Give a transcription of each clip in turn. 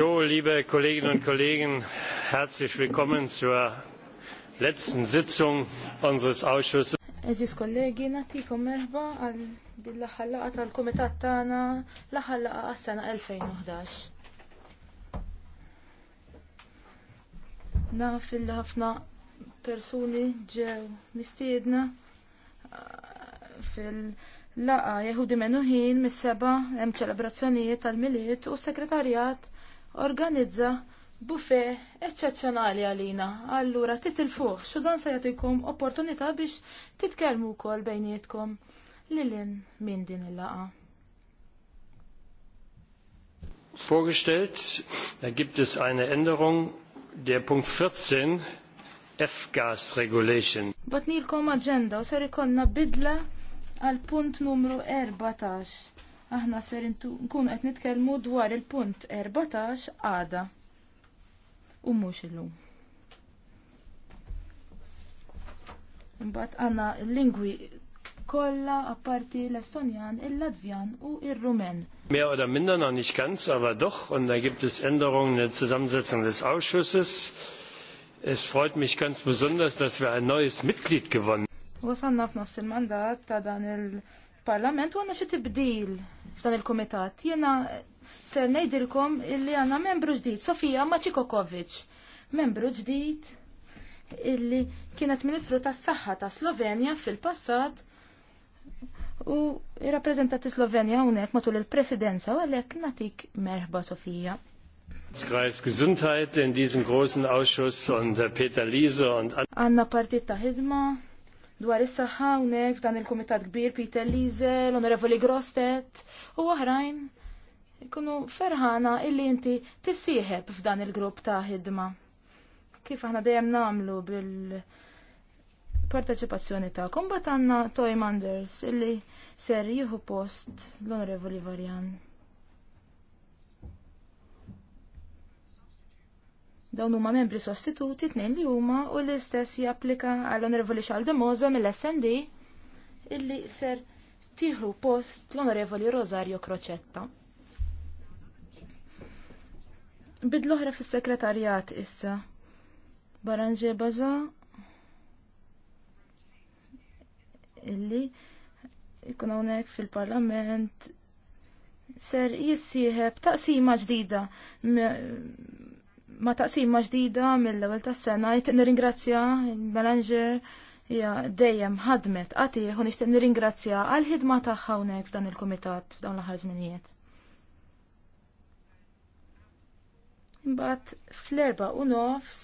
So, liebe Kolleginnen und Kollegen, herzlich willkommen zur letzten Sitzung unseres Ausschusses. Eżis kollegi, natikom merħba għal din l-aħħar tal-Kumitat tagħna l-aħħar laqgħa għas-sena 2011. Naf li ħafna persuni ġew mistiedna uh, fil-laqgħa jeħudi menu ħin mis-seba' hemm ċelebrazzjonijiet tal-miliet u s-sekretarjat organizza buffet eċċezzjonali għalina. Allura titilfuħ, xudan se jagħtikom opportunità biex titkellmu wkoll bejnietkom lilin minn din il-laqa. Vorgestellt, da gibt es eine Änderung der Punkt 14 F-Gas Regulation. Batnilkom agenda u ser ikonna bidla għal punt numru 14 Aħna ser nkun qed nitkellmu dwar il-punt 14 għada u mhux illum. Imbagħad għandna l-lingwi kollha apparti l-Estonjan, il-Latvjan u ir-Rumen. Mehr oder minder noch nicht ganz, aber doch. Und da gibt es Änderungen in der Zusammensetzung des Ausschusses. Es freut mich ganz besonders, dass wir ein neues Mitglied gewonnen haben. Wasanna f'nofs il-mandat ta' dan fil-parlament u għanna xie tibdil f'dan il-komitat. Jena ser nejdilkom illi għanna membru ġdijt. Sofija Maċikokovic, membru ġdijt illi kienet ministru ta' s-saxħa ta' Slovenja fil-passat u rappresentati Slovenja unek matul il-presidenza u għalek natik merħba Sofija. Kreis Gesundheit in diesem großen Ausschuss und äh, Peter Liese und Anna Partita Hidma dwar is-saħħa hawnhekk f'dan il-kumitat kbir Peter Liesel, Onorevoli Grostet u oħrajn ikunu ferħana illi inti tissieħeb f'dan il-grupp ta' ħidma. Kif aħna dejjem namlu bil-parteċipazzjoni ta' kombatanna Toy Manders illi ser jieħu post l-Onorevoli Varjan. Dawn huma membri sostituti tnejn li huma u l-istess japplika għall onorevoli Moza mill-SND illi ser tieħu post l-onorevoli Rosario Croċetta. Bidlu oħra fis-sekretarjat issa. Baranġe Baza illi ikun hawnhekk fil-Parlament ser jissieħeb taqsima ġdida ma taqsima ġdida mill-ewwel tas-sena jtieq nirringrazzja il-manager hija dejjem ħadmet qatih u nixtieq nirringrazzja għal ħidma tagħha hawnhekk f'dan il-kumitat f'dawn l-aħħar żminijiet. Imbagħad fl-erba' u nofs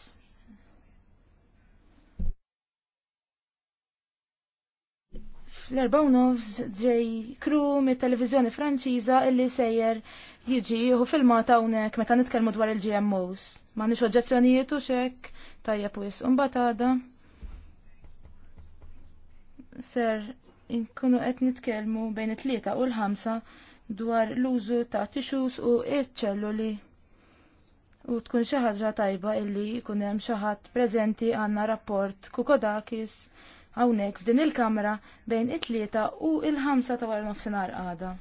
fl-erba' u nofs ġej kru mit-televiżjoni Franċiża illi sejjer jiġi jieħu filmata hawnhekk meta nitkellmu dwar il-GMOs. M'għandniex oġġezzjonijiet u xek, tajjeb u jisqum batada. Ser, inkunu qed nitkellmu bejn it-tlieta u l-ħamsa dwar l-użu ta' tixus u iċ-ċelluli. U tkun xi ħaġa tajba illi jkun hemm xi ħadd preżenti għandna rapport Kukodakis hawnhekk f'din il-kamra bejn it-tlieta u l-ħamsa ta' wara nofsinhar għada.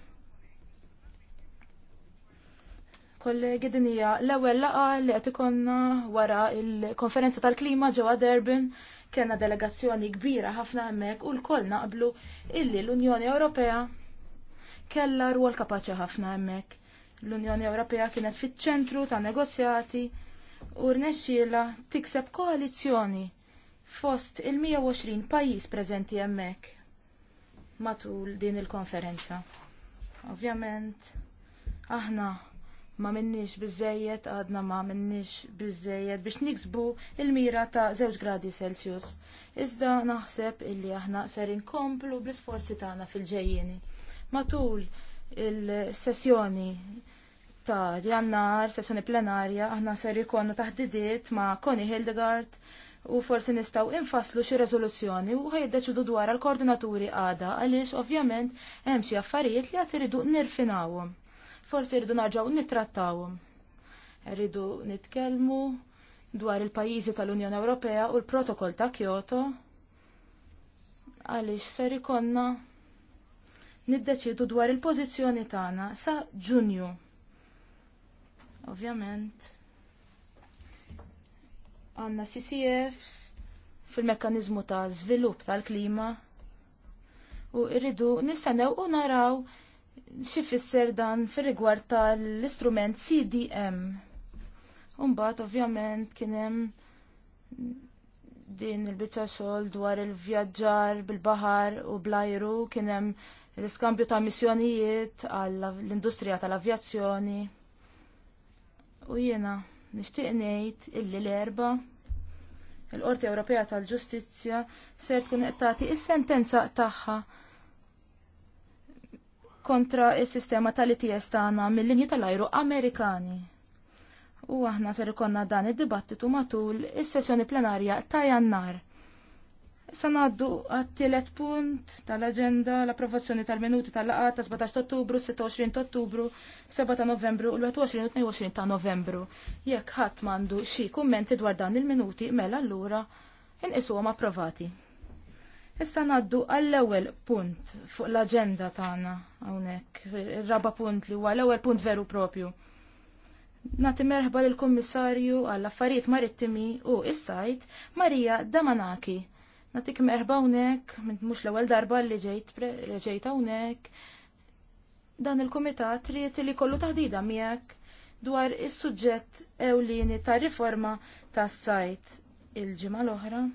kollegi din hija l-ewwel laqgħa li qed ikonna wara il-konferenza tal-klima ġewwa Derbin, kellna delegazzjoni kbira ħafna hemmhekk u lkoll naqblu illi l-Unjoni Ewropea kellha rwol kapaċi ħafna hemmhekk. L-Unjoni Ewropea kienet fiċ-ċentru ta' negozjati u rnexxiela tikseb koalizzjoni fost il-120 pajjiż preżenti hemmhekk matul din il-konferenza. Ovvjament, aħna ma minnix bizzejiet, għadna ma minnix bizzejiet biex niksbu il-mira ta' 2 gradi Celsius. Iżda naħseb illi aħna ser inkomplu bl-isforzi tagħna fil-ġejjieni. Matul il-sessjoni ta' jannar, sessjoni plenarja, aħna ser ikonna taħdidiet ma' Connie Hildegard u forsi nistaw infaslu xi rezoluzzjoni u ħajdeċidu dwar għal koordinaturi għada għaliex ovvjament hemm xi affarijiet li għatiridu iridu nirfinawhom forsi rridu naġaw nittrattawhom. Rridu nitkellmu dwar il-pajjiżi tal-Unjoni Ewropea u l-protokoll ta' Kyoto għaliex ser ikonna niddeċidu dwar il-pożizzjoni tagħna sa Ġunju. Ovvjament għandna CCFs fil-mekkanizmu ta' żvilupp tal-klima u rridu nistennew u naraw xifisser dan fir rigward tal-istrument CDM. Umbat, ovvjament, kienem din il-bicċa xol dwar il-vjaġġar bil-bahar u bl-ajru, kien kienem l-iskambju ta' missjonijiet għall-industrija tal-avjazzjoni. U jena, nishtiq ngħid illi l-erba il-Qorti Ewropea tal-Ġustizzja ser tkun qed tagħti is-sentenza tagħha kontra il sistema tal-ITS tagħna mill-linji tal-ajru Amerikani. U aħna ser ikonna dan id-dibattitu matul is-sessjoni plenarja ta' Jannar. Sa ngħaddu għat-tielet punt tal-aġenda l-approvazzjoni tal-minuti tal-laqgħa ta' 17 Ottubru, 26 Ottubru, 7 ta' Novembru u l-21 u ta' Novembru. Jekk ħadd m'għandu xi kummenti dwar dan il-minuti mela allura inqisuhom approvati. Issa naddu għall-ewwel punt fuq l-aġenda tagħna hawnhekk, ir-raba punt li huwa l-ewwel punt veru propju. Nati merħba lill kummissarju għall-affarijiet marittimi u is-sajt Marija Damanaki. Natik merħba hawnhekk, minn mhux l-ewwel darba li ġejt ġejt hawnhekk. Dan il-kumitat trid li kollu taħdida miegħek dwar is-suġġett ewlieni tar-riforma tas-sajt il-ġimgħa l-oħra.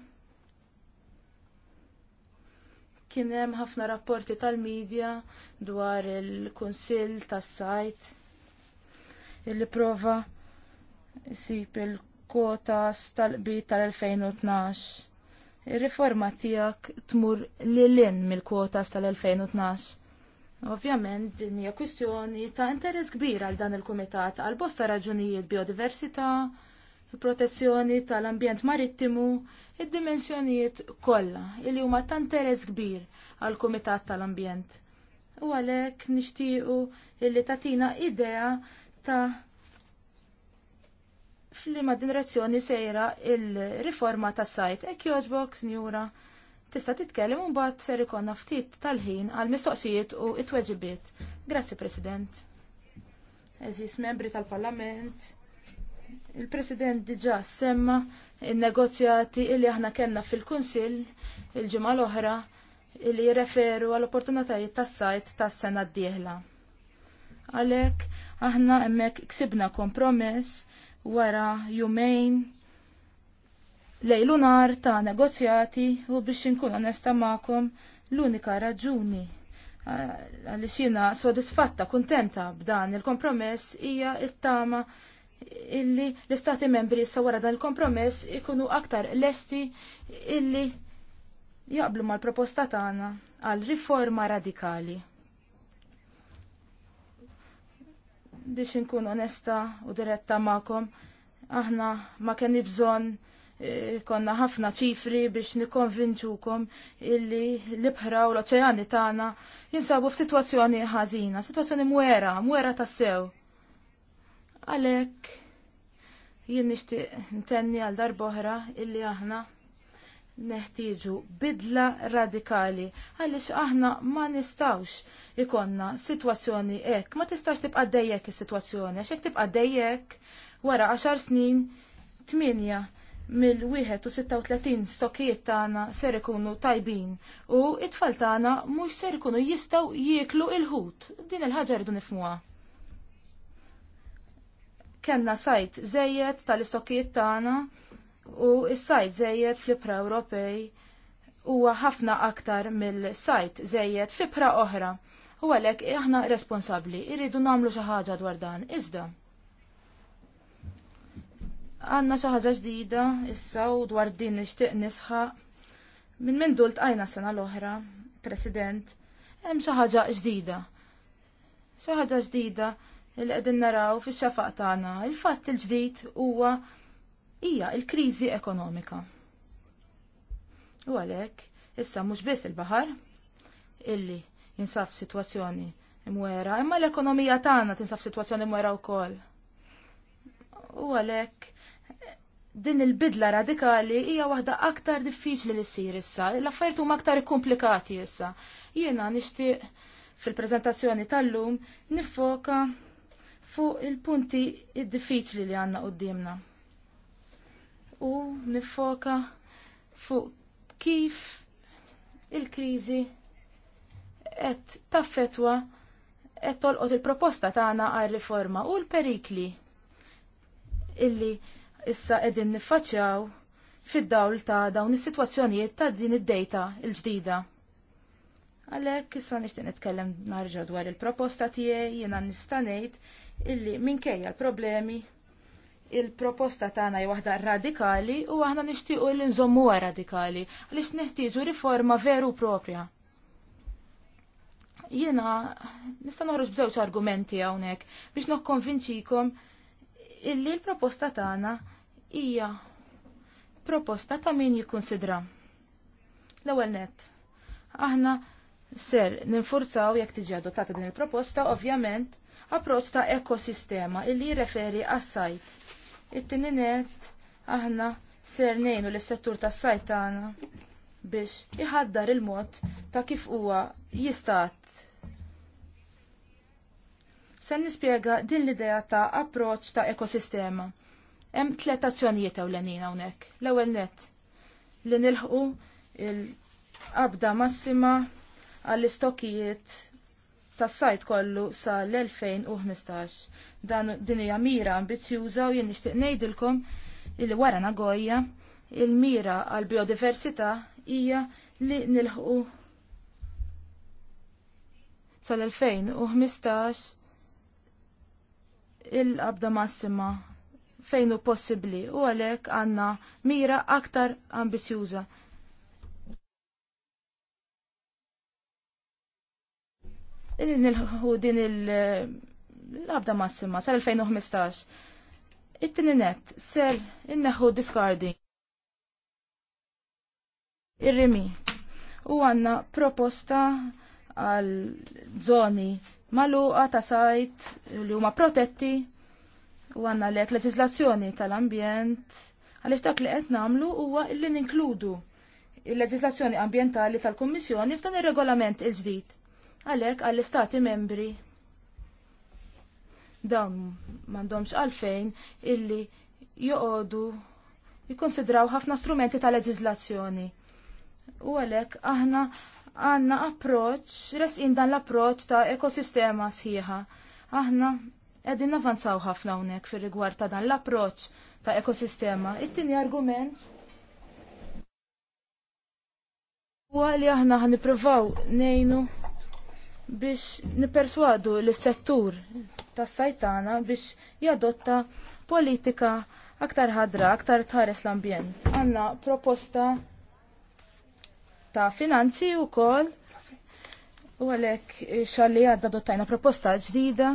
Kien hemm ħafna rapporti tal-medja dwar il-Kunsill tas-sajt illi prova sip il-kotas tal-qbit tal-2012. Ir-riforma tiegħek tmur lilin mill-kotas tal-2012. Ovvjament, din hija kwistjoni ta' interess kbir għal dan il-Kumitat għal bosta raġunijiet biodiversità, protezzjoni tal-ambjent marittimu, id-dimensjonijiet kollha li huma ta' interess kbir għal kumitat tal-ambjent. U għalhekk nixtiequ li tatina idea ta' f'liema direzzjoni sejra il-riforma tas sajt hekk jogħġbok, sinjura, tista' titkellem u mbagħad ser ikonna ftit tal-ħin għall mistoqsijiet u t tweġibiet Grazzi, President. Eżis membri tal-Parlament. Il-President diġà semma il-negozjati illi aħna kellna fil-Kunsill il-ġimgħa l-oħra illi jirreferu għall opportunitajiet tas-sajt tas-sena d-dieħla. Għalhekk aħna hemmhekk ksibna kompromess wara jumejn lejlunar ta' negozjati u biex inkun onesta magħkom l-unika raġuni għaliex jina sodisfatta, kontenta b'dan il-kompromess hija it-tama il illi l-istati membri issa wara dan il-kompromess ikunu aktar lesti illi jaqblu mal-proposta tagħna għal riforma radikali. Biex inkun onesta u diretta magħkom, aħna ma kien bżonn eh, konna ħafna ċifri biex nikonvinċukom illi l-ibħra u l-oċeani tagħna jinsabu f'sitwazzjoni ħażina, sitwazzjoni mwera, mwera tas sew Għalek, jien nixtieq ntenni għal darboħra illi aħna neħtieġu bidla radikali għaliex aħna ma nistawx ikonna sitwazzjoni hekk, ma tistax tibqa' dejjek is-sitwazzjoni għax hekk tibqa' dejjek wara 10 snin 8 mill-136 stokkijiet tagħna ser ikunu tajbin u it-tfal tagħna mhux ser ikunu jistgħu jieklu il-ħut. Din il-ħaġa rridu nifmuha kellna sajt żejjed tal-istokkijiet tagħna u s-sajt żejjed fl-ipra Ewropej huwa ħafna aktar mill-sajt żejjed ipra oħra. U għalhekk aħna responsabbli, irridu nagħmlu xi ħaġa dwar dan iżda. Għanna xi ħaġa ġdida issa u dwar din nixtieq nisħa, minn minn dult għajna sena l-oħra, president, hemm xi ħaġa ġdida. Xi ħaġa ġdida li qegħdin naraw fix-xafaq tagħna. Il-fatt il-ġdid huwa hija l-kriżi ekonomika. U għalhekk issa mhux biss il-baħar illi jinsaf sitwazzjoni imwera, imma l-ekonomija tagħna tinsaf sitwazzjoni imwera wkoll. U għalhekk din il-bidla radikali hija waħda aktar diffiċli li ssir issa, l-affarijiet huma aktar komplikati issa. Jiena nixtieq fil-preżentazzjoni tal-lum nifoka fuq il-punti id-diffiċli li għanna qoddimna. U nifoka fuq kif il-krizi qed taffetwa qed tolqot il-proposta tagħna għal riforma u l-perikli illi issa qegħdin niffaċċjaw fid-dawl ta' dawn is-sitwazzjonijiet ta' din id-dejta l-ġdida. Għalhekk issa nixtieq nitkellem narġa' dwar il-proposta tiegħi jiena nista' ngħid illi minkejja l-problemi il-proposta tagħna hi waħda radikali u aħna nixtiequ li nżommuha radikali għaliex neħtieġu riforma veru propja. Jiena nista' noħroġ b'żewġ argumenti hawnhekk biex nokkonvinċikom illi l-proposta tagħna hija proposta ta' min jikkunsidra. L-ewwel nett. Aħna ser ninfurzaw jekk tiġi adottata din il-proposta, ovvjament approċċ ta' ekosistema illi jirreferi għas-sajt. It-tininet aħna ser nejnu l-settur tas sajt tagħna biex iħaddar il-mod ta' kif huwa jistat. Se nispjega din l-idea ta' approċċ ta' ekosistema. Hemm tliet azzjonijiet ewlenin hawnhekk. L-ewwel nett li nilħu il qabda massima għall-istokijiet tas-sajt kollu sal-2015. Dan din hija mira ambizjuża u jien nixtieq ngħidilkom li wara nagoja il-mira għal biodiversità hija li nilħqu sal-2015 il-qabda massima fejn hu possibbli u għalhekk għandna mira aktar ambizjuża nilħu din il-labda massima sal-2015. It-tini net, ser inneħu discardi. Ir-rimi. U għanna proposta għal zoni maluqa ta' sajt li huma protetti u għanna lek leġizlazzjoni tal-ambjent għaliex dak li qed nagħmlu huwa li ninkludu il-leġizlazzjoni ambjentali tal-Kummissjoni f'dan ir-regolament il-ġdid. Għalhekk għall-istati membri dawn m'għandhomx għalfejn illi joqogħdu jikkonsidraw ħafna strumenti ta' leġiżlazzjoni. U għalhekk aħna għandna approċċ resqin dan l-approċċ ta' ekosistema sħiħa. Aħna qegħdin navanzaw ħafna hawnhekk fir-rigward ta' dan l-approċċ ta' ekosistema. It-tieni argument huwa li aħna ħanipruvaw nejnu biex niperswadu l-settur tas sajtana biex jadotta politika aktar ħadra, aktar tħares l-ambjent. Għanna proposta ta' finanzi u kol u għalek eh, xalli għadda dottajna proposta ġdida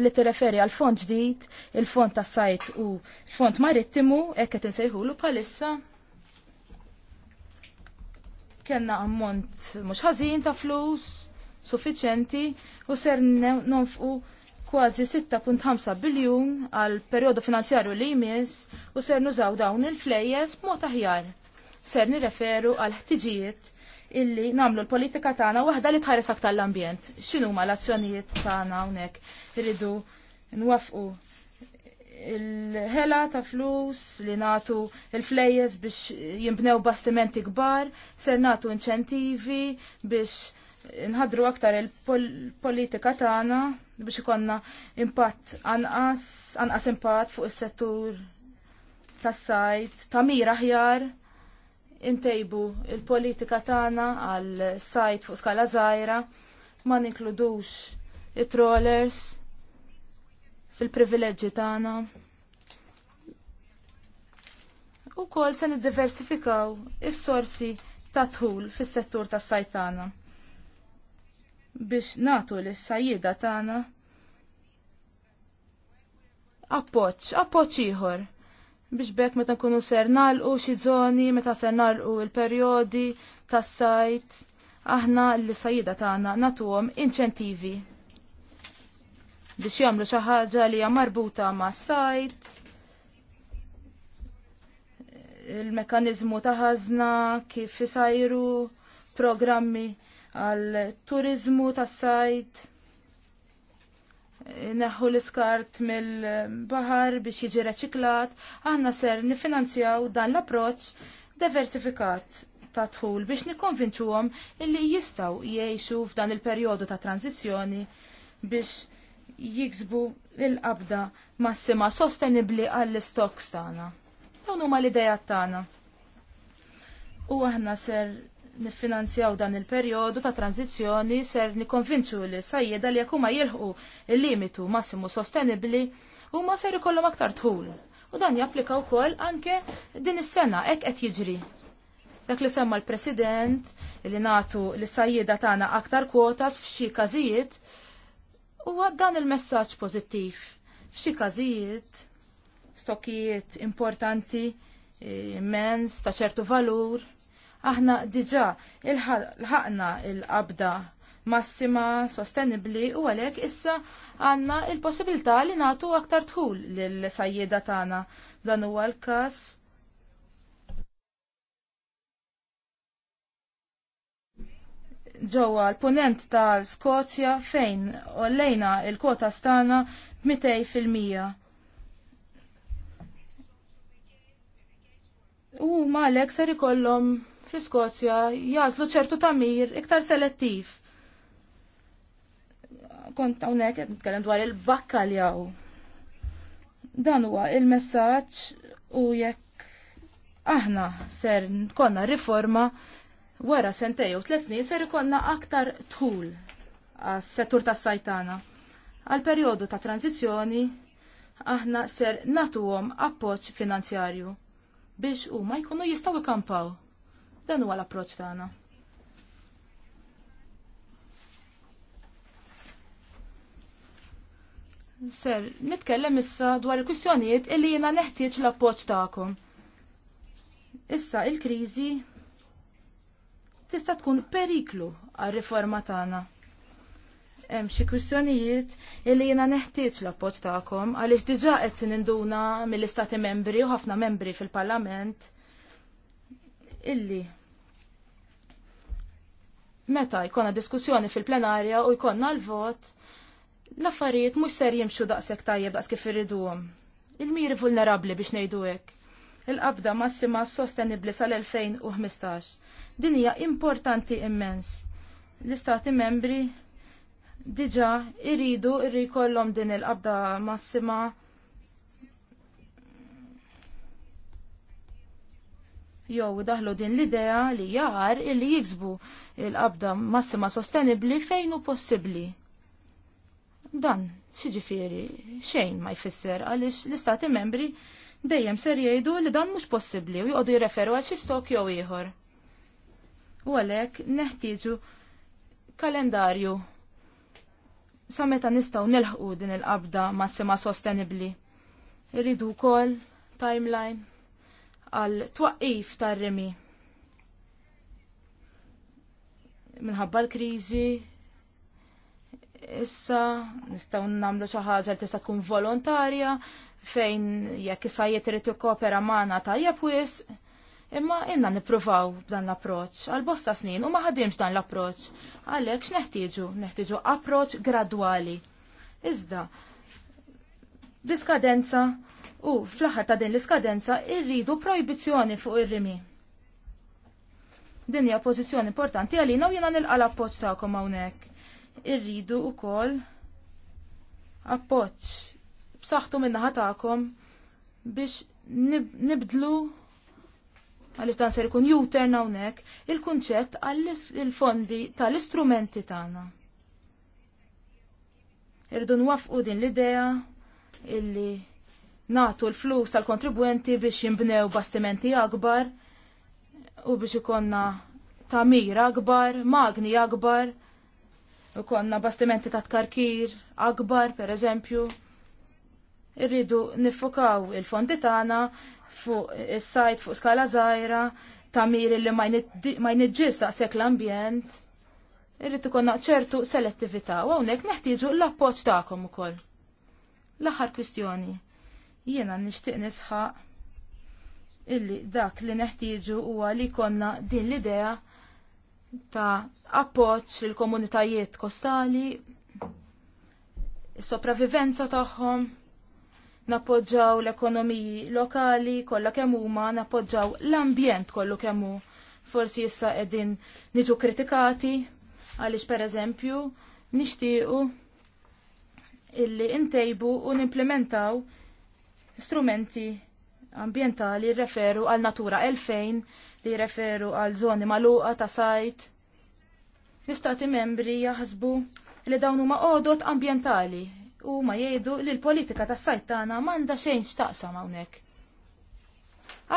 li t-referi għal fond ġdid, il-fond ta' sajt u il-fond marittimu, ekket nsejħulu palissa. Kenna ammont mux ta' flus, suffiċenti u ser nonfqu kważi 6.5 biljun għal perjodu finanzjarju li jmiss u ser nużaw dawn il-flejjes b'mod aħjar. Ser nirreferu għal ħtiġijiet illi namlu l-politika tagħna waħda li tħares aktar l-ambjent. X'inhu ma l-azzjonijiet tagħna hawnhekk iridu nwafqu il-ħela ta' flus li natu il-flejjes biex jimbnew bastimenti kbar, ser natu inċentivi biex nħadru aktar il-politika tagħna biex ikonna impatt anqas, anqas impatt fuq is-settur tas-sajt, ta' mira aħjar intejbu il-politika tagħna għal sajt fuq skala żgħira, ma ninkludux it-trollers fil-privileġġi tagħna. U kol se niddiversifikaw is-sorsi ta' tħul fis-settur tas-sajt tagħna biex natu l sajjida tagħna appoġġ, appoġġ ieħor biex bekk meta nkunu ser nalqu xi żoni meta ser nalqu l-perjodi tas-sajt aħna l sajjida tagħna natuhom inċentivi biex jagħmlu xi ħaġa li hija marbuta mas-sajt il-mekanizmu ta' ħażna kif isajru programmi għal turizmu tas-sajt, neħu l-iskart mill-bahar biex jiġi reċiklat, għanna ser nifinanzjaw dan l-approċ diversifikat ta' tħul biex għom illi jistaw jgħixu f'dan il-perjodu ta' tranzizjoni biex jiksbu il-qabda massima sostenibli għall-istoks tagħna. Dawn huma l-idejat tagħna. U aħna ser niffinanzjaw dan il-perjodu ta' tranzizjoni ser nikonvinċu li sajjeda li jekk huma jilħu il-limitu massimu sostenibbli huma ser ikollhom aktar tħul. U dan japplika wkoll anke din is-sena hekk qed jiġri. Dak li semma l-President li natu li sajjeda tagħna aktar kwotas f'xi każijiet huwa dan il-messaġġ pożittiv. F'xi każijiet stokkijiet importanti eh, immens ta' ċertu valur Aħna diġa il-ħakna il-qabda massima sostenibli u għalek issa għanna il-possibilità li natu aktar tħul l-sajjeda tagħna. Dan huwa l-każ ġowa l-punent tal-Skozja fejn ollejna il-kota stana fil-mija. U malek ser ikollhom fl-Iskozja jażlu ċertu tamir iktar selettiv. Kont hawnhekk qed nitkellem dwar il-bakkaljaw. Dan huwa il-messaġġ u jekk aħna ser konna riforma wara sentej u tliet snin ser ikonna aktar tħul għas-settur tas-sajtana. Għal perjodu ta' tranzizjoni aħna ser natuhom appoġġ finanzjarju biex huma jkunu jistgħu ikampaw. Dan huwa l-approċċ tagħna. Ser, nitkellem issa dwar il-kwistjonijiet illi jiena neħtieġ l-appoġġ tagħkom. Issa il-kriżi tista' tkun periklu għar-riforma tagħna. Hemm xi kwistjonijiet illi jiena neħtieġ l-appoġġ tagħkom għaliex diġà qed ninduna mill-Istati Membri u ħafna membri fil-Parlament illi meta jkonna diskussjoni fil-plenarja u jkonna l-vot, l-affarijiet mhux ser jimxu daqshekk tajjeb daqs kif irriduhom. Il-miri vulnerabbli biex ngħidu hekk. Il-qabda massima sostenibbli sal-2015. Din hija importanti immens. L-istati membri diġa irridu irri kollom din il-qabda massima jew daħlu din l-idea li jar illi jiksbu il-qabda massima sostenibli fejn hu possibbli. Dan, xiġifieri, xejn ma jfisser għaliex l-istati membri dejjem ser jgħidu li dan mhux possibbli u jqogħdu jirreferu għal xi stok jew ieħor. U għalhekk neħtieġu kalendarju sa meta nistgħu nilħqu din il-qabda massima sostenibbli. Irridu wkoll timeline għal twaqif tar-rimi. Minħabba l-kriżi issa nistgħu nagħmlu xi ħaġa li tista' tkun volontarja fejn jekk issa irid ikkopera magħna tajjeb wis, imma inna nippruvaw b'dan l-approċċ għal bosta snin u ma ħadimx dan l-approċċ. Għalhekk x'neħtieġu? Neħtieġu approċċ gradwali. Iżda, biskadenza u fl-aħħar ta' din l-iskadenza irridu projbizzjoni fuq ir-rimi. Din hija pożizzjoni importanti għalina u jiena nilqa' l-appoġġ tagħkom hawnhekk. Irridu wkoll appoġġ b'saħħtu min-naħa tagħkom biex nibdlu għaliex dan ser ikun jutern hawnhekk il-kunċett għall-fondi tal-istrumenti tagħna. Irridu nwaffqu din l-idea illi natu l-flus tal-kontribwenti biex jimbnew bastimenti akbar u biex ikonna tamir akbar, magni akbar, u konna bastimenti ta' tkarkir akbar, per eżempju. Irridu nifukaw il-fondi tagħna fuq is-sajt fuq skala żgħira, tamir li ma jniġġis daqshekk l-ambjent. Irrid konna ċertu selettività u hawnhekk neħtieġu l-appoġġ tagħkom ukoll. L-aħħar kwistjoni Jiena nixtieq nisħaq illi dak li neħtieġu huwa li konna din l-idea ta' appoġġ lill komunitajiet kostali, is-sopravivenza tagħhom, nappoġġaw l-ekonomiji lokali kollha kemm huma, nappoġġaw l-ambjent kollu kemm hu. Forsi issa qegħdin niġu kritikati għaliex pereżempju nixtiequ illi ntejbu u nimplementaw strumenti ambientali referu għal natura 2000 li referu għal zoni maluqa ta' sajt. L-istati membri jaħsbu li dawn huma odot ambientali u ma jgħidu li l-politika tas sajt tagħna m'għandha xejn x'taqsam hawnhekk.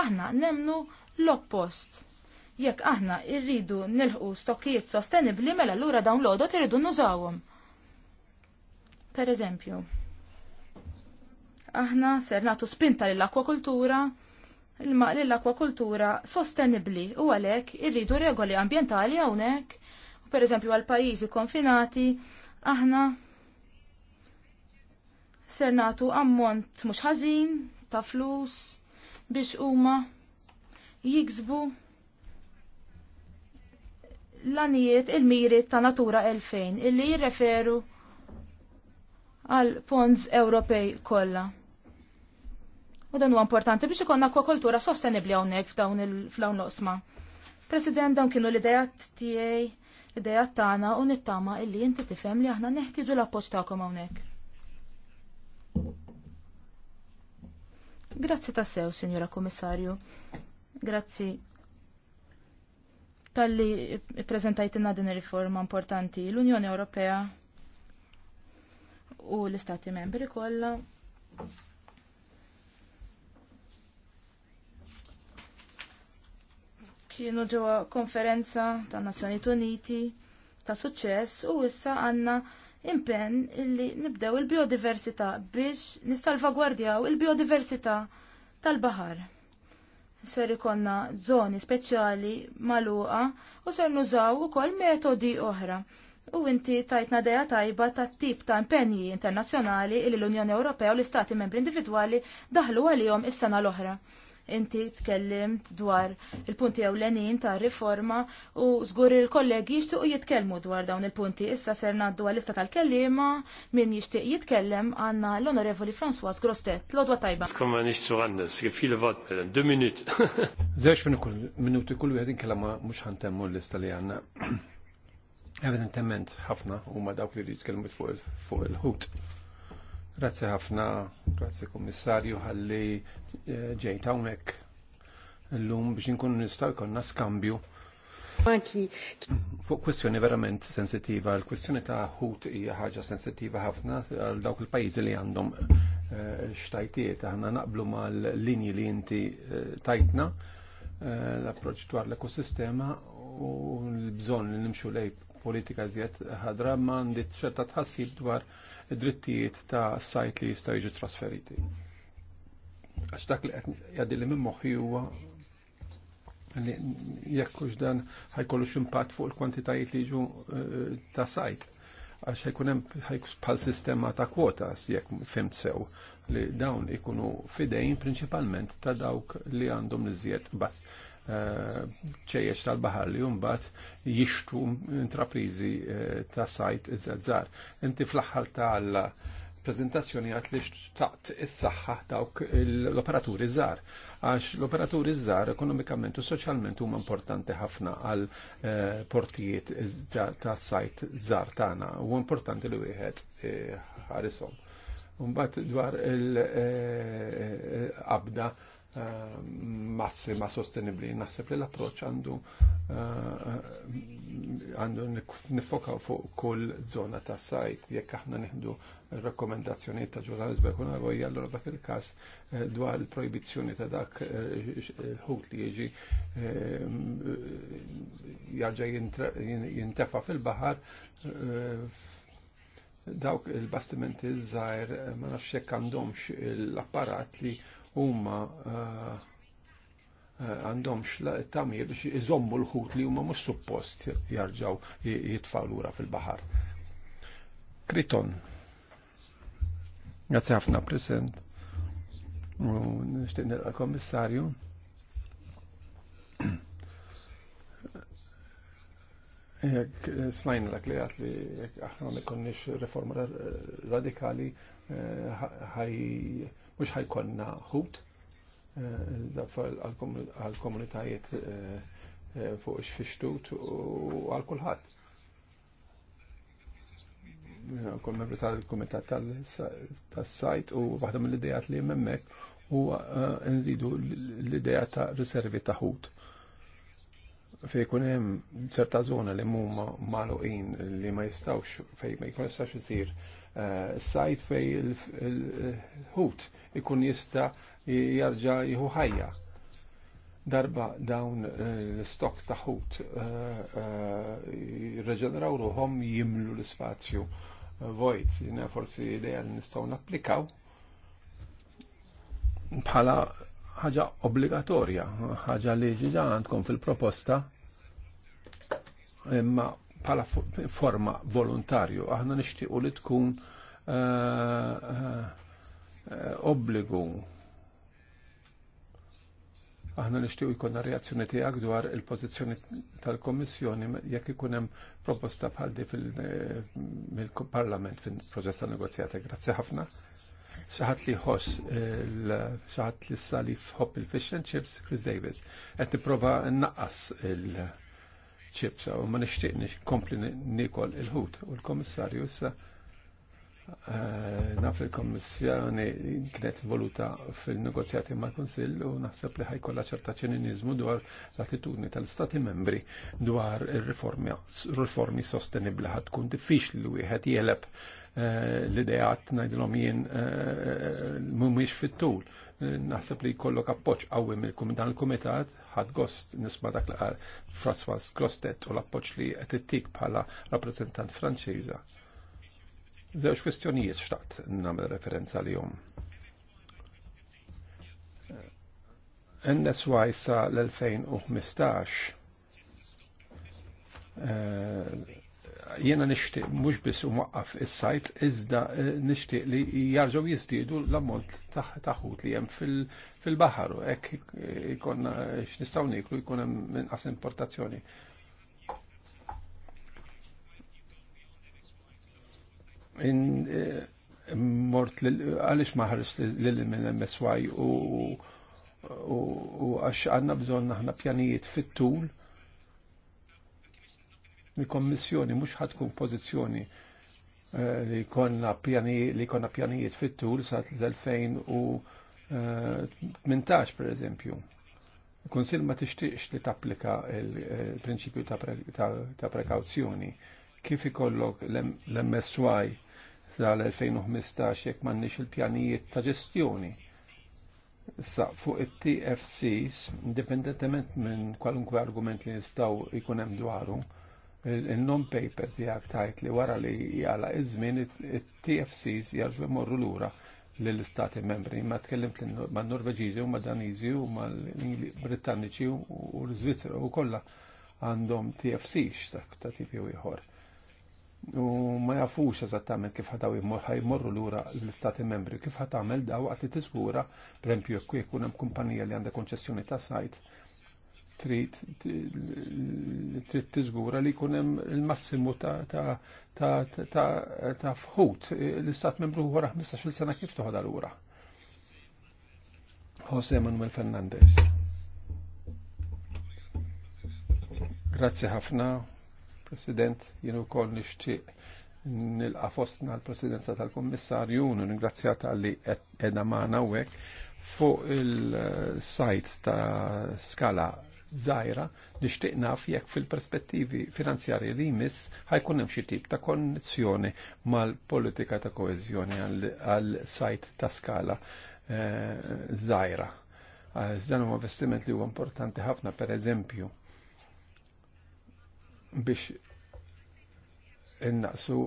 Aħna nemnu l-oppost. Jekk aħna irridu nilħu stokkijiet sostenibli mela l-ura dawn l-għodot irridu nużawhom. Per eżempju, aħna ser nagħtu spinta lill-akwakultura ilma lill-akwakultura sostenibbli u għalhekk irridu regoli ambjentali hawnhekk u pereżempju għal pajjiżi konfinati aħna ser nagħtu ammont mhux ħażin ta' flus biex huma jiksbu l-anijiet il-miri ta' natura 2000 illi jirreferu għal ponds Ewropej kollha. U dan huwa importanti biex ikonna kultura sostenibbli hawnhekk f'dawn il-flawn l-osma. President dawn kienu l-idejat tiegħi, l-idejat tagħna u nittama illi inti tifhem li aħna neħtieġu l-appoġġ tagħkom hawnhekk. Grazzi tassew, Sinjora Komissarju. Grazzi tal-li prezentajtina din il-riforma importanti. L-Unjoni Ewropea u l-istati membri kollha kienu ġewwa konferenza ta' Nazzjonijiet Uniti ta' suċċess u issa għandna impenn illi nibdew il-biodiversità biex nissalvagwardjaw il-biodiversità tal-baħar. Ser ikonna żoni speċjali magħluqa u ser nużaw ukoll metodi oħra U inti tajtna deja tajba ta' tip ta' impenji internazzjonali li l-Unjoni Ewropea u l-Istati membri individwali daħlu għalihom is-sena l-oħra. Inti tkellimt dwar il-punti ewlenin ta' riforma u żgur il-kollegi jixtiequ jitkellmu dwar dawn il-punti. Issa ser ngħaddu għal-lista tal-kellima min jixtieq jitkellem għandna l-Onorevoli François Grostet. Lodwa tajba. Skomma nix għannes, fil vot belen, du minut. Zex minuti kull wieħed inkellem mhux ħantemmu l-lista li għandna. Evidentement, ħafna huma dawk li jitkellmu fuq il-ħut. Grazzi ħafna, grazzi kummissarju ħalli eh, ġejt hawnhekk l-lum biex nkun nistaw jkollna skambju. Fuq kwestjoni verament sensitiva, l-kwestjoni ta' ħut hija ħaġa sensitiva ħafna għal dawk il-pajjiżi li għandhom eh, xtajtiet, aħna naqblu mal-linji li inti eh, tajtna l-approċ dwar l-ekosistema u l-bżonn li nimxu lej politika zjed ħadra għandi ċerta tħassib dwar drittijiet ta' sajt li jista' jiġu trasferiti. Għax dak li għaddi li minn moħi huwa li jekkux dan ħajkollu ximpat fuq il-kwantitajiet li jiġu eh, ta' sajt. Għax hemm bħal sistema ta' kwotas jekk fimt sew li dawn ikunu fidejn prinċipalment ta' dawk li għandhom li bass Eh, ċejjeċ tal-bahar li jumbat jishtu intraprizi eh, ta' sajt iż-żazzar. Inti fl-axħar ta' għalla prezentazzjoni għat li xtaqt is-saħħa dawk l-operaturi żgħar. Għax l-operaturi żgħar ekonomikament u soċjalment huma importanti ħafna għal eh, portijiet ta' sajt żar tagħna u importanti li wieħed ħarisom. Mbagħad dwar il-qabda Eh, massima sostenibli. Naħseb li l-approċ għandu eh, għandu nifoka fuq kull zona ta' sajt jekk aħna nieħdu rekomendazzjoni ta' ġurnalist kun għagħu allora dak il-kas eh, dwar il projbizzjoni ta' dak il-ħut li jieġi jarġa jintefa fil-bahar dawk il-bastimenti żgħar ma nafx jekk għandhomx l-apparat li huma eh, eh, għandhomx tamir biex iżommu l-ħut li huma mhux suppost jarġaw jitfalura lura fil-baħar. Kriton. Grazzi ħafna present. Nixtieq nilqa' kommissarju. Jek, eh, smajna l-ak li għat li aħna ma konniex reforma radikali ħaj mux ħajkonna ħut eh, eh, għal-komunitajiet eh, fuq x-fishtut u għal-kulħadd. Kol membru tal-Kumitat tal-Sajt u waħda mill-idejat li jemmemmek u nżidu l-ideja ta' riservi ta' ħut. Fej kun hemm ċerta zona li huma magħluqin li ma jistawx fej ma jkun jistax isir sajt fej il-ħut ikun jista jarġa jihu ħajja darba dawn eh, l-stoks taħut eh, eh, jirreġeneraw ruħom jimlu l-spazju vojt, jina forsi ideja li nistaw napplikaw bħala ħaġa obbligatorja, ħaġa li ġiġa għandkom fil-proposta imma bħala forma volontarju, aħna nishtiqu li tkun uh, uh, Eh, obbligu aħna nixtiequ jkollna reazzjoni tiegħek dwar il-pożizzjoni tal-Kommissjoni jekk ikun hemm proposta bħaldi fil-Parlament eh, fil-proċess ta' negozjata. Grazzi ħafna. Xaħat li ħoss xaħat li sali f'hop il-fish and chips, Chris Davis. Qed nipprova nnaqqas il-chips u ma nixtieq nixkompli nikol il-ħut u l-Kommissarju issa Eh, naf il-Kommissjoni kienet voluta fil-negozjati ma' konsil u naħseb li ħajkolla ċerta ċininiżmu dwar l-attitudni tal-Stati membri dwar il-riformi sostenibli tkun diffiċli li wieħed jeleb eh, l-idejat najdilom jien eh, mumiex fit-tul. Naħseb li kollok appoċ għawim il dan il-Kumitat, ħad gost nisma dak l-għar François Grostet u l-appoċ li għetittik bħala rappresentant franċiża Zewġ kwestjonijiet xtaqt namel referenza li jom. NSY sa l-2015 eh, jena nishtiq mux bis u maqqaf il-sajt iżda eh, nishtiq li jarġaw jizdidu l-ammont taħut li jem fil baharu ek ikon eh, nistaw niklu ikon minn as importazzjoni Eh, mort għalix maħarġ l-MSY u għax għanna bżon naħna pjanijiet fit-tul il-kommissjoni mux ħatkun pozizjoni eh, li konna li konna pjanijiet fit-tul sa' 2018 per eżempju. Il-Konsil ma tixtieqx li tapplika il-prinċipju eh, ta' prekawzjoni kif ikollok l-MSY l 2015 jekk m'għandniex il-pjanijiet ta' ġestjoni. Issa fuq it-TFCs, indipendentement minn kwalunkwe argument li nistgħu jkun hemm dwaru, il-non-paper tiegħek tajt li wara li jala iż-żmien it-TFCs jarġu jmorru lura lill-istati membri. Ma tkellimt man norveġiżi u ma Daniżi u ma Brittaniċi u l-Svizzera u kollha għandhom TFCs ta' tipi ieħor u ma jafux eżattament kif ħadaw jmorru lura l-istati membri, kif ħatamel daw għat li tiżgura, per esempio, jkun hemm kumpanija li għandha konċessjoni ta' sajt, trid tiżgura li jkun hemm il-massimu ta' fħut l-istat membru wara 15-il sena kif toħodha lura. Jose Manuel Fernandez. Grazie ħafna. President, jenu kol nishtiq nilqa fostna l-presidenza tal-kommissarju unu ringrazzjata tal-li edha maħna uwek fuq il-sajt ta' skala zaħira nishtiq naf jekk fil-perspettivi finanzjarji li jmiss ħajkun hemm xi tip ta' konnezzjoni mal-politika ta' koeżjoni għal-sajt ta' skala zaħira. Eh, dan huwa investiment li huwa importanti ħafna per eżempju biex innaqsu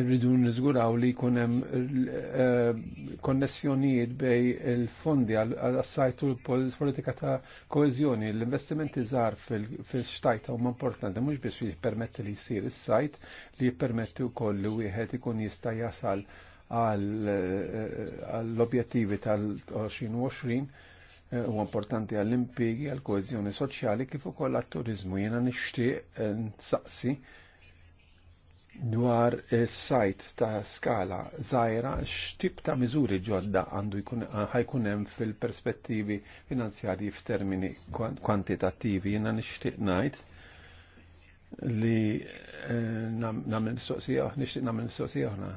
irridu nizguraw li kunem eh, konnessjonijiet bej il-fondi għal-sajtu l-politika ta' koezjoni. L-investimenti żgħar fil-xtajta huma importanti, mhux biex jippermetti li jsir is-sajt li jippermetti wkoll li wieħed ikun jista' jasal eh, għall-objettivi tal-2020 Eh, u importanti għall-impigi, għall-koezjoni soċjali kif ukoll għat-turizmu. Jiena nixtieq eh, nsaqsi dwar eh, sajt ta' skala żgħira x'tip ta' miżuri ġodda għandu ħajkun hemm fil-perspettivi finanzjarji f'termini kwantitattivi jiena nixtieq ngħid li nagħmel mistoqsija nixtieq nagħmel mistoqsija oħra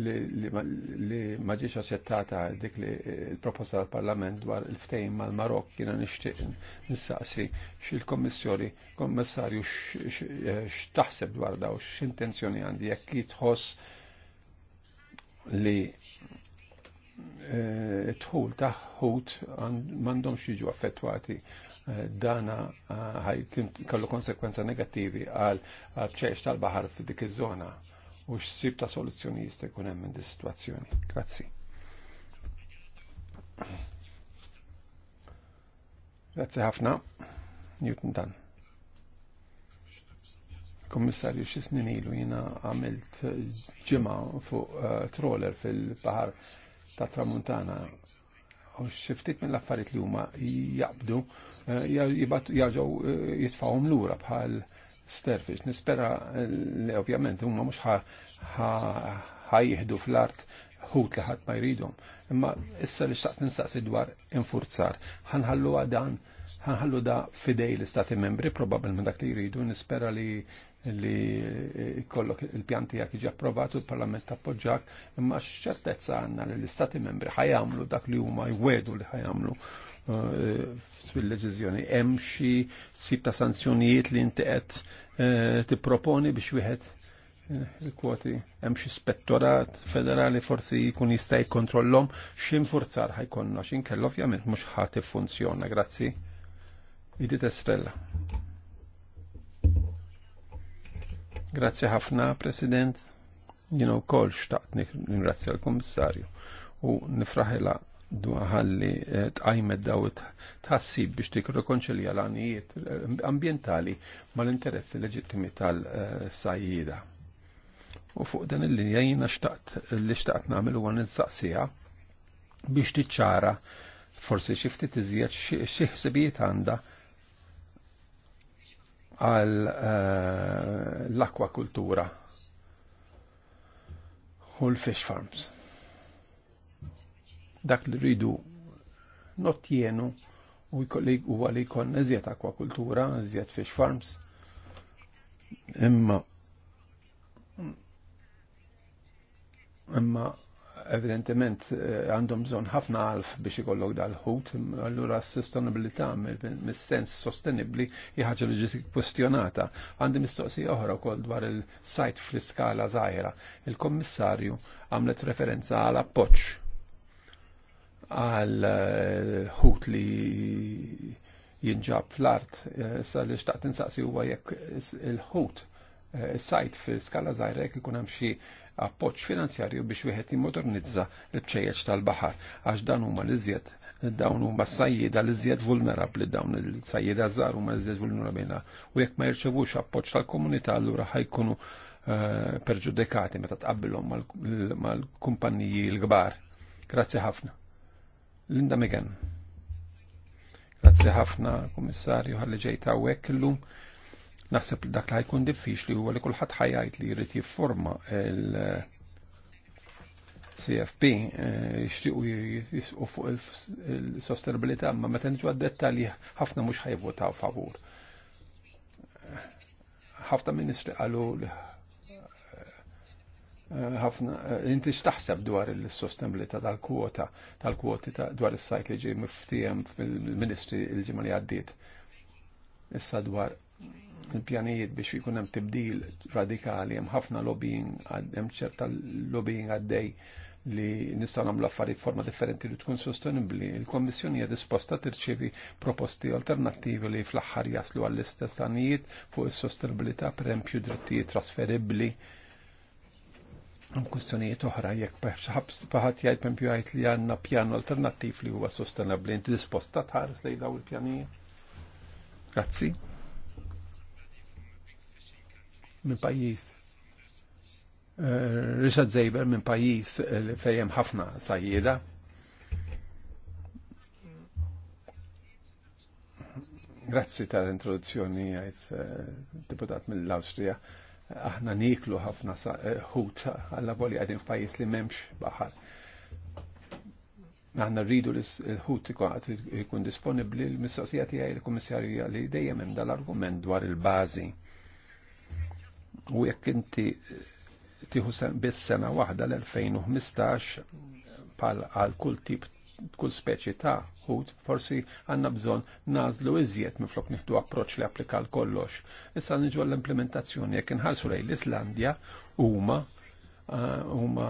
li ma ġiex aċċettata dik li eh, l-proposta tal-Parlament dwar il-ftejn mal-Marok kiena nixtieq nistaqsi x'il-Kommissjoni Kommissarju eh, x'taħseb dwar daw x'intenzjoni għandi jekk jitħoss li eh, tħul taħħut mandom xieġu affettwati dana ħaj kellu konsekwenza negativi għal ċeċ tal-bahar f'dik iż-żona u x'sib ta' soluzzjoni jista' jkun hemm minn dis-sitwazzjoni. Grazzi. Grazzi ħafna. Newton Dan. Kommissarju xi snin ilu jiena għamilt ġimgħa fuq eh, troller fil-baħar ta' Tramuntana u xiftit minn l-affarijiet li huma jaqbdu eh, jaġgħu eh, jitfawhom lura bħal sterfish. Nispera li ovvjament huma mhux ħajjieħdu fl-art ħut li ħadd ma jridhom. Imma issa li xtaqt nistaqsi dwar infurzar. Ħanħallu dan ħanħallu da fidej l-istati membri, probabilment dak li jridu, nispera li li kollok il-pjan tijak iġi approvatu, il-parlament appoġġak, imma xċertezza għanna li l-istati membri ħajamlu dak li huma jwedu li ħajamlu eh, fil-leġizjoni. Hemm xi sib ta' sanzjonijiet li inti qed Eh, tipproponi biex wieħed eh, il-kwoti hemm xi spettorat federali forsi jkun jista' jikkontrollhom forzar ħajkonna x'inkell ovvjament mhux ħadd iffunzjona, grazzi. Idit Estrella. Grazzi ħafna, President. Jien you xtaqt nirrazzja l-Kummissarju u nifraħilha ħalli eh, tqajmet daw tħassib biex tikrokonċilja l-għanijiet eh, ambientali mal-interessi leġittimi tal-sajjida. U fuq dan il-linja jina xtaqt li xtaqt namil u nistaqsija biex tiċċara forsi xi ftit iżjed xi ħsibijiet għandha għal eh, l-akwakultura u l-fish farms dak li rridu nottienu u huwa li jkollna iżjed akwakultura, iżjed fish farms. Imma imma evidentement eh, għandhom bżonn ħafna għalf biex ikollok dal-ħut, allura s-sostenibilità mis-sens sostenibli ħaġa li ġiet kwestjonata. Għandi mistoqsija oħra wkoll dwar il-sajt fl-iskala żgħira. Il-Kommissarju għamlet referenza għal appoġġ għal eh, ħut li jinġab fl-art. Eh, Sa li xtaqt insaqsi huwa jekk il-ħut eh, sajt fi skala zaħira jekk ikun hemm xi appoġġ finanzjarju biex wieħed jimmodernizza l-bċejjeġ tal-baħar għax dan huma l-iżjed dawn huma s-sajjieda li żjed vulnerabbli dawn il-sajjieda żgħar huma żjed vulnerabbli u jekk ma jirċevux appoġġ tal-komunità allura ħajkunu perġudikati meta tqabbilhom mal-kumpanniji l-kbar. Grazzi ħafna. Linda Megan. Grazzi ħafna, kummissarju, ħalli ġejt hawnhekk illum. Naħseb dak li ħajkun diffiċli huwa li kulħadd ħajajt li jrid jifforma l CFP eh, jixtiequ jisqu fuq il-sostenibilità, ma meta tenġu għad-dettalji ħafna mhux ħajvotaw favur. Ħafna ministri qalu ħafna eh, inti x'taħseb dwar il-sostenibilità tal-kwota tal-kwoti dwar is-sajt li ġej miftijem fil-Ministri l-ġimgħa li għaddiet. Issa dwar il-pjanijiet biex ikun hemm tibdil radikali hemm ħafna lobbying hemm ċerta lobbying għaddej li nistgħu nagħmlu affarijiet forma differenti li tkun sostenibbli. Il-Kommissjoni hija disposta tirċievi proposti alternattivi li fl-aħħar jaslu għall-istess fuq is-sostenibilità pereempju drittijiet trasferibbli Għan kustjonijiet uħra, jekk paħat jgħid pempju għajt li għanna pjan alternativ li huwa sostenabli, inti disposta tħares eh, eh, li daw il pjanija Grazzi. Min pajjiż. Richard min minn li fejjem ħafna sajjida. Grazzi tal-introduzzjoni għajt eh, deputat mill austria aħna niklu ħafna eh, ħut għalla voli għadin f'pajis li memx baħar. Aħna rridu li l-ħut eh, ikun disponibli l-mistoqsija tiegħi l komissarju li dejjem hemm dal-argument dwar il-bażi. U jekk inti eh, tieħu biss sena waħda l-2015 pal għal kull tip kull speċi ta' ħut forsi għanna bżon nażlu iżjed minflok niħdu approċċ li applika l kollox. Issa niġu l-implementazzjoni jekk inħarsu lejn l-Islandja huma eh, huma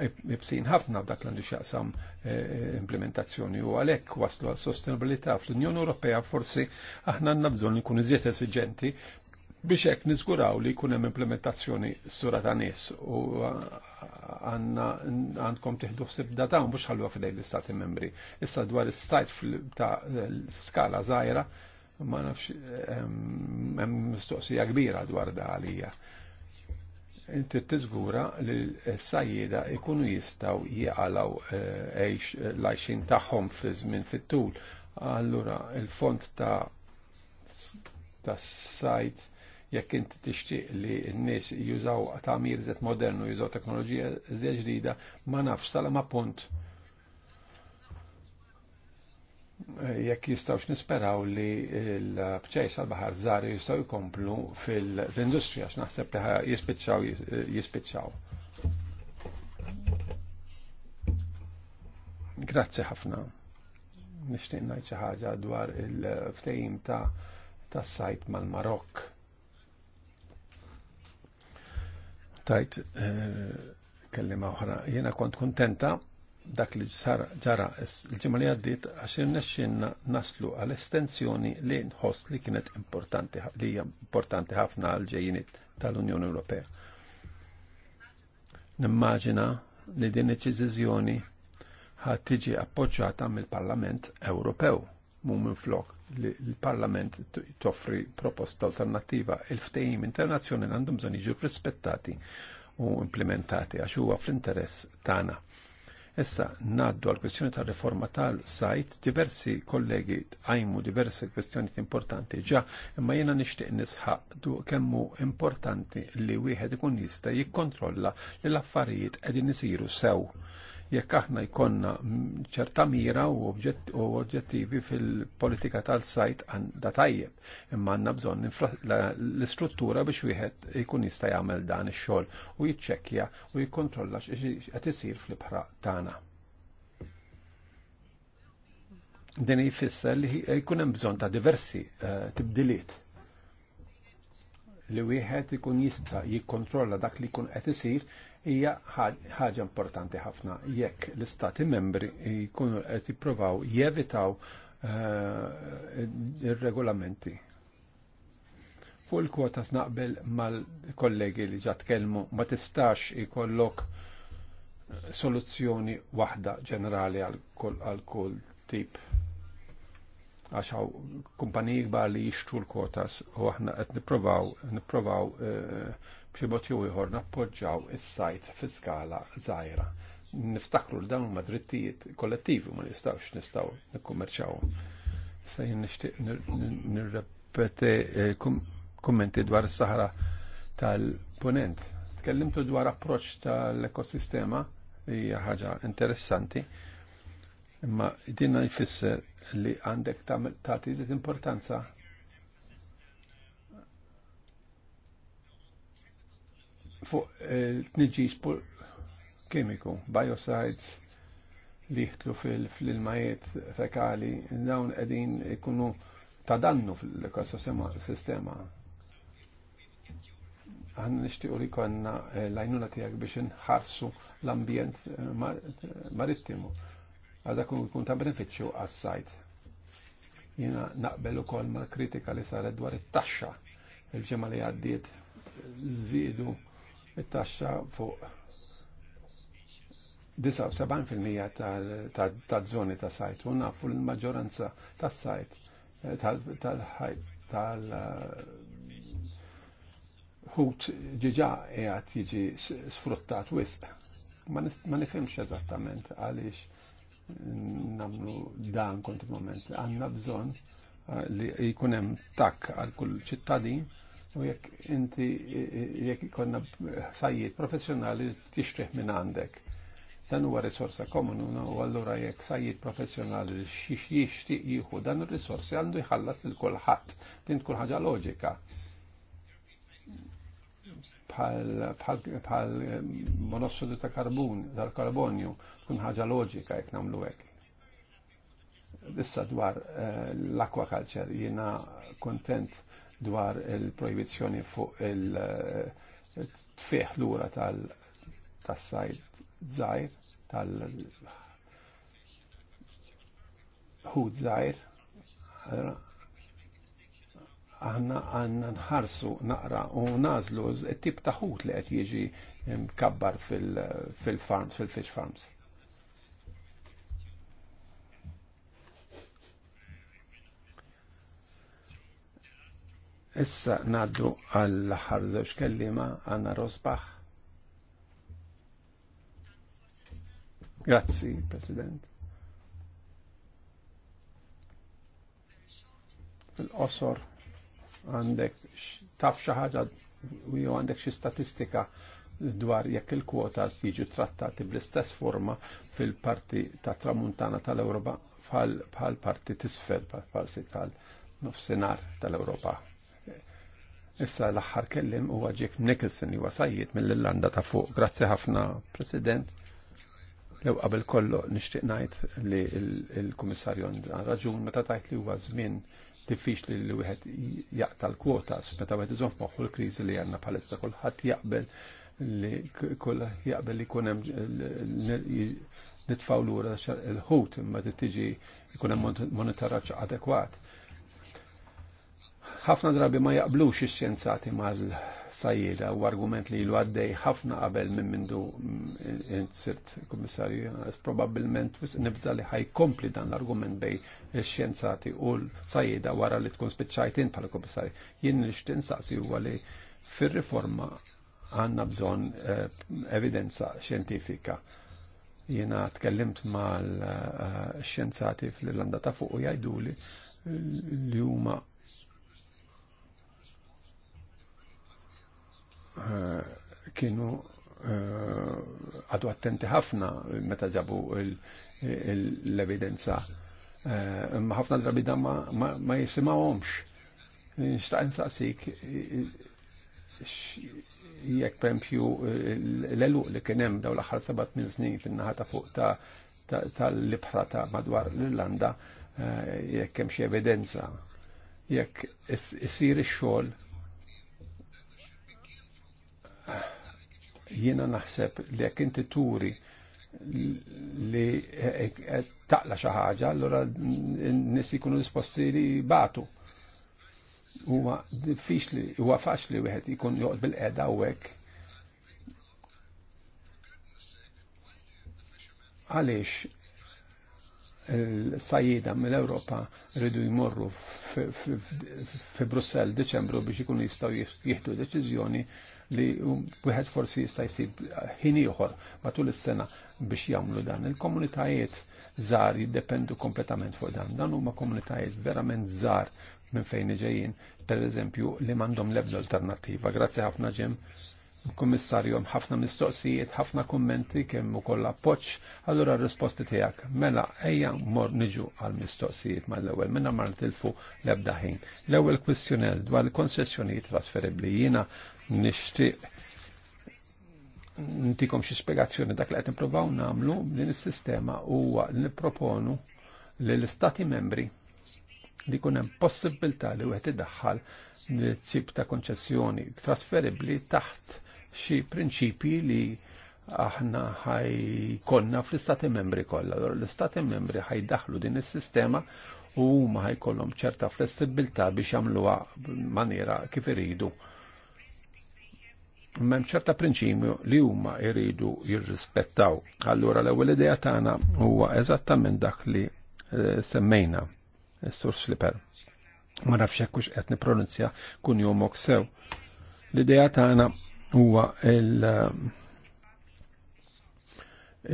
eh, ibsin ħafna dak l-għandu xaqsam eh, implementazzjoni u għalek waslu għal sostenibilità fl-Unjoni Ewropea forsi aħna għanna bżon nkun iżjed esiġenti biex hekk niżguraw li jkun hemm implementazzjoni sura ta' nies u għandkom tiħdu f'sib data mhux ħallu fidej l-istati membri. Issa dwar is-sajt ta' skala żgħira ma nafx hemm mistoqsija kbira dwar da għalija. Inti tiżgura li s sajjida ikunu jistgħu jaqalaw eh, l-għajxin tagħhom fi żmien fit-tul. Allura il-font ta' tas-sajt jekk inti tixtieq li n-nies jużaw tagħmir żed modernu, jużaw teknoloġija żed ġdida, ma nafx sala ma punt. Jekk jistawx nisperaw li l bċejs għal baħar żgħar jistgħu jkomplu fil-industrija għax naħseb li jispiċċaw jispiċċaw. Grazzi ħafna. Nixtieq ngħid xi ħaġa dwar il-ftehim ta' tas-sajt mal-Marokk tajt eh, kellima oħra. Jena kont kontenta dak li sar ġara il-ġimma li għaddit għax irnexxinna naslu għal estensjoni li nħoss li kienet importanti li hija importanti ħafna għal ġejjinit tal-Unjoni Ewropea. Nimmaġina li din id-deċiżjoni ħad tiġi appoġġjata mill-Parlament Ewropew mu minn flok li l-Parlament toffri proposta alternativa. Il-ftehim internazjoni għandhom bżonn jiġu rispettati u implementati għax huwa fl-interess tagħna. Issa naddu għal kwestjoni ta' riforma tal-sajt, diversi kollegi għajmu diversi kwestjoni importanti ġa, imma jena nishtiq nisħaq du kemmu importanti li wieħed ikun jista' jikkontrolla li l-affarijiet qegħdin isiru sew jekk aħna jkonna ċerta mira u oġġettivi fil-politika tal-sajt da tajjeb, imma għandna bżonn l-istruttura biex wieħed jkun jista' jagħmel dan ix-xogħol u jiċċekkja u jikkontrolla x'qed isir fl-ibħra tagħna. Din jfisser li jkun hemm bżonn ta' diversi eh, tibdiliet li wieħed ikun jista' jikkontrolla dak li jkun qed isir hija ħaġa importanti ħafna jekk l-istati membri jkunu qed jippruvaw jevitaw eh, ir-regolamenti. Fuq il-kwotas naqbel mal-kollegi li ġat kelmu ma tistax ikollok soluzzjoni waħda ġenerali għal kull tip għax għaw kumpaniji kbar li jixtru l-kwotas u aħna qed nipprovaw nipprovaw uh, b'ximot jew ieħor nappoġġaw is-sajt fi skala żgħira. Niftakru l dawn ma' drittijiet kollettivi ma nistgħux nistgħu nikkummerċaw. Se jien nixtieq nirrepeti eh, kummenti dwar is-saħra tal-ponent. Tkellimtu dwar approċċ tal-ekosistema li hija ħaġa interessanti. Imma dinna jfisser li għandek tagħti importanza fuq il-tniġis kemiku, biocides li jħtlu fil majiet fekali, dawn qegħdin ikunu ta' dannu fil-ekosistema. Għanna nishtiqu li konna eh, lajnuna tijak biex nħarsu l-ambjent eh, marittimu. Għadda kun kun ta' beneficju għas-sajt. Jina naqbelu kol ma' kritika li saret dwar it-taxxa il ġemali li għaddiet zidu it-taxxa fuq 79% tal-żoni ta' sajt u nafu l-maġġoranza ta' sajt eh, tal-ħut eh, ġiġa qiegħed jiġi sfruttat wisq. Ma nifhimx eżattament għaliex namlu dan kontinuament. Għandna bżonn eh, li jkun hemm takk għal kull ċittadin U jekk inti jekk ikonna sajjiet professjonali tixtieħ minn għandek. Dan huwa risorsa komuni u allura jekk sajjiet professjonali li jixtieq jieħu dan ir-risorsi għandu jħallas lil kulħadd. Din tkun ħaġa loġika. Bħal monossidu ta' karbun, tal-karbonju, tkun ħaġa loġika jekk nagħmlu hekk. Issa dwar eh, l-akwakalċer jiena kontent dwar il-proibizjoni fuq il-tfieħ eh, lura tal-sajt zaħir, tal-ħud zaħir. Għanna għanna nħarsu naqra u nazlu t-tip taħut li għet jieġi mkabbar fil-farms, fil-fish farms. Issa naddu għall-ħar żewġ kellima għanna Rosbach. Grazzi, President. Fil-qosor għandek taf xi ħaġa u għandek xi statistika dwar jekk il-kwotas jiġu trattati bl-istess forma fil-parti ta' tramuntana tal-Europa bħal parti tisfel bħal parti tal-nofsinar tal-Europa. Issa l-aħħar kellim huwa Jack Nicholson li wasajjiet mill-Irlanda ta' fuq. Grazzi ħafna, President. Lew qabel kollu nixtieq ngħid li l-Kummissarju għan raġun meta tajt li huwa żmien diffiċli li wieħed jaqta l-kwotas meta wieħed iżomm f'moħħu l-kriżi li għandna bħalissa kulħadd jaqbel li kull jaqbel li kunem nitfaw l il-ħut imma tiġi jkun hemm monitoraġġ adekwat ħafna drabi ma jaqblux ix-xjenzati mal sajjida u argument li l għaddej ħafna qabel minn mindu mm, sirt kummissarju, probabilment nibża li ħajkompli dan l-argument bej ix-xjenzati u l-sajjeda wara li tkun spiċċajtin bħala kummissarju. Jien li insaqsi u li fir-riforma għandna bżonn eh, evidenza xjentifika Jiena tkellimt mal eh, xjenzati fil-landa ta' fuq u jajdu li li huma Eh, kienu eh, għadu attenti ħafna meta ġabu l-evidenza. Eh, ma ħafna drabi dan ma jisimawhomx. Nixtaq nsaqsik jek prempju l-eluq li kienem daw l-aħħar sabat minn snin fil naħa ta' fuq ta' tal-libħra ta' madwar l-Irlanda jekk hemm xi evidenza jekk isir ix-xogħol jiena naħseb li jekk inti turi li taqla xi ħaġa, allura n-nies jkunu disposti li batu. Huwa diffiċli, huwa faċli wieħed ikun joqgħod bil-qeda u hekk. Għaliex sajjida mill ewropa rridu jmorru fi Brussell Deċembru biex ikunu jistgħu jieħdu deċiżjoni li wieħed forsi jista' jsib ħin ieħor matul is-sena biex jagħmlu dan. Il-komunitajiet żgħar jiddependu kompletament fuq dan. Dan huma komunitajiet verament żgħar minn fejn ġejjin, pereżempju, li m'għandhom l-ebda alternattiva. Grazzi ħafna ġim kummissarju ħafna mistoqsijiet, ħafna kummenti kemm ukoll appoġġ, allura r-risposti tiegħek mela ejja mor niġu għal mistoqsijiet mal-ewwel minna mar ntilfu l-ebda ħin. L-ewwel kwistjoner dwar il konsessjonijiet trasferibbli jiena Nixtieq ntikom xi spjegazzjoni dak li qed nippruvaw nagħmlu din is-sistema huwa li nipproponu li l-istati membri li possibilta hemm possibilità li wieħed idaħħal tip ta' konċessjoni trasferibbli taħt xi prinċipji li aħna ħajkonna fl-istati membri kollha. L-istati membri daħlu din is-sistema u huma ħajkollhom ċerta flessibilità biex jagħmluha maniera kif iridu Mem ċerta prinċipju li huma jridu jirrispettaw. Allura l-ewwel idea tagħna huwa eżattament dak li eh, semmejna is-sur eh, slipper. Ma nafx hekk hux qed nippronunzja kun jomok sew. L-idea tagħna huwa il- eh,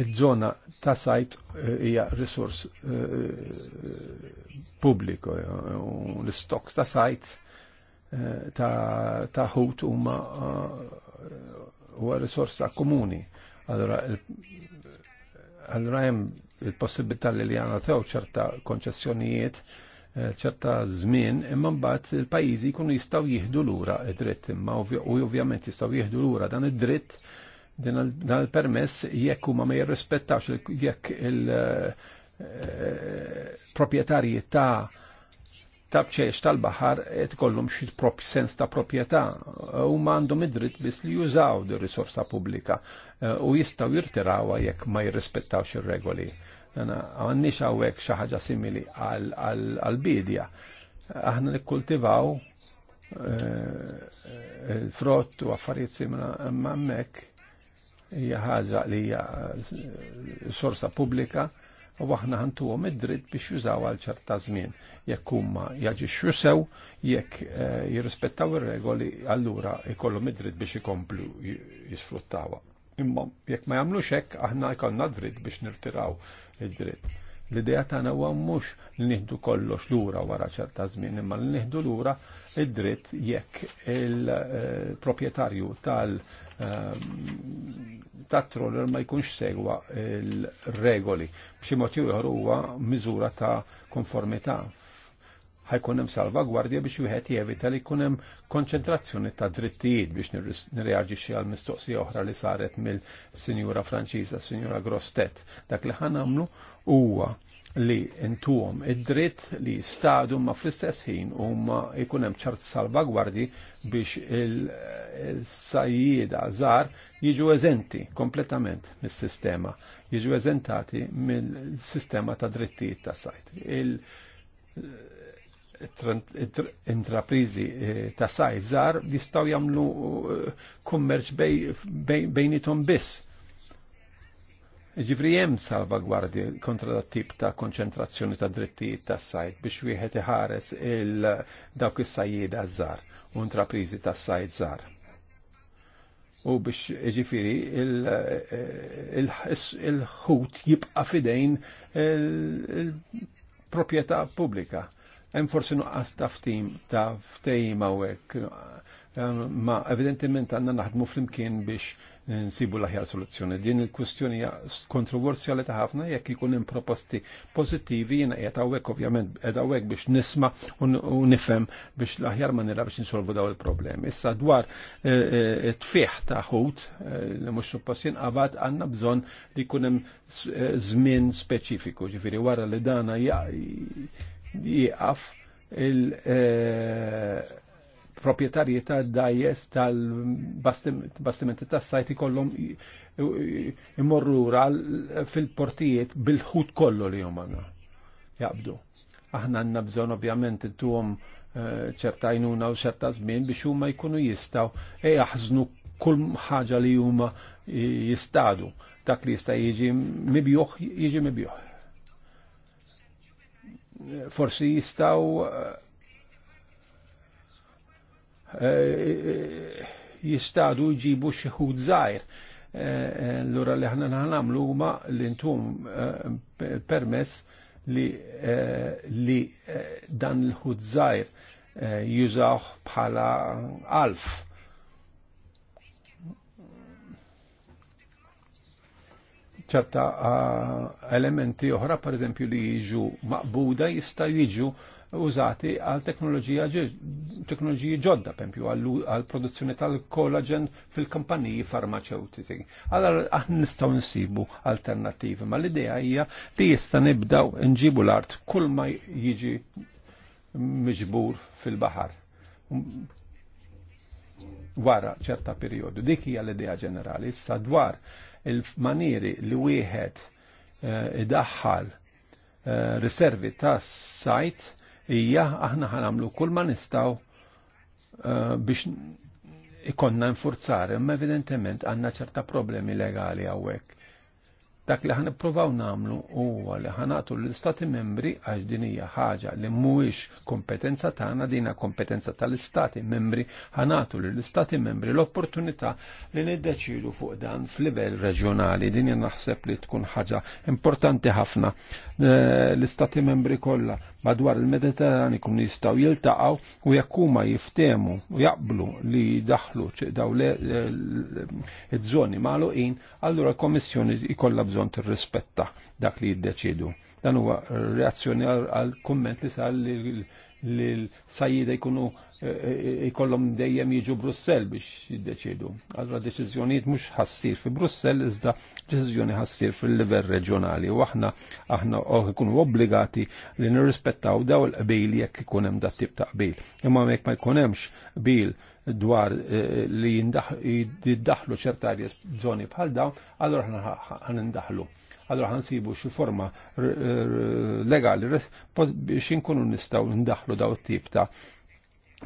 il-żona ta' sajt hija risors pubbliku u l-istoks ta' sajt ta' ħut huma huwa risorsa komuni. Allora, allora hemm il-possibilità li li tew ċerta konċessjonijiet eh, ċerta żmien imma mbagħad il-pajjiżi jkunu jistgħu jieħdu lura id-dritt imma u ovvjament jistgħu jieħdu lura dan id-dritt dan il-permess jekk huma ma jirrispettax jekk il-proprjetarji eh, eh, ta' bċeċ tal-bahar et kollum xit prop sens ta' propieta u ma għandhom id-dritt bis li jużaw di risorsa publika eh, u jistaw jirtirawa jekk ma jirrispettawx ir-regoli. Għanni għawek xaħġa simili għal-bidja. Aħna nikkultivaw il-frott eh, eh, u affarijiet simna mammek hija ħaġa li hija sorsa pubblika u aħna ħantuhom id-dritt biex jużaw għal ċerta żmien jekk huma jaġixxu sew, jekk eh, jirrispettaw ir-regoli, allura ikollhom id-dritt biex ikomplu jisfruttawha. Imma jekk ma jagħmlux hekk aħna jkollna dritt biex nirtiraw id-dritt l idea tagħna huwa mhux li nieħdu kollox lura wara ċerta żmien, imma li nieħdu lura id-dritt jekk il-proprjetarju eh, tal eh, tat-troller ma jkunx segwa l regoli B'xi mod ieħor huwa miżura ta' konformità ħajkun hemm salvagwardja biex wieħed jevita li jkun hemm konċentrazzjoni ta' drittijiet biex nirreaġixxi għal mistoqsija oħra li saret mill-Sinjura Franċiża, Sinjura Grostet. Dak li għamlu huwa li intuhom id-dritt li stadu ma fl-istess ħin huma jkun hemm ċart salvagwardji biex il-sajjieda żgħar jiġu eżenti kompletament mis-sistema, jiġu eżentati mill-sistema ta' drittijiet ta' sajt intraprizi ta' sajt jistaw jamlu kummerċ bejnitom biss. Ġivri jem salvagwardi kontra da tip ta' konċentrazzjoni ta' drittijiet ta' sajt biex wieħed iħares il-dawk is sajjida żgħar u intraprizi ta' sajt zar. U biex ġifiri il-ħut jibqa' fidejn il-proprjetà pubblika Hemm forsi nuqqas ta' ftim ta' ftejim hawnhekk. Ehm, ma evidentement għandna naħdmu flimkien biex nsibu l-aħjar soluzzjoni. Din il-kwistjoni kontroversjali ta' ħafna jekk ikun hemm proposti pożittivi jiena qiegħed hawnhekk ovvjament qiegħed hawnhekk biex nisma' u nifhem biex l-aħjar maniera biex insolvu daw il-problemi. Issa dwar e, e, tfih ta' ħut e, li mhux suppost jinqabad għandna bżonn li jkun hemm żmien speċifiku, ġifieri wara li dana jieqaf il- eh, proprietarji ta' dajes tal-bastimenti tas sajt ikollhom immorrura fil-portijiet bil-ħut kollu li għanna. jaqbdu. Aħna għandna bżonn ovvjament intuhom eh, ċerta jnuna u ċerta żmien biex huma jkunu jistgħu e jaħżnu kull ħaġa li huma jistadu. Dak li jista' jiġi mibjuħ jiġi mibjuħ forsi jistaw eh, eh, jistadu jġibu xieħud zaħir. Eh, L-ura li ħna naħnamlu huma l-intum permess li li dan l-ħud zaħir jużawh bħala alf ċerta elementi oħra, per eżempju, li jiġu maqbuda jista' jiġu użati għal teknoloġiji ġodda, pempju għal produzzjoni tal-kollagen fil-kampaniji farmaceutiċi. Allora aħna nistgħu nsibu alternattivi, ma l-idea hija li jista' nibdaw nġibu l-art kull ma jiġi miġbur fil-baħar wara ċerta periodu. Dik hija l-idea ġenerali. Issa dwar il-manieri li wieħed eh, idaħħal eh, riservi ta' sajt hija aħna ħanamlu kull ma nistgħu eh, biex ikonna nfurzar, imma evidentement għanna ċerta problemi legali għawek. Dak li ħan ipprovaw namlu huwa li ħanatu l-Istati membri għax din hija ħaġa li mhuwiex kompetenza tagħna dina kompetenza tal-Istati membri ħanatu l-Istati membri l-opportunità li niddeċidu fuq dan f'livell reġjonali din naħseb li tkun ħaġa importanti ħafna eh, l-Istati membri kollha madwar il-Mediterran ikun jistgħu jiltaqgħu u jekk huma jiftemu u jaqblu li daħlu daw iż-żoni magħluqin, allura l-Kommissjoni jkollha bżonn tirrispetta dak li jiddeċidu. Dan huwa reazzjoni għal kumment li sal li l-sajjida jkunu eh, eh, eh, jkollhom dejjem jiġu Brussell biex jiddeċidu. Allura deċiżjonijiet mhux ħassir fi Brussell iżda deċiżjoni ħassir fil-livell reġjonali u aħna aħna jkunu obbligati li nirrispettaw daw l-qbil jekk ikun hemm dat tip ta' qbil. Imma jekk ma jkun hemmx qbil dwar li jiddaħlu ċertarjes żoni bħal dawn, allora ħan indaħlu allura ħansibu xi forma legali biex inkunu nistgħu ndaħlu daw it-tip ta'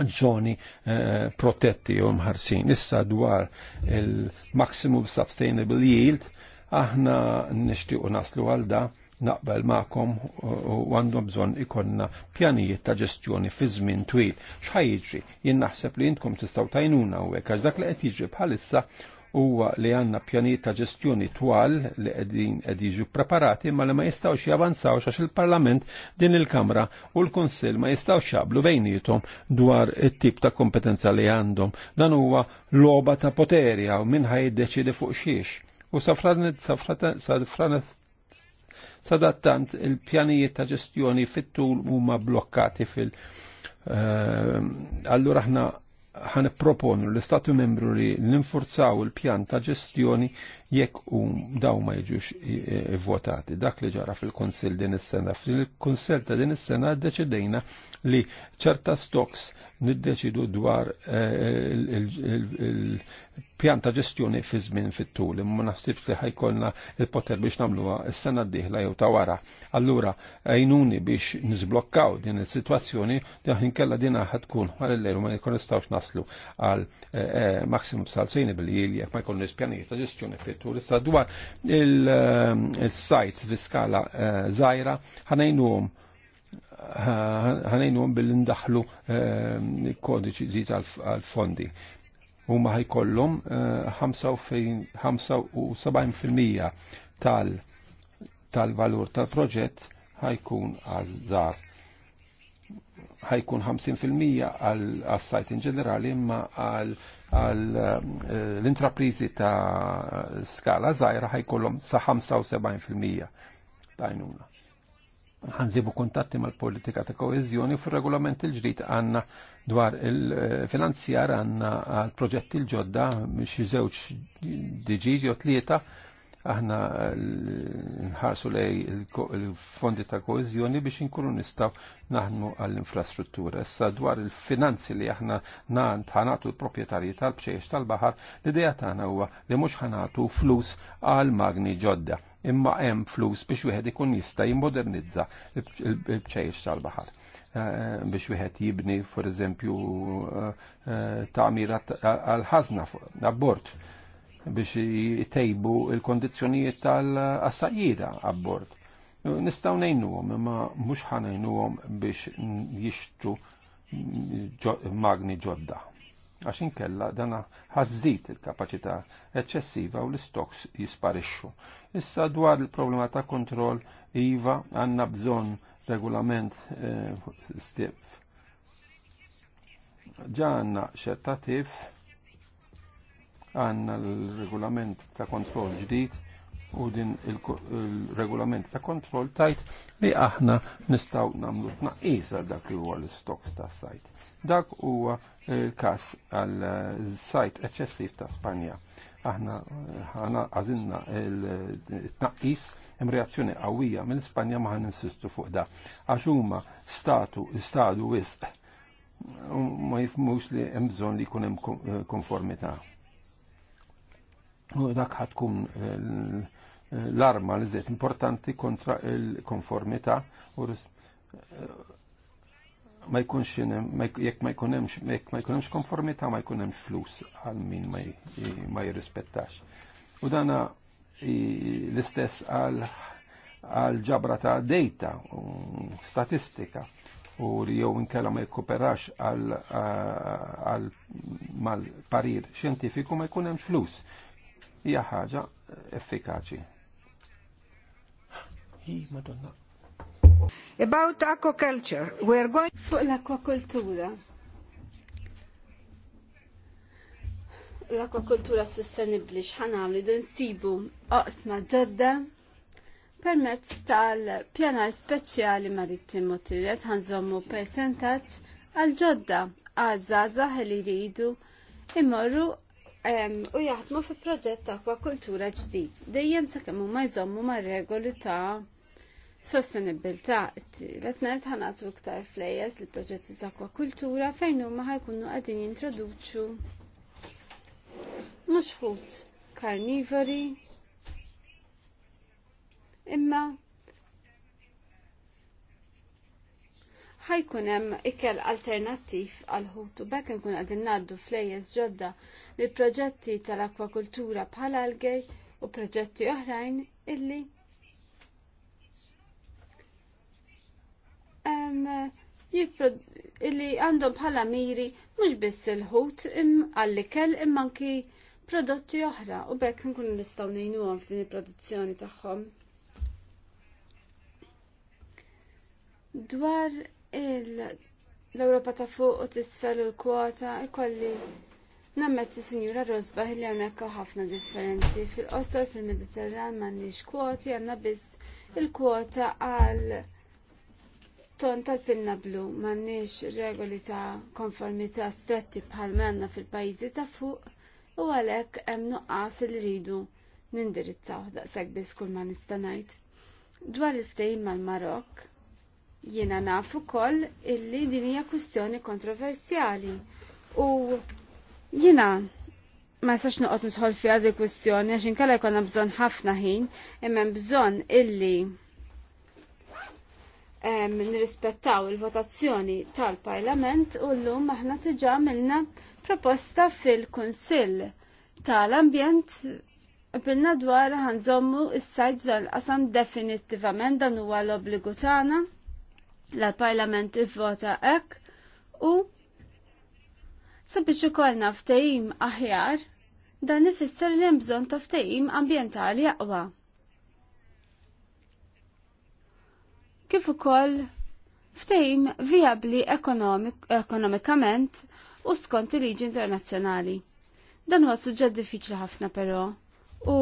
ġoni eh, protetti u mħarsin. Issa dwar il-maximum sustainable yield, aħna nishtiqu naslu għalda naqbel ma'kom u għandhom bżonn ikonna pjanijiet ta' ġestjoni fi żmien twil. X'ħajġri? Jien naħseb li jintkom tistgħu tajnuna hawnhekk għax dak li qed jiġri bħalissa huwa li għanna pjanijiet ta' ġestjoni twal li qegħdin qed jiġu preparati ma li ma jistgħux javanzaw għax il-Parlament din il-Kamra u l-Kunsill ma jistgħux jaqblu bejnietom dwar it-tip ta' kompetenza li għandhom. Dan huwa loba ta' poterja u minn ħajdeċidi fuq xiex. U safranet sadattant il-pjanijiet ta' ġestjoni fit-tul huma blokkati fil- eh, Allura aħna ħan proponu l-Istatu membru li l-infurzaw il-pjan ta' ġestjoni jekk u daw ma jiġux votati. Dak li ġara fil-Konsil din is-sena. Fil-Konsil ta' din is-sena deċidejna li ċerta stocks niddeċidu dwar eh, il-pjanta ġestjoni fi żmien fit-tul. Ma nafsib li ħajkolna il-poter biex nagħmluha s-sena d-dieħla jew ta' wara. Allura għajnuni biex niżblokkaw din is-sitwazzjoni daħin kella din aħad tkun ħalilleru ma jkun nistgħux naslu għal eh, eh, maksimum salsejni billi jekk ma jkollniex pjanijiet ta' ġestjoni fit settur. Issa dwar il-sajt eh, fiskala zaħira eh, ħanajnu ħanajnuhom eh, bil-indaħlu kodiċi ġdid għal-fondi huma ħajkollhom 75% tal tal-valur tal-proġett ħajkun għal żgħar ħajkun 50% għal għas-sajt in ġenerali imma għal eh, l-intraprizi ta' skala zaħira ħajkollhom sa' 75% tajnuna. Ħanżibu kuntatti mal-politika ta' koeżjoni fur regolament il-ġdid għandna dwar il-finanzjar għanna għal proġetti l-ġodda xi żewġ diġiġi u tlieta aħna nħarsu lej il-fondi ta' koezjoni biex inkunu nistaw naħnu għall-infrastruttura. Issa dwar il-finanzi li aħna nant ħanatu l-propietarji tal-bċejx tal-bahar, l-ideja tagħna huwa li mhux ħanatu flus għal magni ġodda imma hemm flus biex wieħed ikun jista' jimmodernizza l-bċejx tal-bahar eh, eh, biex wieħed jibni, for eżempju, għamirat eh, għal-ħazna, abbord biex jtejbu il-kondizjonijiet tal-assajjida abbord. Nistaw nejnuhom, imma mhux ħanejnuhom biex jixtru magni ġodda. Għax inkella dana ħażid il-kapaċità eċċessiva u l-istoks jisparixxu. Issa dwar il-problema ta' kontroll iva għandna bżonn regolament eh, stif. Ġa għandna xertatif għanna l-regolament ta' kontroll ġdid u din il-regolament ta' kontroll tajt li aħna nistaw namlu tnaqqisa dak li huwa l-stoks ta' sajt. Dak huwa il-kas għal sajt eċċessiv ta' Spanja. Aħna ħana għazinna il-tnaqqis hemm reazzjoni qawwija minn Spanja ma ħan insistu fuq da. Għax huma statu stadu wisq ma jifmux li hemm bżonn li jkun hemm konformità. U dak ħatkun eh, l-arma li zed importanti kontra il-konformita u ma jkunx jekk ma jkunemx jek ma jkunemx konformita ma jkunemx flus għal min ma jirrispettax. U dana l-istess għal għal ġabra ta' data u statistika u li jew inkella ma jkuperax għal mal parir xjentifiku ma jkun flus hija ħaġa effikaċi. Hi, madonna. About aquaculture, we are going... Fuq l-aquakultura. L-aquakultura sostenibli xħan għamli, dun sibu oqsma ġodda permezz tal-pjanar speċjali marittimu tirret ħanżommu percentaċ għal ġodda għazzaza li jridu imorru u jaħdmu fi proġett ta' akwakultura ġdid. Dejjem sakemm huma jżommu ma' regoli ta' sostenibilità. Let net ħanatu iktar flejes li proġetti ta' akwakultura fejn huma ħajkunu qegħdin jintroduċu mhux ħut karnivori imma ħajkun hemm ikel alternattiv għal ħutu bekk nkun qegħdin ngħaddu flejjes ġodda li proġetti tal-akwakultura bħal algej u proġetti oħrajn illi illi għandhom bħala miri mhux biss il-ħut għall-ikel imma anki prodotti oħra u bekk nkun nistgħu ngħinuhom f'din il-produzzjoni tagħhom. Dwar l-Europa ta' fuq u tisfel u l-kwota ikolli nammet sinjura Rosbach li hawnhekk ħafna differenzi fil-qosor fil-Mediterran m'għandniex kwoti għandna biss il-kwota għal ton tal-pinna blu m'għandniex regoli ta' konformità stretti bħal manna fil-pajjiżi ta' fuq u għalhekk hemm nuqqas li rridu nindirizzaw daqshekk biss kull ma nista' ngħid. Dwar il-ftehim mal-Marokk, Jiena nafu koll illi din hija kwistjoni kontroversjali u jiena ma jistax noqgħod nidħol fiha di kwistjoni għax inkella jkollna bżonn ħafna ħin imma bżonn illi nirrispettaw il-votazzjoni tal-Parlament u llum aħna diġà għamilna proposta fil-Kunsill tal-Ambjent Bilna dwar ħanżommu is sajġ dan qasam definittivament dan huwa l-obbligu tagħna l-Parlament ivvota hekk u sabiex ikollna ftehim aħjar dan ifisser li hemm bżonn ta' ftehim ambjentali aqwa. Kif ukoll ftehim viabli ekonomikament u skont il-liġi internazzjonali. Dan huwa suġġett diffiċli ħafna però u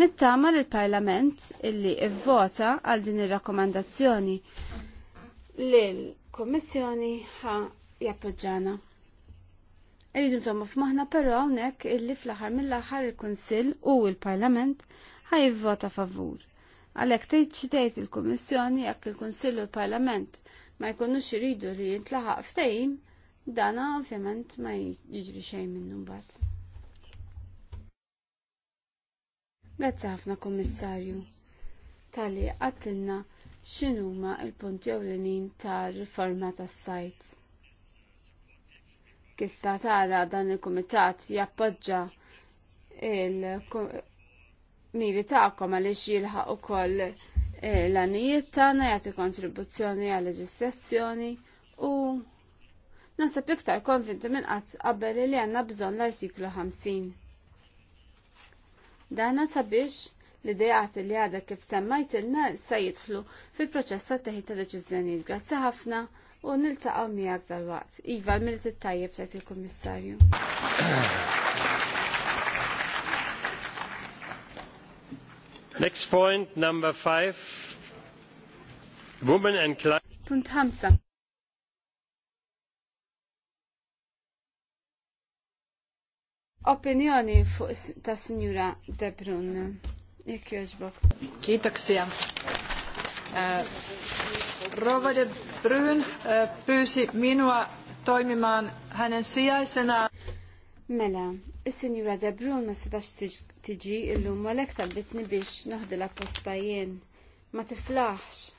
Nittama li l-Parlament illi ivvota għal din ir-rakkomandazzjoni li l-Kommissjoni ħa jappoġġana. Irridu nżommu f'maħna però hawnhekk illi fl-aħħar mill-aħħar il-Kunsill u l-Parlament jivvota favur. Għalhekk tgħid xi tgħid il-Kummissjoni jekk il-Kunsill u l-Parlament ma jkunux iridu li jintlaħaq ftehim, dana ovvjament ma jiġri xejn minnu mbagħad. Grazzi ħafna Kummissarju tali li għattilna x'inhuma l-punti ewlenin tar-riforma tas-sajt. Kista tara dan il-kumitat jappoġġa il-miri tagħkom għaliex jilħaq ukoll eh, l-għanijiet tagħna jagħti kontribuzzjoni għal leġislazzjoni u nasab iktar konvinti minn qatt qabel li għandna bżonn l-artiklu 50. Dana sabiex l-idejat li għada kif semmajt il-na sa jidħlu fil-proċess ta' teħid ta' deċiżjonijiet. Grazzi ħafna u niltaqgħu miegħek dal-waqt. Iva, l tajjeb tajt il komissarju Next point, number five. Women and Climate. Punt 5. opinjoni fuq ta' Signora Debrun. Jek joġbok. Kitak sija. Rova Debrun Brun minua toimimaan hänen sijaisena. Mela, is-Sinjura De ma setax tiġi illum għalhekk talbitni biex noħdi la postajien. Ma tiflaħx.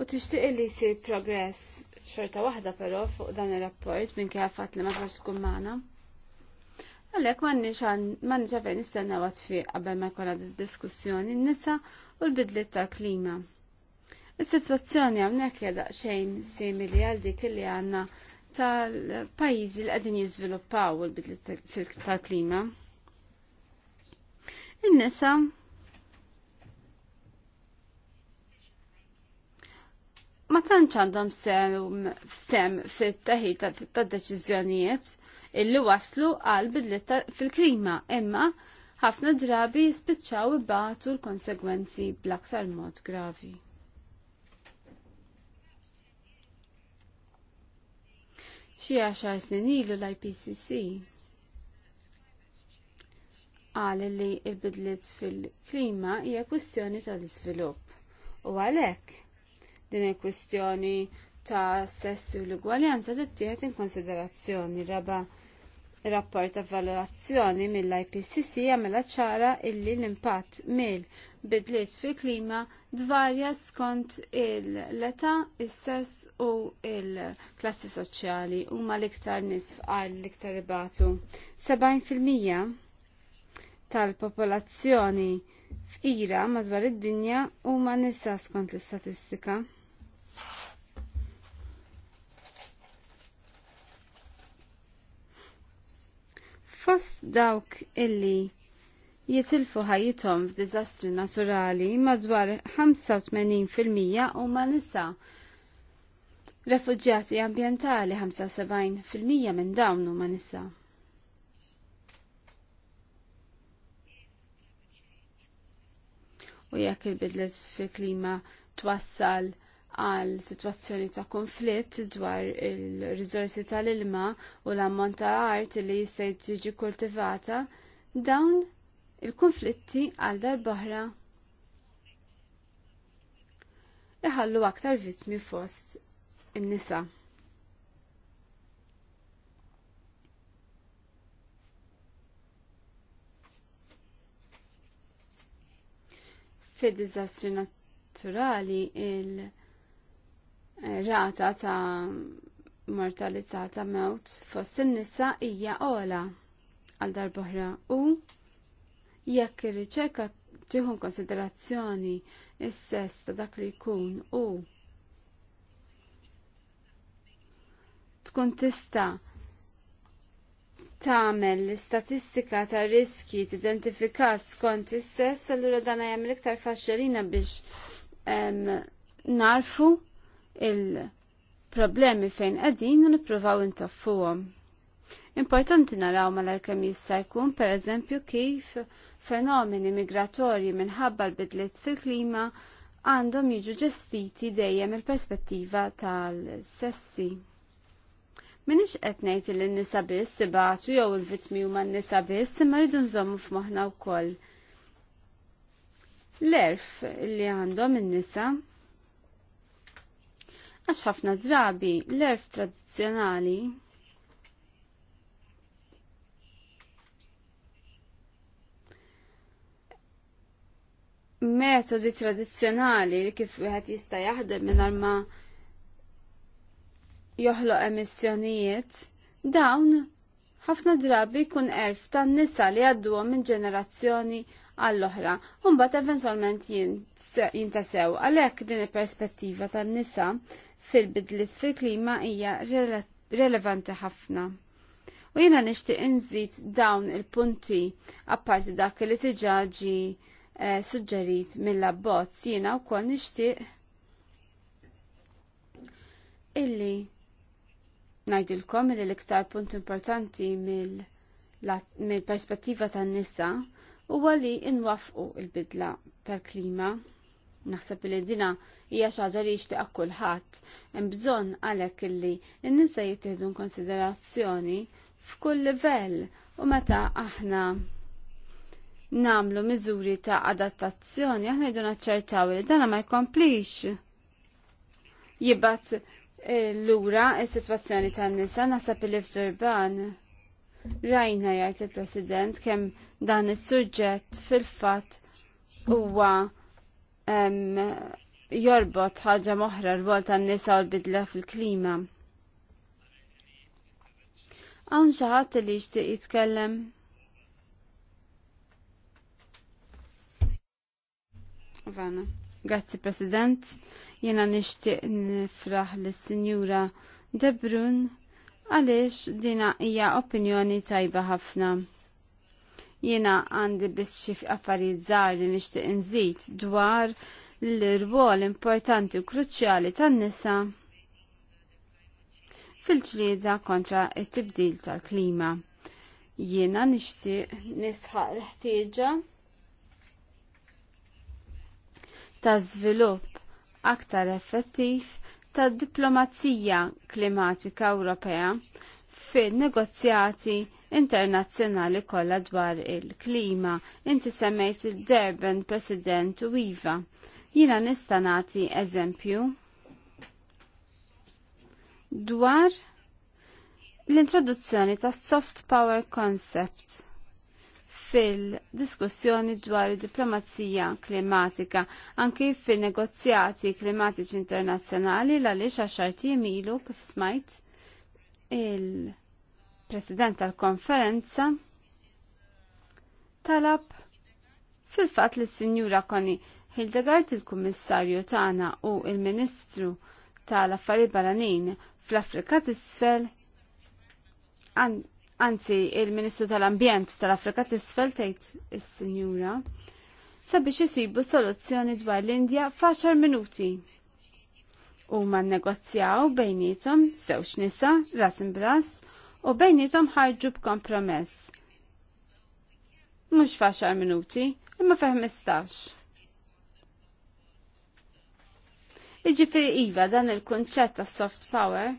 u tixtieq li jsir progress xorta waħda però fuq dan ir-rapport minn kif fatt li ma tax tkun magħna. Għalhekk m'għandniex għalfejn nistennew għatfiq qabel ma jkollha diskussjoni n-nisa u l-bidliet tal-klima. Is-sitwazzjoni hawnhekk hija daqsxejn simili għal dik li għandna tal-pajjiżi li qegħdin jiżviluppaw il-bidliet tal-klima. In-nisa ma tantx għandhom sem fit-taħita ta' deċiżjonijiet illi waslu għal bidliet fil-klima imma ħafna drabi jispiċċaw ibatu l-konsegwenzi bl-aktar mod gravi. Xi għaxar snin ilu l-IPCC għal li l-bidliet fil-klima hija kwistjoni tal-iżvilupp u għalhekk din il-kwistjoni ta' sess u l-ugwaljanza tittieħed in konsiderazzjoni raba rapport ta' valutazzjoni mill-IPCC għamela ċara illi l-impatt mill bidliet fil-klima dvarja skont l-età, is-sess u l-klassi soċjali huma l-iktar nies fqar l-iktar ibatu. 70% tal-popolazzjoni f'ira madwar id-dinja huma nisa skont l-istatistika. Fost dawk illi jitilfu ħajjithom f'diżastri naturali madwar 85% huma nisa. Refuġġjati ambjentali 75% minn dawn huma nisa. U jekk il-bidlet fil-klima twassal għal situazzjoni ta' konflitt dwar il-rizorsi tal-ilma u l-ammont ta' art li jista' jiġi kultivata, dawn il-konflitti għal darbohra iħallu aktar vittmi fost in-nisa. fid dizastri naturali il- rata ta' mortalità ta' mewt fost in-nisa hija ola għal darbohra u jekk ir-riċerka tieħu konsiderazzjoni s sess ta' dak li jkun u tkun tista' tagħmel l-istatistika ta' riski tidentifika skont s sess allura dana jagħmel iktar faċċelina biex narfu il-problemi fejn qegħdin u nippruvaw intaffuhom. Importanti naraw mal-arkem jista' jkun pereżempju kif fenomeni migratorji minħabba l-bidliet fil-klima għandhom jiġu ġestiti dejjem il-perspettiva tal-sessi. Minix qed ngħid li n-nisa biss ibatu jew il-vittmi huma n-nisa biss imma rridu nżommu f'moħħna wkoll. L-erf li għandhom in-nisa Għax ħafna drabi l-erf tradizzjonali metodi tradizzjonali li kif wieħed jista' jaħdem mingħajr ma joħloq emissjonijiet, dawn ħafna drabi jkun erf tan nisa li għadduhom minn ġenerazzjoni għall-oħra. Umbat eventualment jintasew għalhekk din il-perspettiva tan nisa fil-bidlit fil-klima hija relevanti ħafna. U jiena nixtieq inżid dawn il-punti apparti dak li tiġaġi eh, suġġerit mill-abbozz jiena wkoll nixtieq illi ngħidilkom li l-iktar punt importanti mill-perspettiva tan-nisa huwa li nwaffqu il-bidla tal-klima Naħseb li dina hija xi ħaġa li jixtieq kulħadd. Hemm bżonn għalhekk illi n-nisa jittieħdu konsiderazzjoni f'kull livell u meta aħna namlu miżuri ta' adattazzjoni aħna jdu naċċertaw li dana ma jkomplix jibgħat eh, lura is-sitwazzjoni tan-nisa naħseb li f'Ġerban rajna jgħid il-President kemm dan is-suġġett fil-fatt huwa jorbot ħaġa moħra r-rwol bol tan nisa u l-bidla fil-klima. Għan xaħat li jishtiq jitkellem. Vana, grazzi President, jena nishtiq nifraħ l-Sinjura Debrun għalix dina hija opinjoni tajba ħafna. Jiena għandi biex xif affarijiet li nixtieq nżid dwar l-rwol importanti u kruċjali tan-nisa fil-ġlieda kontra it tibdil tal-klima. Jiena nixtieq nisħaq l-ħtieġa ta' żvilupp aktar effettiv tad diplomazija klimatika Ewropea fin negozjati internazzjonali kollha dwar il-klima. Inti semmejt il-Durban President u Iva. Jina nista' nagħti eżempju dwar l-introduzzjoni ta' soft power concept fil-diskussjoni dwar diplomazija klimatika anki fil-negozjati klimatiċi internazzjonali l għalix għaxarti ilu kif smajt il- president tal-konferenza talab fil-fat li s-Sinjura Koni Hildegard il-Kummissarju tagħna u il-Ministru tal-Affarijiet Barranin fl-Afrika t'isfel isfel anzi il-Ministru tal-Ambjent tal-Afrika t'isfel tgħid is-Sinjura sabiex isibu soluzzjoni dwar l-Indja f'għaxar minuti. U ma negozjaw bejnietom sewx nisa ras imbras u bejn nizom ħarġu b'kompromess. Mhux faċar minuti, imma fehm istax. Iġifiri iva dan il-kunċett ta' soft power